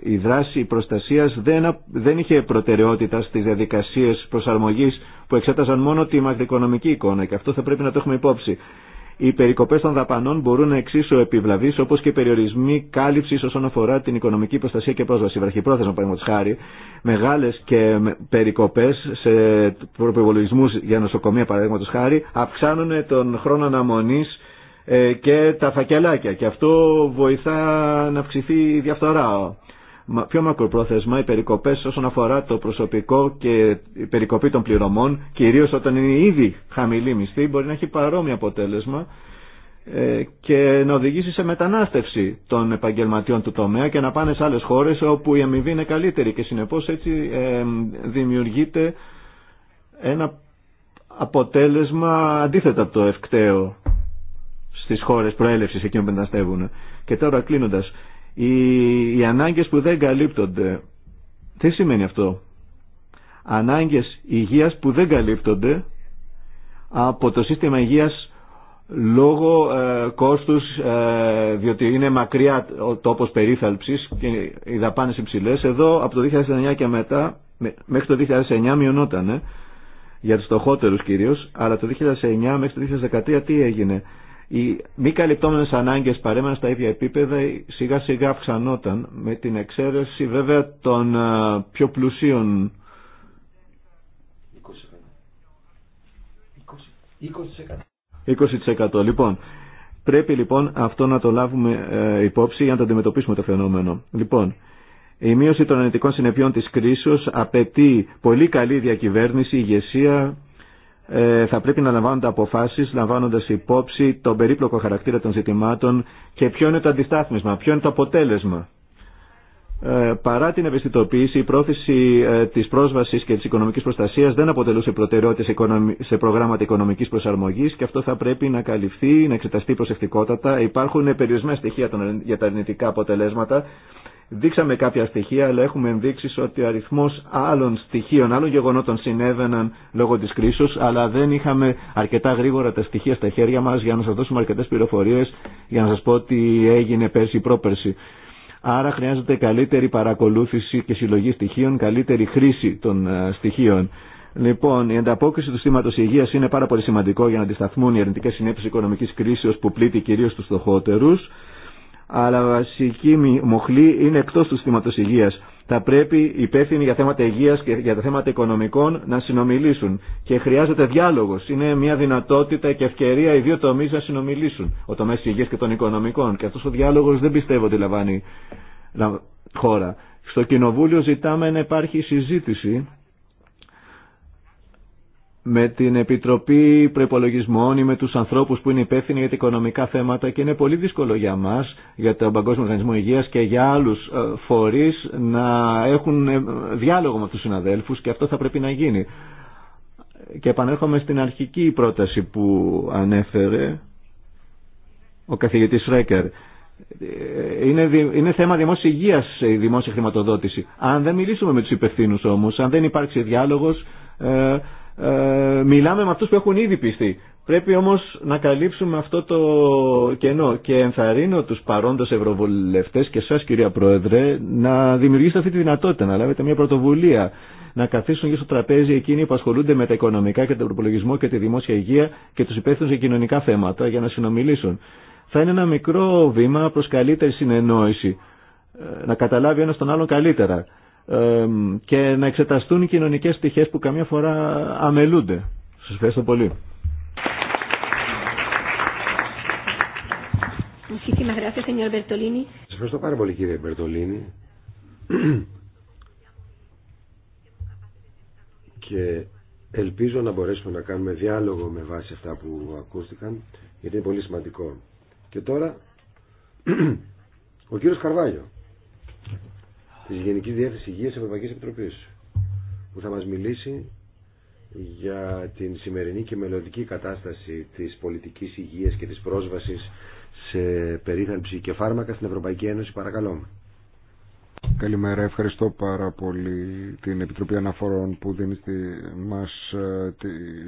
η, δράση προστασίας δεν, δεν είχε προτεραιότητα στις διαδικασίες προσαρμογής που εξέταζαν μόνο τη μακροοικονομική εικόνα και αυτό θα πρέπει να το έχουμε υπόψη. Οι περικοπές των δαπανών μπορούν να εξίσου επιβλαβείς όπως και οι περιορισμοί κάλυψης όσον αφορά την οικονομική προστασία και πρόσβαση. Βραχυπρόθεσμα, παραδείγματος χάρη, μεγάλες και περικοπές σε προπολογισμούς για νοσοκομεία, παραδείγματος χάρη, αυξάνουν τον χρόνο αναμονής ε, και τα φακελάκια και αυτό βοηθά να αυξηθεί η διαφθορά. Πιο μακροπρόθεσμα οι περικοπές όσον αφορά το προσωπικό και η περικοπή των πληρωμών, κυρίως όταν είναι ήδη χαμηλή μισθή, μπορεί να έχει παρόμοιο αποτέλεσμα ε, και να οδηγήσει σε μετανάστευση των επαγγελματιών του τομέα και να πάνε σε άλλες χώρες όπου η αμοιβή είναι καλύτερη και συνεπώς έτσι ε, δημιουργείται ένα αποτέλεσμα αντίθετα από το ευκταίο Στι χώρε προέλευση εκεί που μεταναστεύουν. Και τώρα κλείνοντα, οι, οι ανάγκες που δεν καλύπτονται, τι σημαίνει αυτό. Ανάγκε υγεία που δεν καλύπτονται από το σύστημα υγεία λόγω ε, ε, διότι είναι μακριά ο τόπο περίθαλψης και οι δαπάνε υψηλέ. Εδώ από το 2009 και μετά, μέχρι το 2009 μειωνόταν, για τους στοχότερους κυρίως, αλλά το 2009 μέχρι το 2013 τι έγινε. Οι μη καλυπτώμενε ανάγκες παρέμεναν στα ίδια επίπεδα, σιγά σιγά αυξανόταν με την εξαίρεση βέβαια των ε, πιο πλουσίων 20%. Λοιπόν, πρέπει λοιπόν αυτό να το λάβουμε ε, υπόψη για να το αντιμετωπίσουμε το φαινόμενο. Λοιπόν, η μείωση των ανετικών συνεπειών της κρίσης απαιτεί πολύ καλή διακυβέρνηση, ηγεσία, ε, θα πρέπει να λαμβάνονται αποφάσεις λαμβάνοντας υπόψη τον περίπλοκο χαρακτήρα των ζητημάτων και ποιο είναι το αντιστάθμισμα, ποιο είναι το αποτέλεσμα. Ε, παρά την ευαισθητοποίηση, η πρόθεση ε, της πρόσβασης και της οικονομικής προστασίας δεν αποτελούσε προτεραιότητα σε προγράμματα οικονομικής προσαρμογής και αυτό θα πρέπει να καλυφθεί, να εξεταστεί προσεκτικότατα. Υπάρχουν περιορισμένα στοιχεία για τα αρνητικά αποτελέσματα Δείξαμε κάποια στοιχεία, αλλά έχουμε ενδείξει ότι ο αριθμό άλλων στοιχείων, άλλων γεγονότων συνέβαιναν λόγω τη κρίση, αλλά δεν είχαμε αρκετά γρήγορα τα στοιχεία στα χέρια μα για να σα δώσουμε αρκετέ πληροφορίε, για να σα πω τι έγινε πέρσι ή πρόπερσι. Άρα χρειάζεται καλύτερη παρακολούθηση και συλλογή στοιχείων, καλύτερη χρήση των ε, στοιχείων. Λοιπόν, η ανταπόκριση του στήματο υγεία είναι πάρα πολύ σημαντικό για να αντισταθμούν οι αρνητικέ συνέπειε οικονομική κρίση που πλήττει κυρίω του φτωχότερου αλλά βασική μοχλή είναι εκτός του συστήματος υγείας. Θα πρέπει οι υπεύθυνοι για θέματα υγείας και για τα θέματα οικονομικών να συνομιλήσουν και χρειάζεται διάλογος. Είναι μια δυνατότητα και ευκαιρία οι δύο τομείς να συνομιλήσουν, ο τομέας της υγείας και των οικονομικών και αυτός ο διάλογος δεν πιστεύω ότι λαμβάνει χώρα. Στο Κοινοβούλιο ζητάμε να υπάρχει συζήτηση με την Επιτροπή Προπολογισμών ή με τους ανθρώπους που είναι υπεύθυνοι για τα οικονομικά θέματα και είναι πολύ δύσκολο για μας, για τον Παγκόσμιο Οργανισμό Υγείας και για άλλους ε, φορείς να έχουν ε, διάλογο με τους συναδέλφους και αυτό θα πρέπει να γίνει. Και επανέρχομαι στην αρχική πρόταση που ανέφερε ο καθηγητής Ρέκερ. Ε, είναι, είναι θέμα δημόσια υγείας η δημόσια χρηματοδότηση. Αν δεν μιλήσουμε με τους υπευθύνου όμως, αν δεν υπάρξει διάλογος, ε, μιλάμε με αυτούς που έχουν ήδη πιστεί. Πρέπει όμως να καλύψουμε αυτό το κενό και ενθαρρύνω τους παρόντες ευρωβουλευτές και εσάς κυρία Πρόεδρε να δημιουργήσετε αυτή τη δυνατότητα, να λάβετε μια πρωτοβουλία να καθίσουν και στο τραπέζι εκείνοι που ασχολούνται με τα οικονομικά και τον προπολογισμό και τη δημόσια υγεία και τους υπεύθυνους για κοινωνικά θέματα για να συνομιλήσουν. Θα είναι ένα μικρό βήμα προς καλύτερη συνεννόηση, ε, να καταλάβει ένας τον άλλον καλύτερα και να εξεταστούν οι κοινωνικές πτυχές που καμιά φορά αμελούνται. Σας ευχαριστώ πολύ. Σας ευχαριστώ πάρα πολύ κύριε Μπερτολίνη *clears throat* και ελπίζω να μπορέσουμε να κάνουμε διάλογο με βάση αυτά που ακούστηκαν γιατί είναι πολύ σημαντικό. Και τώρα *clears throat* ο κύριος Καρβάλιο της Γενικής Διεύθυνσης Υγείας Ευρωπαϊκή Επιτροπή, που θα μα μιλήσει για την σημερινή και μελλοντική κατάσταση της πολιτικής υγείας και της πρόσβαση σε περίθαλψη και φάρμακα στην Ευρωπαϊκή Ένωση. Παρακαλώ. Καλημέρα. Ευχαριστώ πάρα πολύ την Επιτροπή Αναφορών που δίνει στη, μας, ε,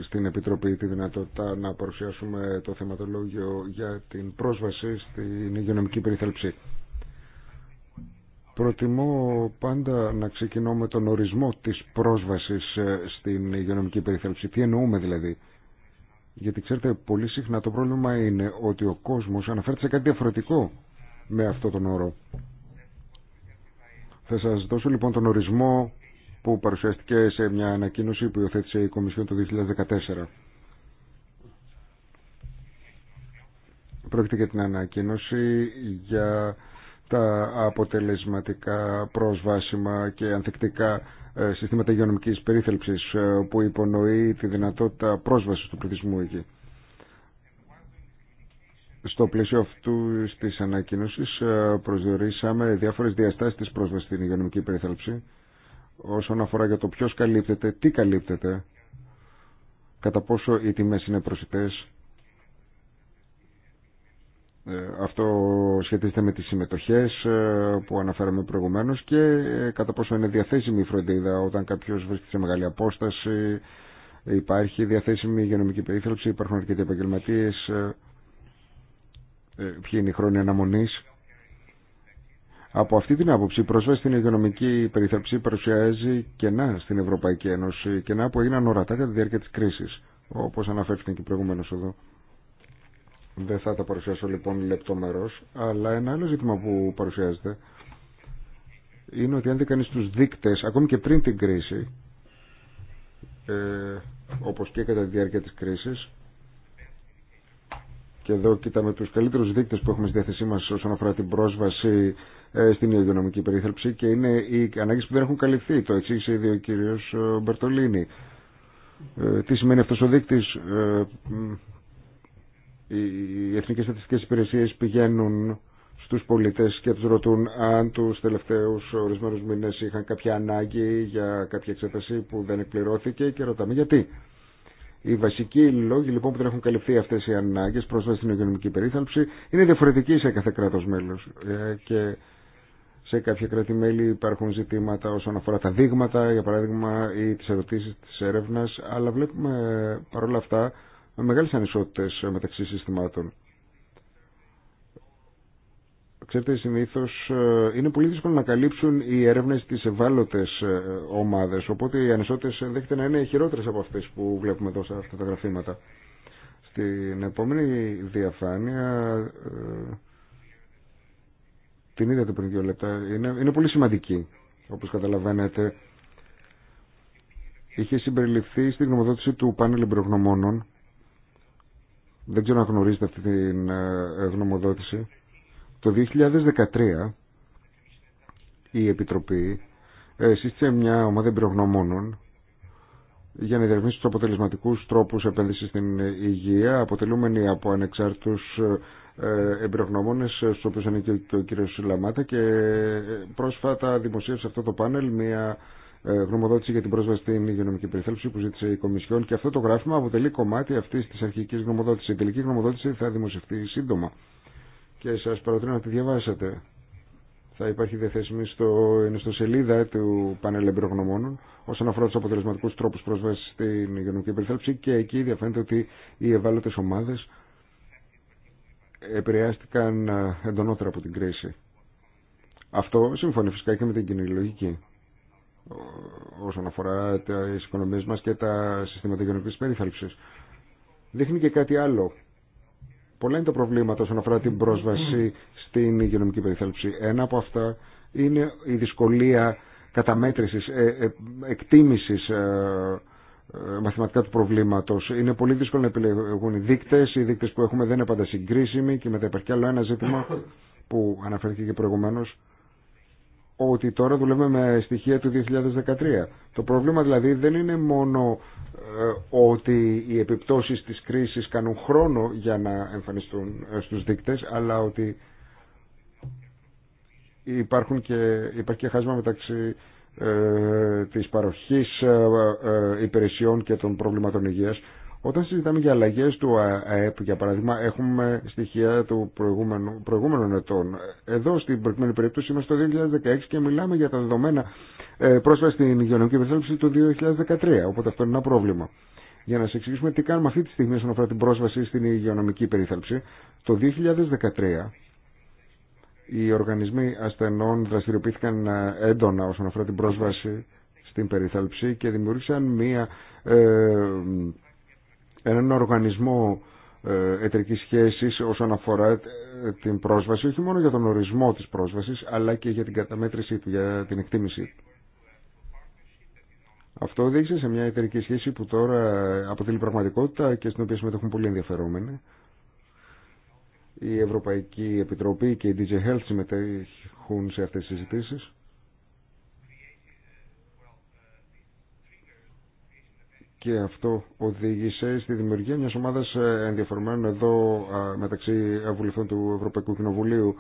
στην Επιτροπή τη δυνατότητα να παρουσιάσουμε το θεματολόγιο για την πρόσβαση στην υγειονομική περιθαλψή. Προτιμώ πάντα να ξεκινώ με τον ορισμό της πρόσβασης ε, στην υγειονομική περιθέρωση. Τι εννοούμε δηλαδή. Γιατί ξέρετε πολύ συχνά το πρόβλημα είναι ότι ο κόσμος αναφέρεται σε κάτι διαφορετικό με αυτό τον όρο. Θα σας δώσω λοιπόν τον ορισμό που παρουσιάστηκε σε μια ανακοίνωση που υιοθέτησε η Κομισιόν το 2014. Πρόκειται για την ανακοίνωση για τα αποτελεσματικά προσβάσιμα και ανθεκτικά ε, συστήματα υγειονομικής περίθαλψης ε, που υπονοεί τη δυνατότητα πρόσβασης του πληθυσμού εκεί. Στο πλαίσιο αυτού τη ανακοίνωση ε, προσδιορίσαμε διάφορε διαστάσει τη πρόσβαση στην υγειονομική περίθαλψη όσον αφορά για το ποιο καλύπτεται, τι καλύπτεται, κατά πόσο οι τιμέ είναι προσιτέ, ε, αυτό σχετίζεται με τις συμμετοχές ε, που αναφέραμε προηγουμένως και ε, κατά πόσο είναι διαθέσιμη η φροντίδα όταν κάποιος βρίσκεται σε μεγάλη απόσταση, υπάρχει διαθέσιμη υγειονομική περίθαλψη, υπάρχουν αρκετοί επαγγελματίε, ποιοι είναι οι χρόνοι αναμονής. Από αυτή την άποψη, η πρόσβαση στην υγειονομική περίθαλψη παρουσιάζει κενά στην Ευρωπαϊκή Ένωση, κενά που έγιναν ορατά κατά τη διάρκεια της κρίσης, όπως αναφέρθηκε και προηγουμένως εδώ. Δεν θα τα παρουσιάσω λοιπόν λεπτομερώς, αλλά ένα άλλο ζήτημα που παρουσιάζεται είναι ότι αν δει κανείς τους δείκτες, ακόμη και πριν την κρίση, ε, όπως και κατά τη διάρκεια της κρίσης, και εδώ κοιτάμε τους καλύτερους δείκτες που έχουμε στη διάθεσή μας όσον αφορά την πρόσβαση ε, στην υγειονομική περίθαλψη και είναι οι ανάγκες που δεν έχουν καλυφθεί. Το εξήγησε ήδη ο κύριος ε, Μπερτολίνη. Ε, τι σημαίνει αυτός ο δείκτης, οι εθνικές στατιστικές υπηρεσίες πηγαίνουν στους πολίτες και τους ρωτούν αν τους τελευταίους ορισμένους μήνες είχαν κάποια ανάγκη για κάποια εξέταση που δεν εκπληρώθηκε και ρωτάμε γιατί. Οι βασικοί λόγοι λοιπόν που δεν έχουν καλυφθεί αυτέ οι ανάγκε πρόσβαση στην οικονομική περίθαλψη είναι διαφορετικοί σε κάθε κράτο μέλο. Ε, και σε κάποια κράτη-μέλη υπάρχουν ζητήματα όσον αφορά τα δείγματα, για παράδειγμα, ή τι ερωτήσει τη έρευνα. Αλλά βλέπουμε παρόλα αυτά με μεγάλες ανισότητες μεταξύ συστημάτων. Ξέρετε, συνήθω ε, είναι πολύ δύσκολο να καλύψουν οι έρευνε τι ευάλωτε ε, ομάδε. Οπότε οι ανισότητε ενδέχεται να είναι χειρότερε από αυτέ που βλέπουμε εδώ σε αυτά τα γραφήματα. Στην επόμενη διαφάνεια, ε, την είδατε πριν δύο λεπτά, είναι, είναι πολύ σημαντική, όπω καταλαβαίνετε. Είχε συμπεριληφθεί στην γνωμοδότηση του πάνελ εμπειρογνωμόνων δεν ξέρω να γνωρίζετε αυτή την ε, γνωμοδότηση. Το 2013 η Επιτροπή ε, σύστησε μια ομάδα εμπειρογνωμόνων για να διαρρευνήσει του αποτελεσματικού τρόπου επένδυση στην υγεία, αποτελούμενοι από ανεξάρτητου ε, εμπειρογνώμονε, στου οποίου ανήκει και ο κ. Λαμάτα, και πρόσφατα δημοσίευσε αυτό το πάνελ μια ε, γνωμοδότηση για την πρόσβαση στην υγειονομική περιθέλψη που ζήτησε η Κομισιόν και αυτό το γράφημα αποτελεί κομμάτι αυτή τη αρχική γνωμοδότηση. Η τελική γνωμοδότηση θα δημοσιευτεί σύντομα και σα παροτρύνω να τη διαβάσετε. Θα υπάρχει διαθέσιμη στο ιστοσελίδα του Πανέλ Εμπειρογνωμόνων όσον αφορά του αποτελεσματικού τρόπου πρόσβαση στην υγειονομική περιθέλψη και εκεί διαφαίνεται ότι οι ευάλωτε ομάδε επηρεάστηκαν ε, εντονότερα από την κρίση. Αυτό συμφωνεί φυσικά και με την κοινή λογική όσον αφορά τα οικονομίε μα και τα συστήματα υγειονομικής περίθαλψη. Δείχνει και κάτι άλλο. Πολλά είναι τα προβλήματα όσον αφορά την πρόσβαση στην υγειονομική περίθαλψη. Ένα από αυτά είναι η δυσκολία καταμέτρησης, ε, ε, εκτίμησης ε, μαθηματικά του προβλήματο. Είναι πολύ δύσκολο να επιλεγούν οι δείκτε. Οι δείκτε που έχουμε δεν είναι πάντα συγκρίσιμοι και μετά υπάρχει άλλο ένα ζήτημα που αναφέρθηκε και προηγουμένω ότι τώρα δουλεύουμε με στοιχεία του 2013. Το πρόβλημα δηλαδή δεν είναι μόνο ε, ότι οι επιπτώσεις της κρίσης κάνουν χρόνο για να εμφανιστούν ε, στους δείκτες, αλλά ότι υπάρχουν και, υπάρχει και χάσμα μεταξύ ε, της παροχής ε, υπηρεσιών και των προβλήματων υγείας όταν συζητάμε για αλλαγέ του ΑΕΠ, για παράδειγμα, έχουμε στοιχεία του προηγούμενου, προηγούμενων ετών. Εδώ, στην προηγούμενη περίπτωση, είμαστε το 2016 και μιλάμε για τα δεδομένα ε, πρόσφατα στην υγειονομική υπεριθάλψη το 2013. Οπότε αυτό είναι ένα πρόβλημα. Για να σα εξηγήσουμε τι κάνουμε αυτή τη στιγμή όσον αφορά την πρόσβαση στην υγειονομική περίθαλψη, το 2013 οι οργανισμοί ασθενών δραστηριοποιήθηκαν ε, έντονα όσον αφορά την πρόσβαση στην περίθαλψη και δημιούργησαν μία ε, έναν οργανισμό ε, εταιρικής σχέσης όσον αφορά ε, την πρόσβαση, όχι μόνο για τον ορισμό της πρόσβασης, αλλά και για την καταμέτρησή του, για την εκτίμησή του. Αυτό οδήγησε σε μια εταιρική σχέση που τώρα ε, αποτελεί πραγματικότητα και στην οποία συμμετέχουν πολύ ενδιαφερόμενοι. Η Ευρωπαϊκή Επιτροπή και η DJ Health συμμετέχουν σε αυτές τις συζητήσεις. και αυτό οδήγησε στη δημιουργία μιας ομάδας ε, ενδιαφορμένων εδώ ε, μεταξύ βουλευτών του Ευρωπαϊκού Κοινοβουλίου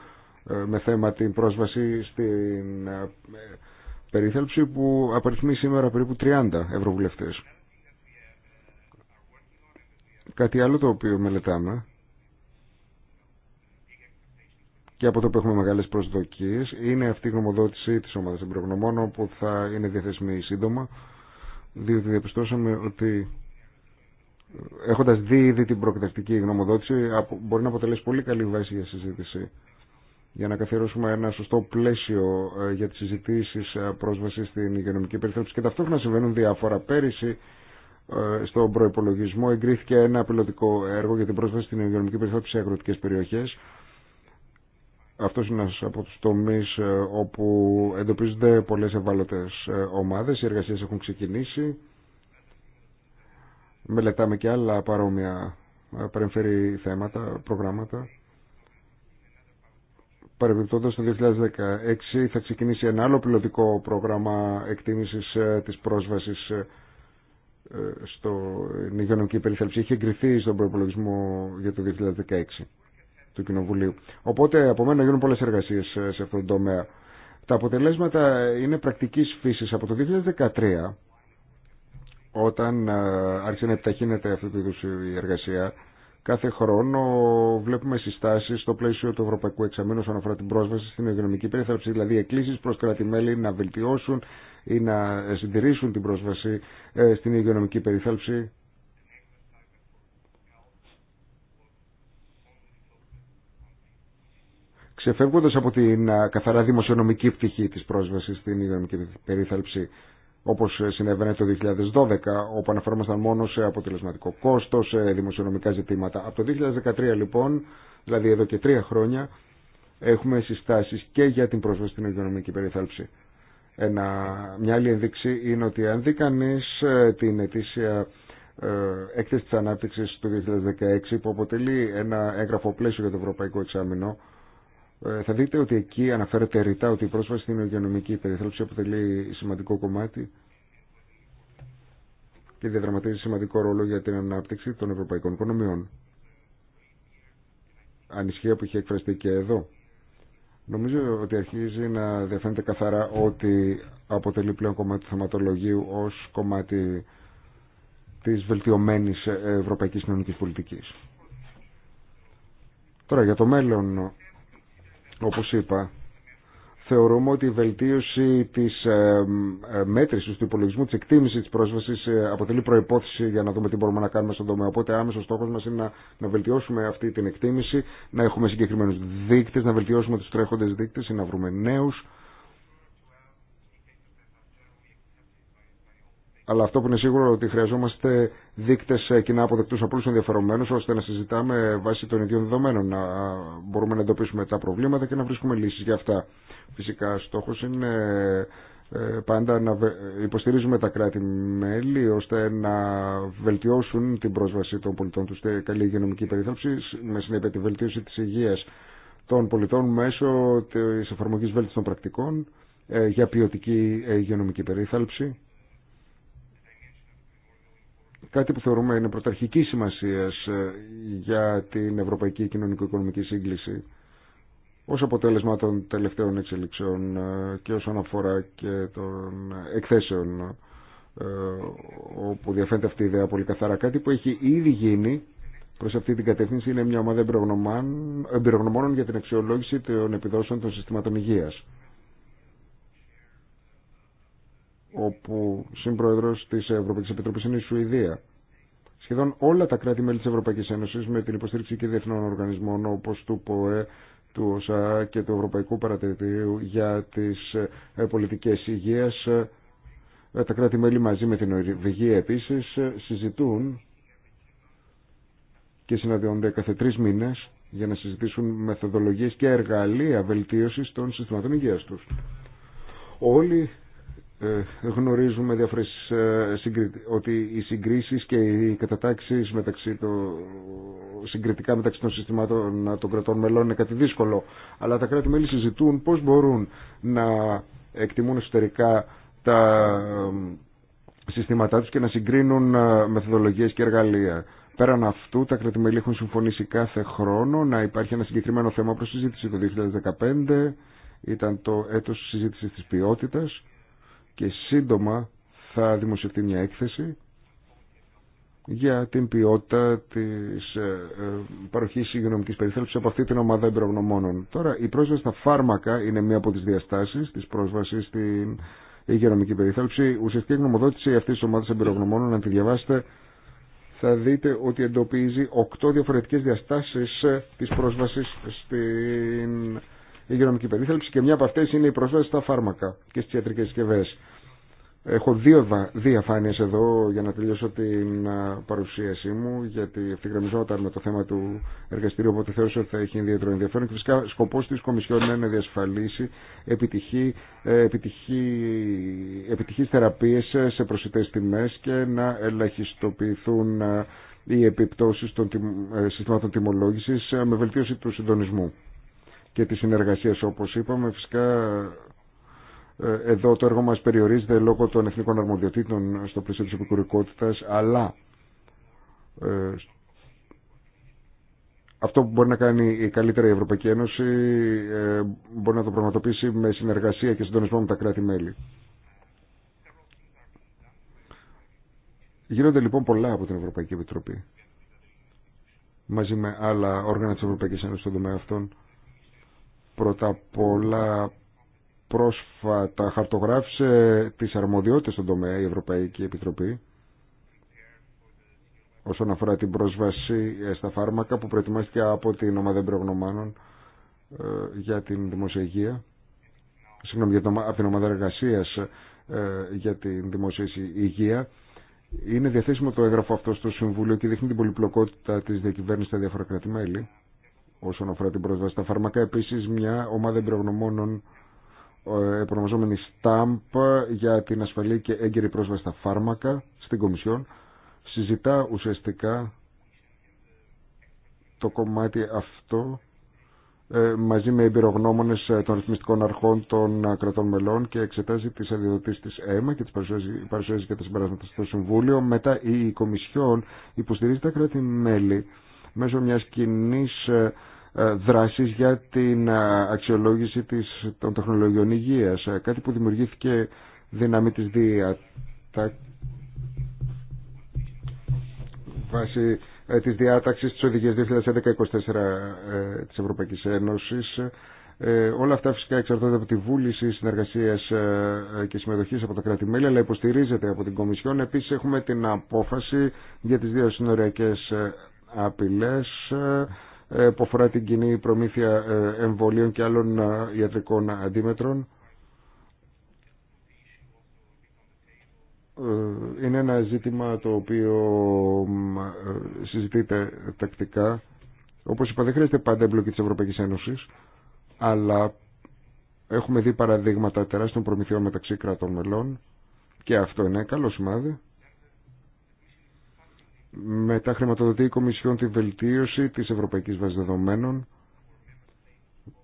ε, με θέμα την πρόσβαση στην περίθαλψη που απαριθμεί σήμερα περίπου 30 ευρωβουλευτές. Κάτι άλλο το οποίο μελετάμε και από το που έχουμε μεγάλες προσδοκίες είναι αυτή η γνωμοδότηση της ομάδας εμπειρογνωμόνων που θα είναι διαθεσμή σύντομα διότι διαπιστώσαμε ότι έχοντας δει ήδη την προκριτική γνωμοδότηση μπορεί να αποτελέσει πολύ καλή βάση για συζήτηση για να καθιερώσουμε ένα σωστό πλαίσιο ε, για τις συζητήσεις ε, πρόσβαση στην υγειονομική περιθέτωση και ταυτόχρονα συμβαίνουν διάφορα. Πέρυσι ε, στον προπολογισμό εγκρίθηκε ένα πιλωτικό έργο για την πρόσβαση στην υγειονομική περιθέψη σε αγροτικές περιοχές αυτό είναι ένα από του τομεί ε, όπου εντοπίζονται πολλέ ευάλωτε ε, ομάδε. Οι εργασίε έχουν ξεκινήσει. Μελετάμε και άλλα παρόμοια ε, παρεμφερή θέματα, προγράμματα. Παρεμπιπτόντω, το 2016 θα ξεκινήσει ένα άλλο πιλωτικό πρόγραμμα εκτίμηση τη πρόσβαση στο υγειονομική περιθαλψη. Είχε εγκριθεί στον προπολογισμό για το 2016 του Κοινοβουλίου. Οπότε από μένα γίνουν πολλές εργασίες ε, σε αυτόν τον τομέα. Τα αποτελέσματα είναι πρακτικής φύσης. Από το 2013, όταν ε, άρχισε να επιταχύνεται αυτή τη η εργασία, κάθε χρόνο βλέπουμε συστάσεις στο πλαίσιο του Ευρωπαϊκού Εξαμήνου όσον αφορά την πρόσβαση στην υγειονομική περίθαλψη, δηλαδή εκκλήσεις προ κράτη-μέλη να βελτιώσουν ή να συντηρήσουν την πρόσβαση ε, στην υγειονομική περίθαλψη ξεφεύγοντα από την καθαρά δημοσιονομική πτυχή τη πρόσβαση στην υγειονομική περίθαλψη όπω ε, συνέβαινε το 2012, όπου αναφερόμασταν μόνο σε αποτελεσματικό κόστο σε δημοσιονομικά ζητήματα. Από το 2013 λοιπόν, δηλαδή εδώ και τρία χρόνια, έχουμε συστάσει και για την πρόσβαση στην υγειονομική περίθαλψη. Ένα, μια άλλη ένδειξη είναι ότι αν δει κανεί ε, την ετήσια ε, έκθεση τη ανάπτυξη του 2016 που αποτελεί ένα έγγραφο πλαίσιο για το Ευρωπαϊκό Εξάμεινο ε, θα δείτε ότι εκεί αναφέρεται ρητά ότι η πρόσβαση στην υγειονομική περιθέλψη αποτελεί σημαντικό κομμάτι και διαδραματίζει σημαντικό ρόλο για την ανάπτυξη των ευρωπαϊκών οικονομιών. Ανισχύα που είχε εκφραστεί και εδώ. Νομίζω ότι αρχίζει να διαφαίνεται καθαρά ότι αποτελεί πλέον κομμάτι του θεματολογίου ως κομμάτι της βελτιωμένης ευρωπαϊκής κοινωνικής πολιτικής. Τώρα για το μέλλον όπως είπα, θεωρούμε ότι η βελτίωση της ε, ε, μέτρησης του υπολογισμού, της εκτίμησης της πρόσβασης ε, αποτελεί προϋπόθεση για να δούμε τι μπορούμε να κάνουμε στον τομέα. Οπότε άμεσο στόχος μας είναι να, να βελτιώσουμε αυτή την εκτίμηση, να έχουμε συγκεκριμένους δείκτες, να βελτιώσουμε τους τρέχοντες δείκτες ή να βρούμε νέους Αλλά αυτό που είναι σίγουρο ότι χρειαζόμαστε δείκτε ε, κοινά αποδεκτού από όλου ενδιαφερομένου, ώστε να συζητάμε βάσει των ίδιων δεδομένων, να μπορούμε να εντοπίσουμε τα προβλήματα και να βρίσκουμε λύσει για αυτά. Φυσικά, στόχο είναι ε, πάντα να υποστηρίζουμε τα κράτη-μέλη ώστε να βελτιώσουν την πρόσβαση των πολιτών του σε καλή υγειονομική περίθαλψη με συνέπεια τη βελτίωση της υγείας των πολιτών μέσω της εφαρμογής βέλτιστων πρακτικών ε, για ποιοτική υγειονομική περίθαλψη κάτι που θεωρούμε είναι πρωταρχική σημασία ε, για την ευρωπαϊκή κοινωνικο-οικονομική σύγκληση ως αποτέλεσμα των τελευταίων εξελίξεων ε, και όσον αφορά και των εκθέσεων ε, όπου διαφαίνεται αυτή η ιδέα πολύ καθαρά. Κάτι που έχει ήδη γίνει προς αυτή την κατεύθυνση είναι μια ομάδα εμπειρογνωμόνων για την αξιολόγηση των επιδόσεων των συστημάτων υγείας όπου συμπρόεδρος της Ευρωπαϊκής Επιτροπής είναι η Σουηδία. Σχεδόν όλα τα κράτη-μέλη της Ευρωπαϊκής Ένωσης με την υποστήριξη και διεθνών οργανισμών όπως του ΠΟΕ, του ΟΣΑ και του Ευρωπαϊκού Παρατηρητηρίου για τις ε, πολιτικές υγείας. Ε, τα κράτη-μέλη μαζί με την Ορβηγία επίσης ε, συζητούν και συναντιόνται κάθε τρει μήνες για να συζητήσουν μεθοδολογίες και εργαλεία βελτίωσης των συστηματών υγείας τους. Όλοι ε, γνωρίζουμε ε, ότι οι συγκρίσεις και οι κατατάξεις το, συγκριτικά μεταξύ των συστημάτων των κρατών μελών είναι κάτι δύσκολο αλλά τα κράτη-μέλη συζητούν πώς μπορούν να εκτιμούν εσωτερικά τα ε, συστήματά τους και να συγκρίνουν μεθοδολογίες και εργαλεία. Πέραν αυτού, τα κράτη-μέλη έχουν συμφωνήσει κάθε χρόνο να υπάρχει ένα συγκεκριμένο θέμα προς συζήτηση. Το 2015 ήταν το έτος συζήτησης της ποιότητας και σύντομα θα δημοσιευτεί μια έκθεση για την ποιότητα της ε, ε, παροχής υγειονομικής περιθέλεψης από αυτή την ομάδα εμπειρογνωμόνων. Τώρα, η πρόσβαση στα φάρμακα είναι μία από τις διαστάσεις της πρόσβασης στην υγειονομική περιθέψη. Ουσιαστική γνωμοδότηση αυτής της ομάδας εμπειρογνωμόνων, αν τη διαβάσετε, θα δείτε ότι εντοπίζει οκτώ διαφορετικές διαστάσεις ε, της πρόσβασης στην υγειονομική περίθαλψη και μια από αυτές είναι η πρόσβαση στα φάρμακα και στις ιατρικές συσκευέ. Έχω δύο διαφάνειες εδώ για να τελειώσω την παρουσίασή μου γιατί ευθυγραμμιζόταν με το θέμα του εργαστηρίου οπότε θεώρησα ότι θα έχει ιδιαίτερο ενδιαφέρον και φυσικά σκοπός της Κομισιόν είναι να διασφαλίσει επιτυχή, ε, επιτυχή, επιτυχής θεραπείες σε προσιτές τιμές και να ελαχιστοποιηθούν οι επιπτώσεις των ε, συστημάτων τιμολόγηση ε, με βελτίωση του συντονισμού και τις συνεργασίες, όπως είπαμε φυσικά ε, εδώ το έργο μας περιορίζεται λόγω των εθνικών αρμοδιοτήτων στο πλαίσιο της επικουρικότητας αλλά ε, αυτό που μπορεί να κάνει η καλύτερη Ευρωπαϊκή Ένωση ε, μπορεί να το πραγματοποιήσει με συνεργασία και συντονισμό με τα κράτη-μέλη. Γίνονται λοιπόν πολλά από την Ευρωπαϊκή Επιτροπή μαζί με άλλα όργανα της Ευρωπαϊκής Ένωσης στον τομέα αυτών. Πρώτα απ' όλα πρόσφατα χαρτογράφησε τις αρμοδιότητες στον τομέα η Ευρωπαϊκή Επιτροπή όσον αφορά την πρόσβαση στα φάρμακα που προετοιμάστηκε από την ομάδα εμπειρογνωμάνων ε, για την δημόσια υγεία συγγνώμη, από την ομάδα εργασία ε, για την δημόσια υγεία είναι διαθέσιμο το έγγραφο αυτό στο Συμβούλιο και δείχνει την πολυπλοκότητα της διακυβέρνησης στα διάφορα κράτη-μέλη όσον αφορά την πρόσβαση στα φάρμακα. επίση μια ομάδα εμπειρογνωμόνων ε, επωνομαζόμενη ΣΤΑΜΠ για την ασφαλή και έγκαιρη πρόσβαση στα φάρμακα στην Κομισιόν συζητά ουσιαστικά το κομμάτι αυτό ε, μαζί με εμπειρογνώμονες ε, των ρυθμιστικών αρχών των κρατών μελών και εξετάζει τις αδειοδοτήσεις της ΕΜΑ και τις παρουσιάζει και τα συμπεράσματα στο Συμβούλιο. Μετά η Κομισιόν υποστηρίζει τα κράτη-μέλη μέσω μιας κοινής ε, δράσεις για την ε, αξιολόγηση της, των τεχνολογιών υγείας. Ε, κάτι που δημιουργήθηκε δύναμη της διατάξης βάση της οδηγίας 2011-2024 της Ευρωπαϊκής Ένωσης. όλα αυτά φυσικά εξαρτώνται από τη βούληση συνεργασίας και συμμετοχής από τα κράτη-μέλη, αλλά υποστηρίζεται από την Κομισιόν. Επίσης έχουμε την απόφαση για τις δύο συνοριακές απειλές ε, που αφορά την κοινή προμήθεια ε, εμβολίων και άλλων ε, ιατρικών αντίμετρων. Είναι ένα ζήτημα το οποίο συζητείται τακτικά. Όπως είπα δεν χρειάζεται πάντα εμπλοκή της Ευρωπαϊκής Ένωσης, αλλά έχουμε δει παραδείγματα τεράστιων προμηθειών μεταξύ κρατών μελών και αυτό είναι καλό σημάδι. Μετά χρηματοδοτεί η Κομισιόν τη βελτίωση της Ευρωπαϊκής Βάσης Δεδομένων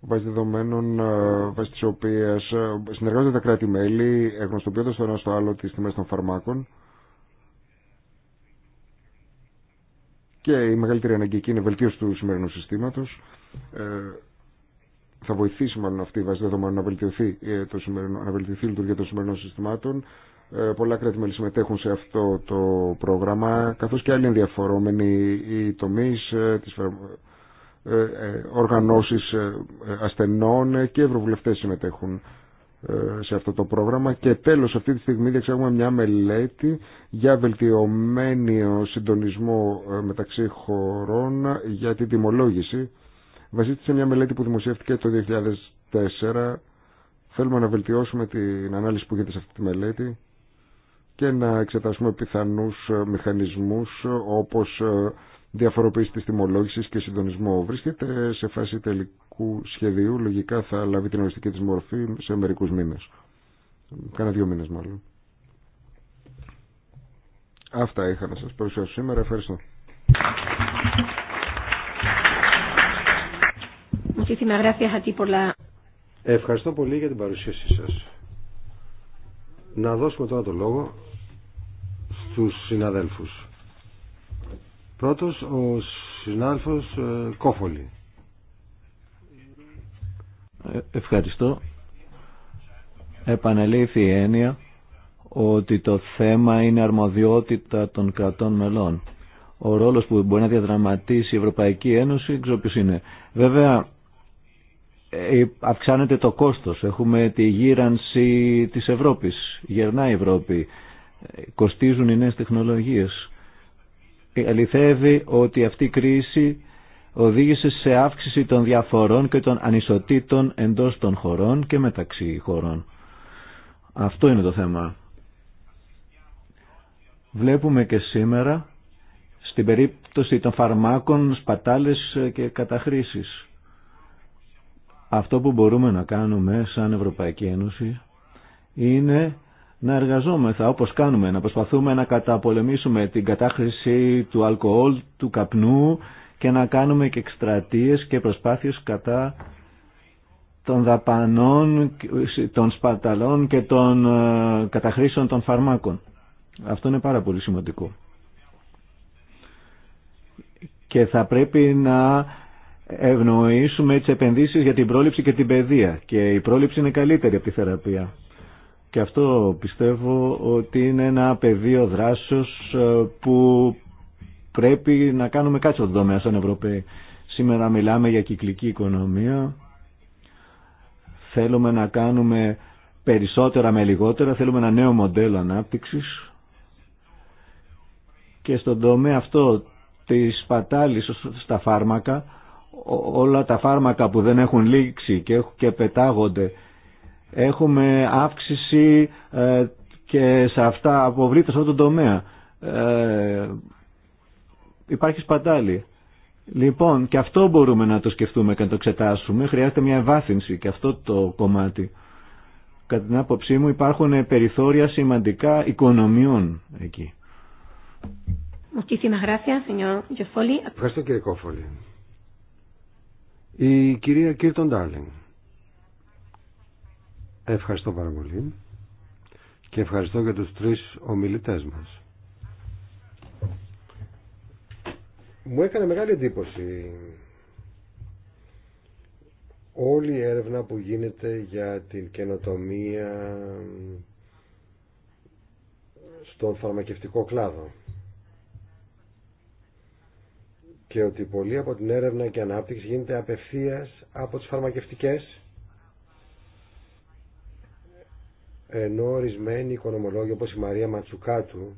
βάσει δεδομένων ε, τη οποία ε, συνεργάζονται τα κράτη-μέλη, γνωστοποιώντα το ένα στο άλλο τι τιμέ των φαρμάκων. Και η μεγαλύτερη αναγκαίκη είναι βελτίωση του σημερινού συστήματο. Ε, θα βοηθήσει μάλλον αυτή η βάση δεδομένων να βελτιωθεί, ε, να βελτιωθεί η λειτουργία των σημερινών συστημάτων. Ε, πολλά κράτη-μέλη συμμετέχουν σε αυτό το πρόγραμμα, καθώς και άλλοι ενδιαφορόμενοι οι τομείς, ε, τις ε, οργανώσεις ασθενών και ευρωβουλευτές συμμετέχουν σε αυτό το πρόγραμμα και τέλος αυτή τη στιγμή διεξάγουμε μια μελέτη για βελτιωμένο συντονισμό μεταξύ χωρών για την τιμολόγηση βασίζεται σε μια μελέτη που δημοσιεύτηκε το 2004 θέλουμε να βελτιώσουμε την ανάλυση που γίνεται σε αυτή τη μελέτη και να εξετάσουμε πιθανούς ε, μηχανισμούς ε, όπως ε, διαφοροποίηση της τιμολόγησης και συντονισμό. Βρίσκεται σε φάση τελικού σχεδίου, λογικά θα λάβει την οριστική της μορφή σε μερικούς μήνες. Κάνα δύο μήνες μάλλον. Αυτά είχα να σας παρουσιάσω σήμερα. Ευχαριστώ. Ευχαριστώ πολύ για την παρουσίασή σας. Να δώσουμε τώρα το λόγο στους συναδέλφους. Πρώτος ο συνάδελφος ε, Κόφολη. Ε, ευχαριστώ. Επανελήφθη η έννοια ότι το θέμα είναι αρμοδιότητα των κρατών μελών. Ο ρόλος που μπορεί να διαδραματίσει η Ευρωπαϊκή Ένωση, ξέρω είναι. Βέβαια, ε, αυξάνεται το κόστος. Έχουμε τη γύρανση της Ευρώπης. Γερνά η Ευρώπη κοστίζουν οι νέες τεχνολογίες. Ε, αληθεύει ότι αυτή η κρίση οδήγησε σε αύξηση των διαφορών και των ανισοτήτων εντός των χωρών και μεταξύ χωρών. Αυτό είναι το θέμα. Βλέπουμε και σήμερα στην περίπτωση των φαρμάκων σπατάλες και καταχρήσεις. Αυτό που μπορούμε να κάνουμε σαν Ευρωπαϊκή Ένωση είναι να εργαζόμεθα όπως κάνουμε, να προσπαθούμε να καταπολεμήσουμε την κατάχρηση του αλκοόλ, του καπνού και να κάνουμε και εκστρατείες και προσπάθειες κατά των δαπανών, των σπαταλών και των ε, καταχρήσεων των φαρμάκων. Αυτό είναι πάρα πολύ σημαντικό. Και θα πρέπει να ευνοήσουμε τις επενδύσεις για την πρόληψη και την παιδεία. Και η πρόληψη είναι καλύτερη από τη θεραπεία. Και αυτό πιστεύω ότι είναι ένα πεδίο δράσεως ε, που πρέπει να κάνουμε κάτι στον τομέα σαν Ευρωπαίοι. Σήμερα μιλάμε για κυκλική οικονομία. Θέλουμε να κάνουμε περισσότερα με λιγότερα. Θέλουμε ένα νέο μοντέλο ανάπτυξης. Και στον τομέα αυτό της πατάλης στα φάρμακα, όλα τα φάρμακα που δεν έχουν λήξει και πετάγονται Έχουμε αύξηση ε, και σε αυτά αποβλήτως σε αυτό τον τομέα. Ε, υπάρχει σπατάλη. Λοιπόν, και αυτό μπορούμε να το σκεφτούμε και να το εξετάσουμε. Χρειάζεται μια ευάθυνση και αυτό το κομμάτι. Κατά την άποψή μου υπάρχουν περιθώρια σημαντικά οικονομιών εκεί. Ευχαριστώ κύριε Κόφολη. Η κυρία Κίρτον Ντάρλινγκ. Ευχαριστώ πάρα πολύ και ευχαριστώ για τους τρεις ομιλητές μας. Μου έκανε μεγάλη εντύπωση όλη η έρευνα που γίνεται για την καινοτομία στον φαρμακευτικό κλάδο και ότι πολλοί από την έρευνα και ανάπτυξη γίνεται απευθείας από τις φαρμακευτικές ενώ ορισμένοι οικονομολόγοι όπως η Μαρία Ματσουκάτου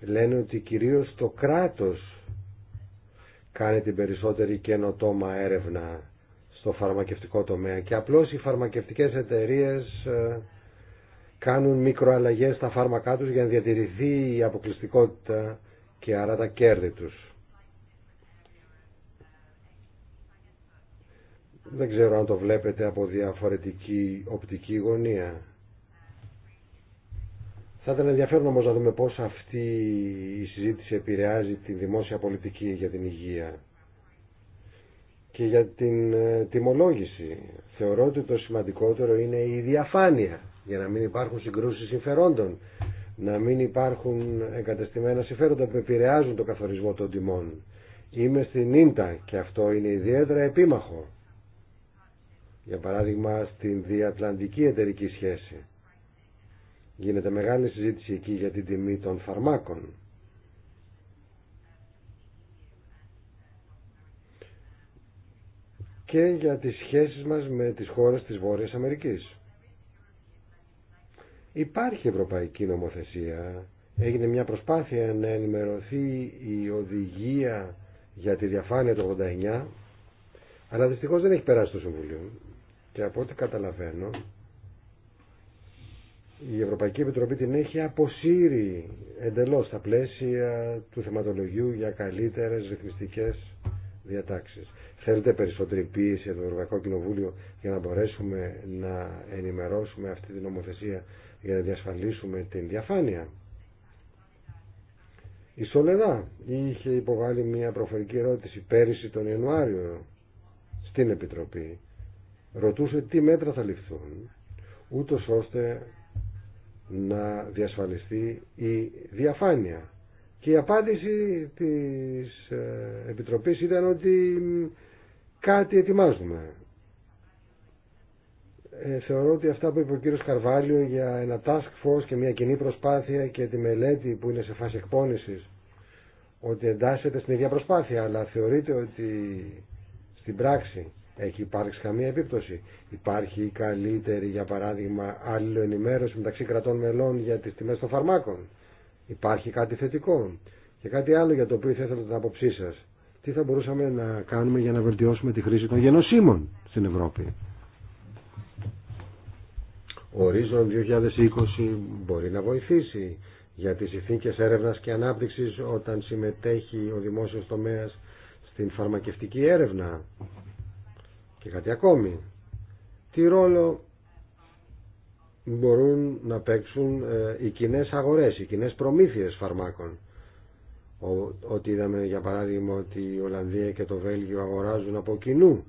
λένε ότι κυρίως το κράτος κάνει την περισσότερη καινοτόμα έρευνα στο φαρμακευτικό τομέα και απλώς οι φαρμακευτικές εταιρείες ε, κάνουν μικροαλλαγές στα φάρμακά τους για να διατηρηθεί η αποκλειστικότητα και άρα τα κέρδη τους. Δεν ξέρω αν το βλέπετε από διαφορετική οπτική γωνία. Θα ήταν ενδιαφέρον όμως να δούμε πώς αυτή η συζήτηση επηρεάζει τη δημόσια πολιτική για την υγεία και για την ε, τιμολόγηση. Θεωρώ ότι το σημαντικότερο είναι η διαφάνεια για να μην υπάρχουν συγκρούσεις συμφερόντων, να μην υπάρχουν εγκατεστημένα συμφέροντα που επηρεάζουν το καθορισμό των τιμών. Είμαι στην Ίντα και αυτό είναι ιδιαίτερα επίμαχο. Για παράδειγμα στην διατλαντική εταιρική σχέση Γίνεται μεγάλη συζήτηση εκεί για την τιμή των φαρμάκων. και για τις σχέσεις μας με τις χώρες της Βόρειας Αμερικής. Υπάρχει ευρωπαϊκή νομοθεσία, έγινε μια προσπάθεια να ενημερωθεί η οδηγία για τη διαφάνεια του 89, αλλά δυστυχώς δεν έχει περάσει το Συμβουλίο. Και από ό,τι καταλαβαίνω, η Ευρωπαϊκή Επιτροπή την έχει αποσύρει εντελώς τα πλαίσια του θεματολογίου για καλύτερες ρυθμιστικές διατάξεις. Θέλετε περισσότερη πίεση από το Ευρωπαϊκό Κοινοβούλιο για να μπορέσουμε να ενημερώσουμε αυτή την νομοθεσία για να διασφαλίσουμε την διαφάνεια. Η Σολεδά είχε υποβάλει μια προφορική ερώτηση πέρυσι τον Ιανουάριο στην Επιτροπή. Ρωτούσε τι μέτρα θα ληφθούν ούτως ώστε να διασφαλιστεί η διαφάνεια. Και η απάντηση της ε, Επιτροπής ήταν ότι κάτι ετοιμάζουμε. Ε, θεωρώ ότι αυτά που είπε ο κύριος Καρβάλιο για ένα task force και μια κοινή προσπάθεια και τη μελέτη που είναι σε φάση εκπόνησης ότι εντάσσεται στην ίδια προσπάθεια αλλά θεωρείται ότι στην πράξη έχει υπάρξει καμία επίπτωση. Υπάρχει καλύτερη, για παράδειγμα, ενημέρωση μεταξύ κρατών μελών για τις τιμές των φαρμάκων. Υπάρχει κάτι θετικό. Και κάτι άλλο για το οποίο ήθελα την άποψή σα. Τι θα μπορούσαμε να κάνουμε για να βελτιώσουμε τη χρήση των γενοσύμων στην Ευρώπη. Ορίζον 2020 μπορεί να βοηθήσει για τις συνθήκε έρευνας και ανάπτυξης όταν συμμετέχει ο δημόσιος τομέας στην φαρμακευτική έρευνα και κάτι ακόμη. Τι ρόλο μπορούν να παίξουν ε, οι κοινέ αγορές, οι κοινέ προμήθειες φαρμάκων. Ότι είδαμε για παράδειγμα ότι η Ολλανδία και το Βέλγιο αγοράζουν από κοινού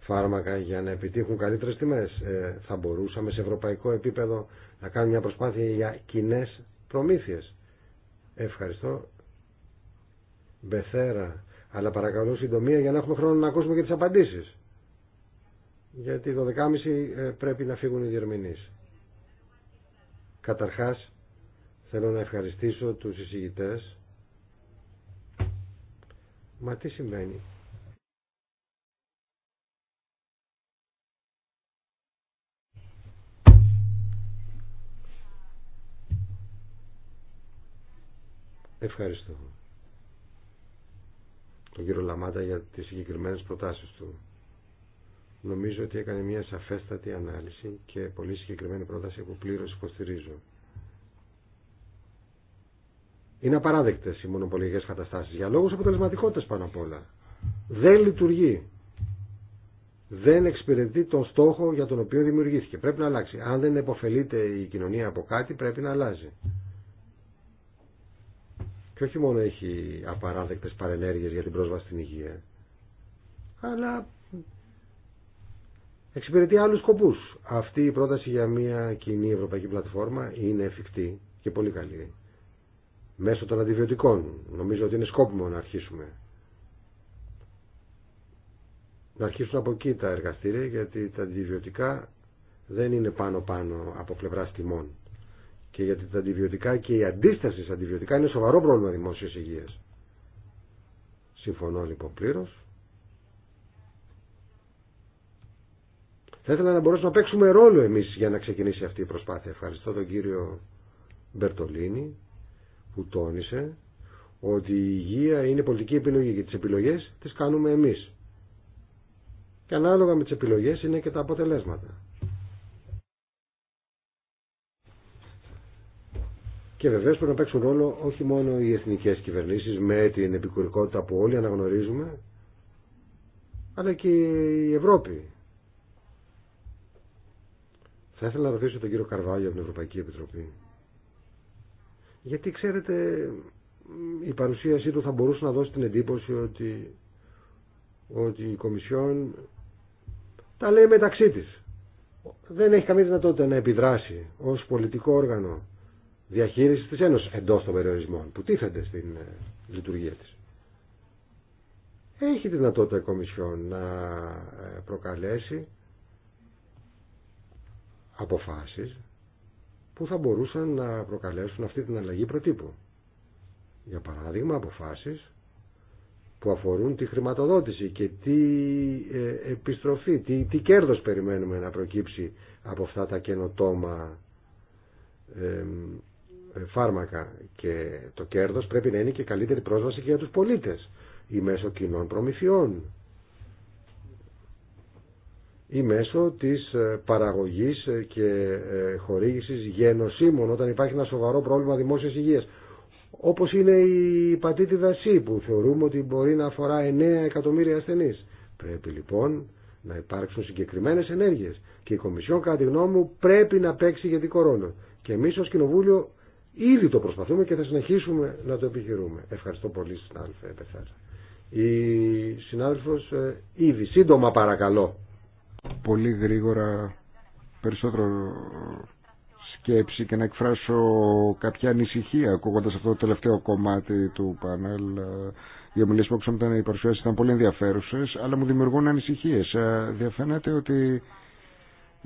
φάρμακα για να επιτύχουν καλύτερες τιμές. Ε, θα μπορούσαμε σε ευρωπαϊκό επίπεδο να κάνουμε μια προσπάθεια για κοινέ προμήθειες. Ευχαριστώ. Μπεθέρα. Αλλά παρακαλώ συντομία για να έχουμε χρόνο να ακούσουμε και τις απαντήσεις γιατί 12.30 ε, πρέπει να φύγουν οι διερμηνείς. Καταρχάς, θέλω να ευχαριστήσω τους εισηγητές. Μα τι σημαίνει. Ευχαριστώ τον κύριο Λαμάτα για τις συγκεκριμένες προτάσεις του νομίζω ότι έκανε μια σαφέστατη ανάλυση και πολύ συγκεκριμένη πρόταση που πλήρως υποστηρίζω. Είναι απαράδεκτες οι μονοπωλιακέ καταστάσεις για λόγους αποτελεσματικότητα πάνω απ' όλα. Δεν λειτουργεί. Δεν εξυπηρετεί τον στόχο για τον οποίο δημιουργήθηκε. Πρέπει να αλλάξει. Αν δεν εποφελείται η κοινωνία από κάτι πρέπει να αλλάζει. Και όχι μόνο έχει απαράδεκτε παρενέργειε για την πρόσβαση στην υγεία, αλλά εξυπηρετεί άλλους σκοπούς. Αυτή η πρόταση για μια κοινή ευρωπαϊκή πλατφόρμα είναι εφικτή και πολύ καλή. Μέσω των αντιβιωτικών. Νομίζω ότι είναι σκόπιμο να αρχίσουμε. Να αρχίσουν από εκεί τα εργαστήρια γιατί τα αντιβιωτικά δεν είναι πάνω-πάνω από πλευρά τιμών. Και γιατί τα αντιβιωτικά και η αντίσταση στα αντιβιωτικά είναι σοβαρό πρόβλημα δημόσια υγεία. Συμφωνώ λοιπόν πλήρω Θα ήθελα να μπορέσουμε να παίξουμε ρόλο εμείς για να ξεκινήσει αυτή η προσπάθεια. Ευχαριστώ τον κύριο Μπερτολίνη που τόνισε ότι η υγεία είναι πολιτική επιλογή και τις επιλογές τις κάνουμε εμείς. Και ανάλογα με τις επιλογές είναι και τα αποτελέσματα. Και βεβαίως πρέπει να παίξουν ρόλο όχι μόνο οι εθνικές κυβερνήσεις με την επικουρικότητα που όλοι αναγνωρίζουμε, αλλά και η Ευρώπη θα ήθελα να ρωτήσω τον κύριο Καρβάλιο από την Ευρωπαϊκή Επιτροπή. Γιατί ξέρετε η παρουσίασή του θα μπορούσε να δώσει την εντύπωση ότι, ότι η Κομισιόν τα λέει μεταξύ της. Δεν έχει καμία δυνατότητα να επιδράσει ως πολιτικό όργανο διαχείρισης της Ένωσης εντός των περιορισμών που τίθενται στην ε, λειτουργία της. Έχει δυνατότητα η Κομισιόν να ε, προκαλέσει αποφάσεις που θα μπορούσαν να προκαλέσουν αυτή την αλλαγή προτύπου. Για παράδειγμα, αποφάσεις που αφορούν τη χρηματοδότηση και τι ε, επιστροφή, τι, τι κέρδος περιμένουμε να προκύψει από αυτά τα καινοτόμα ε, φάρμακα και το κέρδος πρέπει να είναι και καλύτερη πρόσβαση και για τους πολίτες ή μέσω κοινών προμηθειών ή μέσω της ε, παραγωγής ε, και ε, χορήγησης γενοσύμων όταν υπάρχει ένα σοβαρό πρόβλημα δημόσιας υγείας. Όπως είναι η μεσω της παραγωγης και χορηγησης γενοσυμων οταν υπαρχει ενα σοβαρο προβλημα δημοσιας υγειας οπως ειναι η πατητη C που θεωρούμε ότι μπορεί να αφορά 9 εκατομμύρια ασθενείς. Πρέπει λοιπόν να υπάρξουν συγκεκριμένες ενέργειες και η Κομισιόν κατά τη γνώμη μου πρέπει να παίξει ηγετικό ρόλο. Και εμείς ως Κοινοβούλιο ήδη το προσπαθούμε και θα συνεχίσουμε να το επιχειρούμε. Ευχαριστώ πολύ συνάδελφε Πεθάρα. Η συνάδελφος ήδη σύντομα παρακαλώ πολύ γρήγορα περισσότερο σκέψη και να εκφράσω κάποια ανησυχία ακούγοντα αυτό το τελευταίο κομμάτι του πάνελ. Οι ομιλίε που έξω ήταν οι παρουσιάσει ήταν πολύ ενδιαφέρουσε, αλλά μου δημιουργούν ανησυχίε. Διαφαίνεται ότι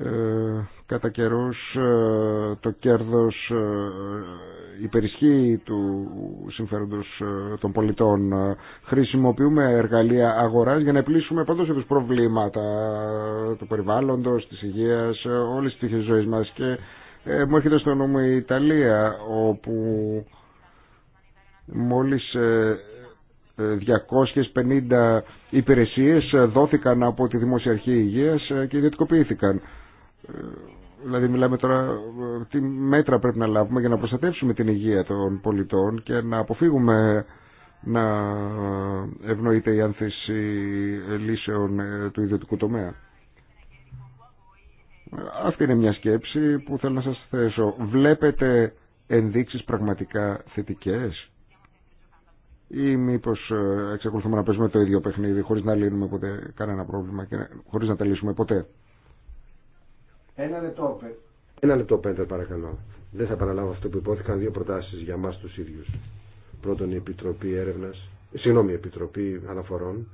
ε, κατά καιρούς ε, το κέρδος ε, υπερισχύει του συμφέροντος των πολιτών. Χρησιμοποιούμε εργαλεία αγοράς για να επιλύσουμε πάντως τους προβλήματα του περιβάλλοντος, της υγείας, όλες τις τύχες ζωής μας και μου έρχεται στο νόμο η Ιταλία όπου μόλις 250 υπηρεσίες δόθηκαν από τη Δημοσιαρχή Υγείας και ιδιωτικοποιήθηκαν. Δηλαδή μιλάμε τώρα ε, τι μέτρα πρέπει να λάβουμε για να προστατεύσουμε την υγεία των πολιτών και να αποφύγουμε να ευνοείται η άνθηση λύσεων ε, του ιδιωτικού τομέα. Αυτή είναι μια σκέψη που θέλω να σας θέσω. Βλέπετε ενδείξεις πραγματικά θετικές ή μήπως ε, εξακολουθούμε να παίζουμε το ίδιο παιχνίδι χωρίς να λύνουμε ποτέ κανένα πρόβλημα και χωρίς να τα ποτέ. Ένα λεπτό, Ένα λεπτό, Πέντερ, παρακαλώ. Δεν θα παραλάβω αυτό που υπόθηκαν δύο προτάσει για εμά τους ίδιου. Πρώτον, η Επιτροπή Έρευνας, συγγνώμη, η Επιτροπή Αναφορών,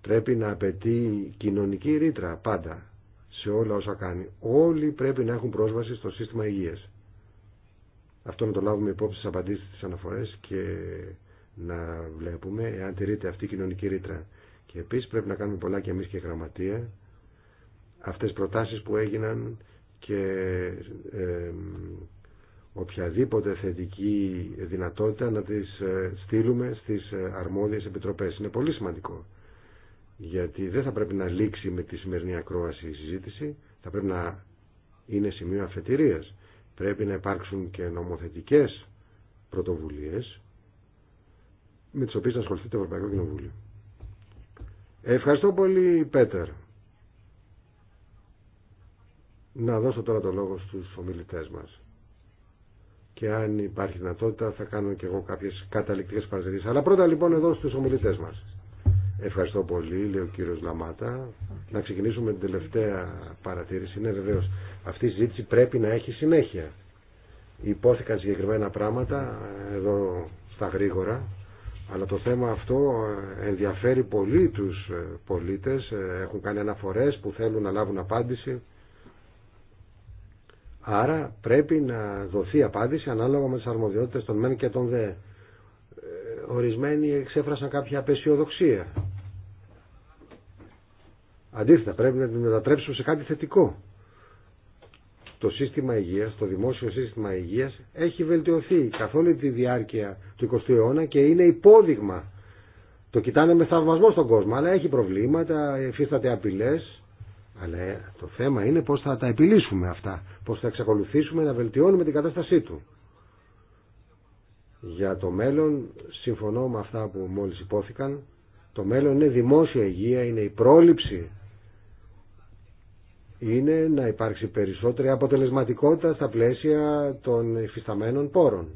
πρέπει να απαιτεί κοινωνική ρήτρα πάντα σε όλα όσα κάνει. Όλοι πρέπει να έχουν πρόσβαση στο σύστημα υγεία. Αυτό να το λάβουμε υπόψη στι απαντήσει στι αναφορές και να βλέπουμε εάν τηρείται αυτή η κοινωνική ρήτρα. Και επίση πρέπει να κάνουμε πολλά κι εμεί και η γραμματεία αυτές προτάσεις που έγιναν και οποιαδήποτε θετική δυνατότητα να τις ε, στείλουμε στις ε, αρμόδιες επιτροπές. Είναι πολύ σημαντικό γιατί δεν θα πρέπει να λήξει με τη σημερινή ακρόαση η συζήτηση, θα πρέπει να είναι σημείο αφετηρίας. Πρέπει να υπάρξουν και νομοθετικές πρωτοβουλίες με τις οποίες να ασχοληθεί το Ευρωπαϊκό Κοινοβούλιο. Ευχαριστώ πολύ Πέτερ. Να δώσω τώρα το λόγο στους ομιλητές μας. Και αν υπάρχει δυνατότητα θα κάνω και εγώ κάποιες καταληκτικές παρατηρήσεις. Αλλά πρώτα λοιπόν εδώ στους ομιλητές μας. Ευχαριστώ πολύ, λέει ο κύριος Λαμάτα. Να ξεκινήσουμε την τελευταία παρατήρηση. Είναι βεβαίως Αυτή η ζήτηση πρέπει να έχει συνέχεια. Υπόθηκαν συγκεκριμένα πράγματα ε, εδώ στα γρήγορα. Αλλά το θέμα αυτό ε, ενδιαφέρει πολύ τους ε, πολίτες. Έχουν κάνει αναφορές που θέλουν να λάβουν απάντηση. Άρα πρέπει να δοθεί απάντηση ανάλογα με τις αρμοδιότητες των ΜΕΝ και των ΔΕ. Ε, ορισμένοι εξέφρασαν κάποια απεσιοδοξία. Αντίθετα, πρέπει να την μετατρέψουμε σε κάτι θετικό. Το σύστημα υγείας, το δημόσιο σύστημα υγείας έχει βελτιωθεί καθ' όλη τη διάρκεια του 20ου αιώνα και είναι υπόδειγμα. Το κοιτάνε με θαυμασμό στον κόσμο, αλλά έχει προβλήματα, υφίσταται απειλές αλλά ε, το θέμα είναι πώς θα τα επιλύσουμε αυτά, πώς θα εξακολουθήσουμε να βελτιώνουμε την κατάστασή του. Για το μέλλον, συμφωνώ με αυτά που μόλις υπόθηκαν, το μέλλον είναι δημόσια υγεία, είναι η πρόληψη, είναι να υπάρξει περισσότερη αποτελεσματικότητα στα πλαίσια των υφισταμένων πόρων.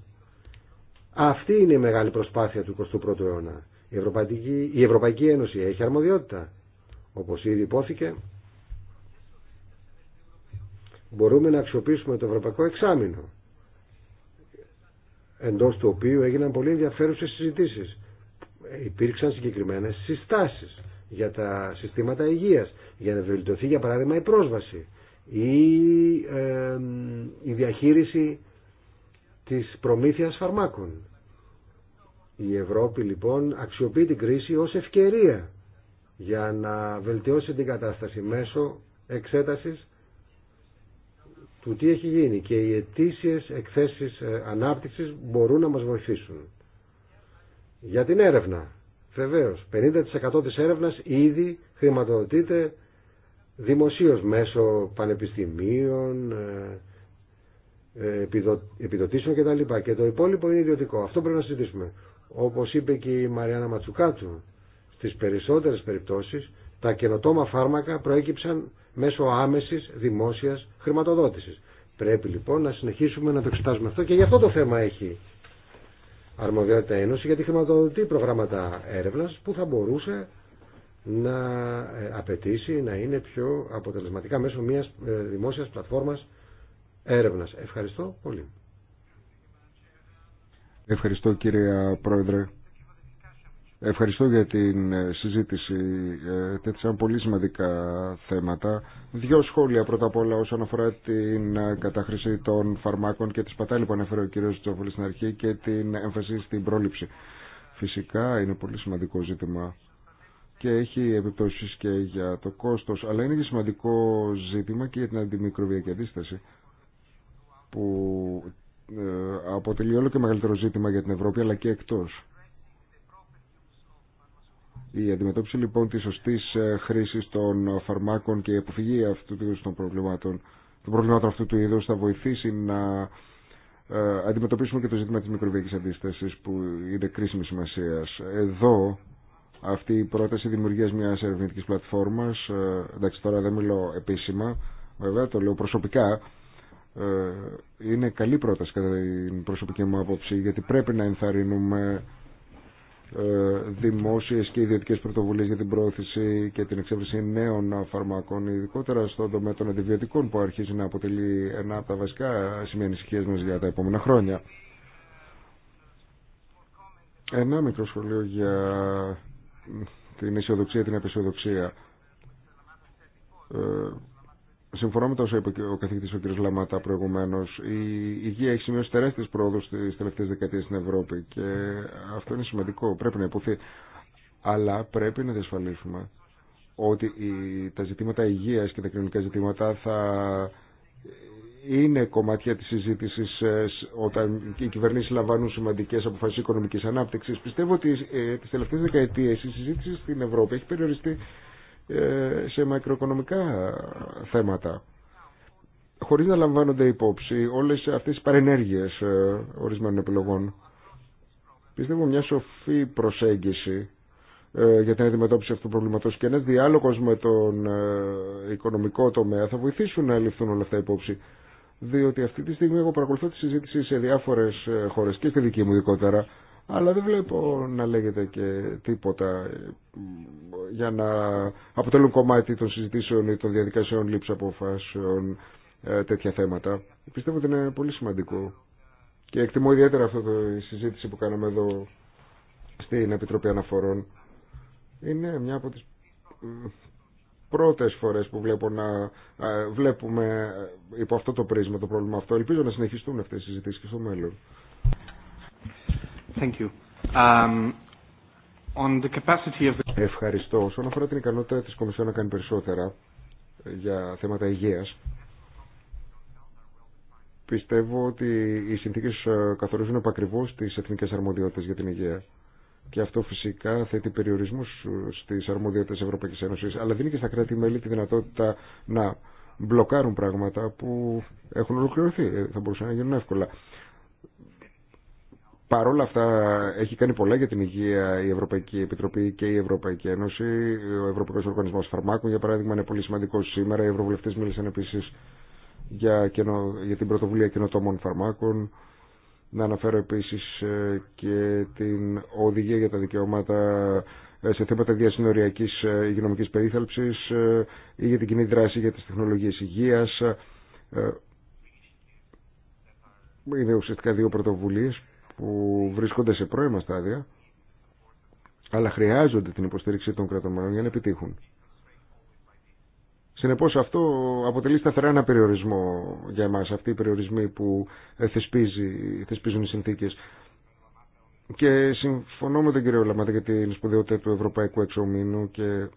Αυτή είναι η μεγάλη προσπάθεια του 21ου αιώνα. Η Ευρωπαϊκή, η Ευρωπαϊκή Ένωση έχει αρμοδιότητα, όπως ήδη υπόθηκε, μπορούμε να αξιοποιήσουμε το Ευρωπαϊκό Εξάμεινο εντός του οποίου έγιναν πολύ ενδιαφέρουσες συζητήσεις. Υπήρξαν συγκεκριμένες συστάσεις για τα συστήματα υγείας, για να βελτιωθεί για παράδειγμα η πρόσβαση ή η διαχείριση της προμήθειας φαρμάκων. Η Ευρώπη λοιπόν αξιοποιεί την κρίση ως ευκαιρία για να βελτιώσει την κατάσταση μέσω εξέτασης του τι έχει γίνει και οι ετήσιες εκθέσεις ε, ανάπτυξης μπορούν να μας βοηθήσουν. Για την έρευνα, βεβαίω, 50% της έρευνας ήδη χρηματοδοτείται δημοσίως μέσω πανεπιστημίων, ε, ε, επιδοτήσεων κτλ. Και το υπόλοιπο είναι ιδιωτικό. Αυτό πρέπει να συζητήσουμε. Όπως είπε και η Μαριάννα Ματσουκάτσου, στις περισσότερες περιπτώσεις τα καινοτόμα φάρμακα προέκυψαν μέσω άμεσης δημόσιας χρηματοδότησης. Πρέπει λοιπόν να συνεχίσουμε να το εξετάζουμε αυτό και γι' αυτό το θέμα έχει αρμοδιότητα ένωση γιατί χρηματοδοτεί προγράμματα έρευνας που θα μπορούσε να ε, απαιτήσει να είναι πιο αποτελεσματικά μέσω μιας ε, δημόσιας πλατφόρμας έρευνας. Ευχαριστώ πολύ. Ευχαριστώ κύριε Πρόεδρε. Ευχαριστώ για την ε, συζήτηση. Ε, Τέτοιαν πολύ σημαντικά θέματα. Δύο σχόλια πρώτα απ' όλα όσον αφορά την ε, κατάχρηση των φαρμάκων και τη σπατάλη που ανέφερε ο κ. Τζόφολη στην αρχή και την έμφαση στην πρόληψη. Φυσικά είναι πολύ σημαντικό ζήτημα και έχει επιπτώσεις και για το κόστο, αλλά είναι και σημαντικό ζήτημα και για την αντιμικροβιακή αντίσταση που αποτελεί όλο και μεγαλύτερο ζήτημα για την Ευρώπη αλλά και εκτός. Η αντιμετώπιση λοιπόν τη σωστή ε, χρήση των ε, φαρμάκων και η αποφυγή αυτού του είδου των προβλημάτων, των προβλημάτων αυτού του είδου θα βοηθήσει να ε, αντιμετωπίσουμε και το ζήτημα τη μικροβιακή αντίσταση που είναι κρίσιμη σημασία. Εδώ αυτή η πρόταση δημιουργίας μιας ερευνητική πλατφόρμας, εντάξει τώρα δεν μιλώ επίσημα, βέβαια το λέω προσωπικά, είναι καλή πρόταση κατά την προσωπική μου άποψη γιατί πρέπει να ενθαρρύνουμε ε, δημόσιες και ιδιωτικές πρωτοβουλίες για την πρόθεση και την εξέβριση νέων φαρμάκων, ειδικότερα στον τομέα των αντιβιωτικών που αρχίζει να αποτελεί ένα από τα βασικά σημεία ανησυχίας μας για τα επόμενα χρόνια. Ένα μικρό σχολείο για την αισιοδοξία, την απεσιοδοξία. Ε, Συμφωνώ με το όσο είπε ο καθηγητή ο κ. Λαμάτα προηγουμένω. Η υγεία έχει σημειώσει τεράστιε πρόοδου στι τελευταίε δεκαετίε στην Ευρώπη και αυτό είναι σημαντικό. Πρέπει να υποθεί. Αλλά πρέπει να διασφαλίσουμε ότι τα ζητήματα υγεία και τα κοινωνικά ζητήματα θα είναι κομμάτια τη συζήτηση ε, όταν οι κυβερνήσει λαμβάνουν σημαντικέ αποφάσει οικονομική ανάπτυξη. Πιστεύω ότι ε, τι τελευταίε δεκαετίε η συζήτηση στην Ευρώπη έχει περιοριστεί ε, σε μακροοικονομικά θέματα χωρίς να λαμβάνονται υπόψη όλες αυτές οι παρενέργειες ε, ορισμένων επιλογών. Πιστεύω μια σοφή προσέγγιση ε, για την αντιμετώπιση αυτού του προβλήματος και ένας διάλογος με τον οικονομικό τομέα θα βοηθήσουν να ληφθούν όλα αυτά υπόψη. Διότι αυτή τη στιγμή εγώ παρακολουθώ τη συζήτηση σε διάφορες χώρες και στη δική μου ειδικότερα αλλά δεν βλέπω να λέγεται και τίποτα για να αποτελούν κομμάτι των συζητήσεων ή των διαδικασιών λήψη αποφάσεων ε, τέτοια θέματα. Πιστεύω ότι είναι πολύ σημαντικό και εκτιμώ ιδιαίτερα αυτή τη συζήτηση που κάναμε εδώ στην Επιτροπή Αναφορών. Είναι μια από τις πρώτες φορές που βλέπω να ε, βλέπουμε ε, υπό αυτό το πρίσμα το πρόβλημα αυτό. Ελπίζω να συνεχιστούν αυτές οι συζητήσεις και στο μέλλον. Thank you. Um, on the capacity of the... Ευχαριστώ. Όσον αφορά την ικανότητα της Κομισιόν να κάνει περισσότερα ε, για θέματα υγείας, πιστεύω ότι οι συνθήκες ε, καθορίζουν επακριβώς τις εθνικές αρμοδιότητες για την υγεία. Και αυτό φυσικά θέτει περιορισμού ε, στι αρμοδιότητε τη Ευρωπαϊκή Ένωση, αλλά δίνει και στα κράτη-μέλη τη δυνατότητα να μπλοκάρουν πράγματα που έχουν ολοκληρωθεί. Θα μπορούσαν να γίνουν εύκολα. Παρ' όλα αυτά έχει κάνει πολλά για την υγεία η Ευρωπαϊκή Επιτροπή και η Ευρωπαϊκή Ένωση. Ο Ευρωπαϊκό Οργανισμό Φαρμάκων, για παράδειγμα, είναι πολύ σημαντικό σήμερα. Οι ευρωβουλευτέ μίλησαν επίση για, για την πρωτοβουλία καινοτόμων φαρμάκων. Να αναφέρω επίση ε, και την οδηγία για τα δικαιώματα ε, σε θέματα διασυνοριακή ε, υγειονομική περίθαλψη ή για την κοινή δράση για τι τεχνολογίε υγεία. Είναι ουσιαστικά δύο πρωτοβουλίε που βρίσκονται σε πρώιμα στάδια αλλά χρειάζονται την υποστήριξη των κρατομένων για να επιτύχουν. Συνεπώ αυτό αποτελεί σταθερά ένα περιορισμό για εμάς, αυτοί οι περιορισμοί που ε, θεσπίζει, θεσπίζουν οι συνθήκε. Και συμφωνώ με τον κύριο Λαμάτα για την σπουδαιότητα του Ευρωπαϊκού Εξωμήνου και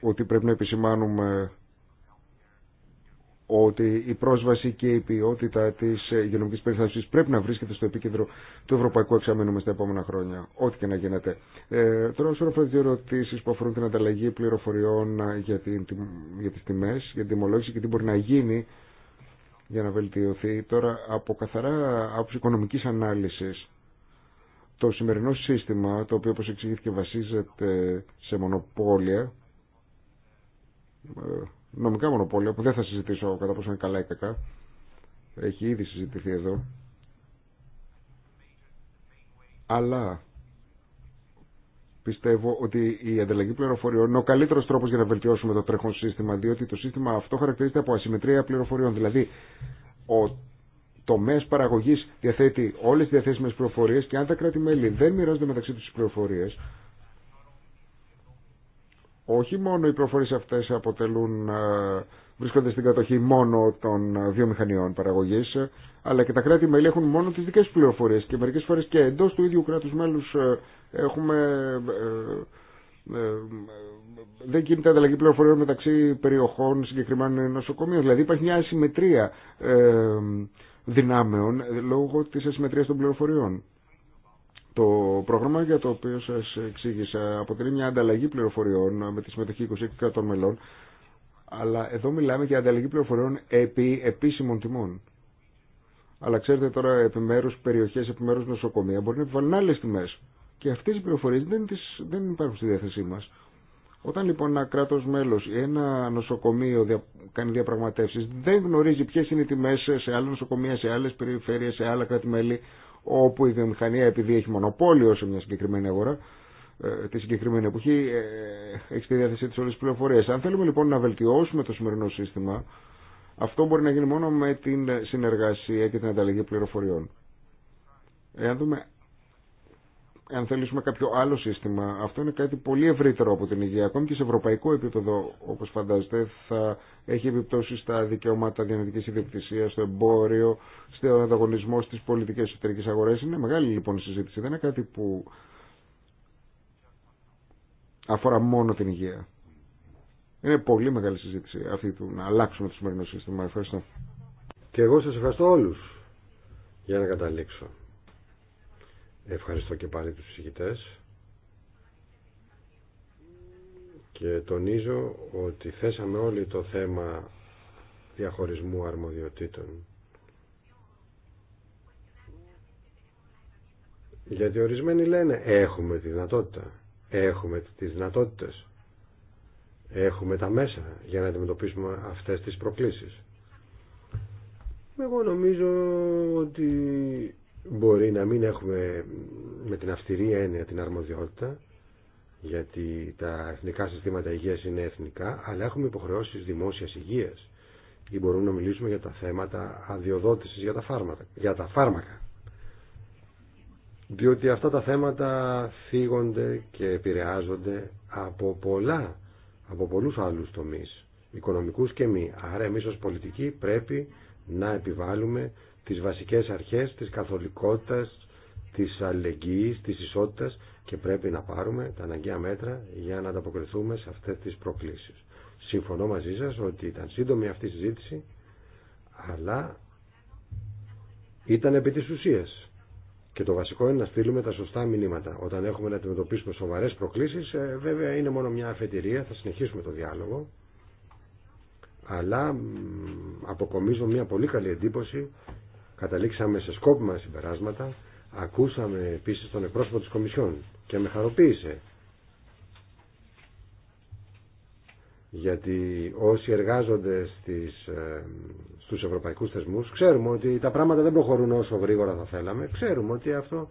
ότι πρέπει να επισημάνουμε ότι η πρόσβαση και η ποιότητα τη ε, υγειονομική περίθαλψη πρέπει να βρίσκεται στο επίκεντρο του Ευρωπαϊκού Εξαμήνου με στα επόμενα χρόνια, ό,τι και να γίνεται. Ε, τώρα, όσον αφορά τι ερωτήσει που αφορούν την ανταλλαγή πληροφοριών ε, για, την, για τι τιμέ, για την τιμολόγηση και τι μπορεί να γίνει για να βελτιωθεί, τώρα από καθαρά άποψη οικονομική ανάλυση, το σημερινό σύστημα, το οποίο όπω εξηγήθηκε βασίζεται σε μονοπόλια, ε, νομικά μονοπόλια που δεν θα συζητήσω κατά πόσο είναι καλά ή κακά. Έχει ήδη συζητηθεί εδώ. Αλλά πιστεύω ότι η ανταλλαγή πληροφοριών είναι ο καλύτερο τρόπο για να βελτιώσουμε το τρέχον σύστημα, διότι το σύστημα αυτό χαρακτηρίζεται από ασυμμετρία πληροφοριών. Δηλαδή, το τομέα παραγωγή διαθέτει όλε τι διαθέσιμε πληροφορίε και αν τα κράτη-μέλη δεν μοιράζονται μεταξύ του τι πληροφορίε, όχι μόνο οι προφορές αυτές αποτελούν, ε, βρίσκονται στην κατοχή μόνο των ε, βιομηχανιών παραγωγής, αλλά και τα κράτη-μέλη έχουν μόνο τις δικές πληροφορίες και μερικές φορές και εντός του ίδιου κράτους μέλους ε, έχουμε... δεν γίνεται ανταλλαγή πληροφοριών μεταξύ περιοχών συγκεκριμένων νοσοκομείων. Δηλαδή υπάρχει μια ασυμμετρία δυνάμεων λόγω της ασυμμετρίας των πληροφοριών. Το πρόγραμμα για το οποίο σα εξήγησα αποτελεί μια ανταλλαγή πληροφοριών με τη συμμετοχή 26 κρατών μελών, αλλά εδώ μιλάμε για ανταλλαγή πληροφοριών επί επίσημων τιμών. Αλλά ξέρετε τώρα επιμέρου, περιοχέ, επιμέρου νοσοκομεία μπορεί να επιβάλλουν άλλε τιμέ. Και αυτέ οι πληροφορίε δεν, δεν υπάρχουν στη διάθεσή μα. Όταν λοιπόν ένα κράτο μέλο ή ένα νοσοκομείο δια... κάνει διαπραγματεύσει, δεν γνωρίζει ποιε είναι οι τιμέ σε άλλα νοσοκομεία, σε άλλε περιφέρειε, σε άλλα κράτη-μέλη όπου η βιομηχανία επειδή έχει μονοπόλιο σε μια συγκεκριμένη αγορά ε, τη συγκεκριμένη εποχή ε, έχει στη διάθεσή τη όλε τι πληροφορίε. Αν θέλουμε λοιπόν να βελτιώσουμε το σημερινό σύστημα, αυτό μπορεί να γίνει μόνο με την συνεργασία και την ανταλλαγή πληροφοριών. Εάν δούμε αν θέλουμε κάποιο άλλο σύστημα. Αυτό είναι κάτι πολύ ευρύτερο από την υγεία. Ακόμη και σε ευρωπαϊκό επίπεδο, όπω φαντάζεστε, θα έχει επιπτώσει στα δικαιώματα διανοητική ιδιοκτησία, στο εμπόριο, στο ανταγωνισμό στι πολιτικέ εσωτερικέ αγορέ. Είναι μεγάλη λοιπόν η συζήτηση. Δεν είναι κάτι που αφορά μόνο την υγεία. Είναι πολύ μεγάλη συζήτηση αυτή του να αλλάξουμε το σημερινό σύστημα. Ευχαριστώ. Και εγώ σα ευχαριστώ όλου για να καταλήξω. Ευχαριστώ και πάλι τους ψυχητές Και τονίζω ότι θέσαμε όλοι το θέμα διαχωρισμού αρμοδιοτήτων. Γιατί ορισμένοι λένε έχουμε τη δυνατότητα, έχουμε τις δυνατότητες, έχουμε τα μέσα για να αντιμετωπίσουμε αυτές τις προκλήσεις. Εγώ νομίζω ότι Μπορεί να μην έχουμε με την αυστηρή έννοια την αρμοδιότητα, γιατί τα εθνικά συστήματα υγείας είναι εθνικά, αλλά έχουμε υποχρεώσεις δημόσιας υγείας ή μπορούμε να μιλήσουμε για τα θέματα αδειοδότησης για τα, φάρμακα, τα Διότι αυτά τα θέματα θίγονται και επηρεάζονται από πολλά, από πολλούς άλλους τομείς, οικονομικούς και μη. Άρα εμείς ως πολιτικοί πρέπει να επιβάλλουμε τις βασικές αρχές της καθολικότητας, της αλληλεγγύης, της ισότητας και πρέπει να πάρουμε τα αναγκαία μέτρα για να ανταποκριθούμε σε αυτές τις προκλήσεις. Συμφωνώ μαζί σας ότι ήταν σύντομη αυτή η συζήτηση, αλλά ήταν επί της ουσίας. Και το βασικό είναι να στείλουμε τα σωστά μηνύματα. Όταν έχουμε να αντιμετωπίσουμε σοβαρέ προκλήσει, ε, βέβαια είναι μόνο μια αφετηρία, θα συνεχίσουμε το διάλογο. Αλλά αποκομίζω μια πολύ καλή εντύπωση Καταλήξαμε σε σκόπιμα συμπεράσματα, ακούσαμε επίσης τον εκπρόσωπο της Κομισιόν και με χαροποίησε. Γιατί όσοι εργάζονται στις, ε, στους ευρωπαϊκούς θεσμούς ξέρουμε ότι τα πράγματα δεν προχωρούν όσο γρήγορα θα θέλαμε. Ξέρουμε ότι αυτό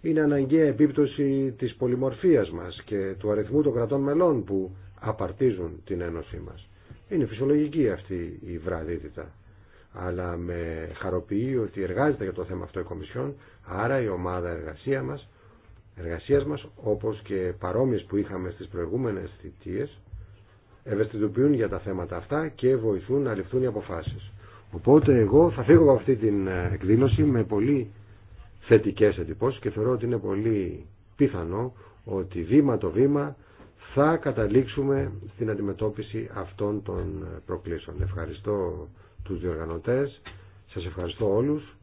είναι αναγκαία επίπτωση της πολυμορφίας μας και του αριθμού των κρατών μελών που απαρτίζουν την Ένωσή μας. Είναι φυσιολογική αυτή η βραδίτητα αλλά με χαροποιεί ότι εργάζεται για το θέμα αυτό η Κομισιόν, άρα η ομάδα εργασία μας, εργασίας μας, όπως και παρόμοιες που είχαμε στις προηγούμενες θητείες, ευαισθητοποιούν για τα θέματα αυτά και βοηθούν να ληφθούν οι αποφάσεις. Οπότε εγώ θα φύγω από αυτή την ε, εκδήλωση με πολύ θετικές εντυπώσεις και θεωρώ ότι είναι πολύ πιθανό ότι βήμα το βήμα θα καταλήξουμε στην αντιμετώπιση αυτών των προκλήσεων. Ευχαριστώ τους διοργανωτές. Σας ευχαριστώ όλους.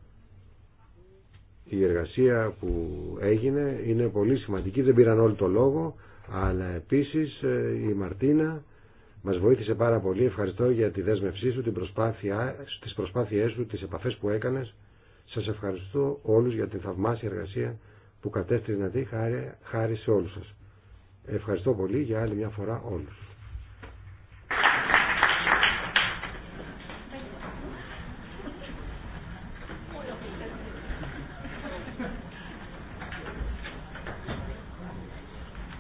Η εργασία που έγινε είναι πολύ σημαντική, δεν πήραν όλοι το λόγο, αλλά επίσης ε, η Μαρτίνα μας βοήθησε πάρα πολύ. Ευχαριστώ για τη δέσμευσή σου, την προσπάθεια, τις προσπάθειές σου, τις επαφές που έκανες. Σας ευχαριστώ όλους για την θαυμάσια εργασία που κατέστησε να χάρη, χάρη σε όλους σας. Ευχαριστώ πολύ για άλλη μια φορά όλους.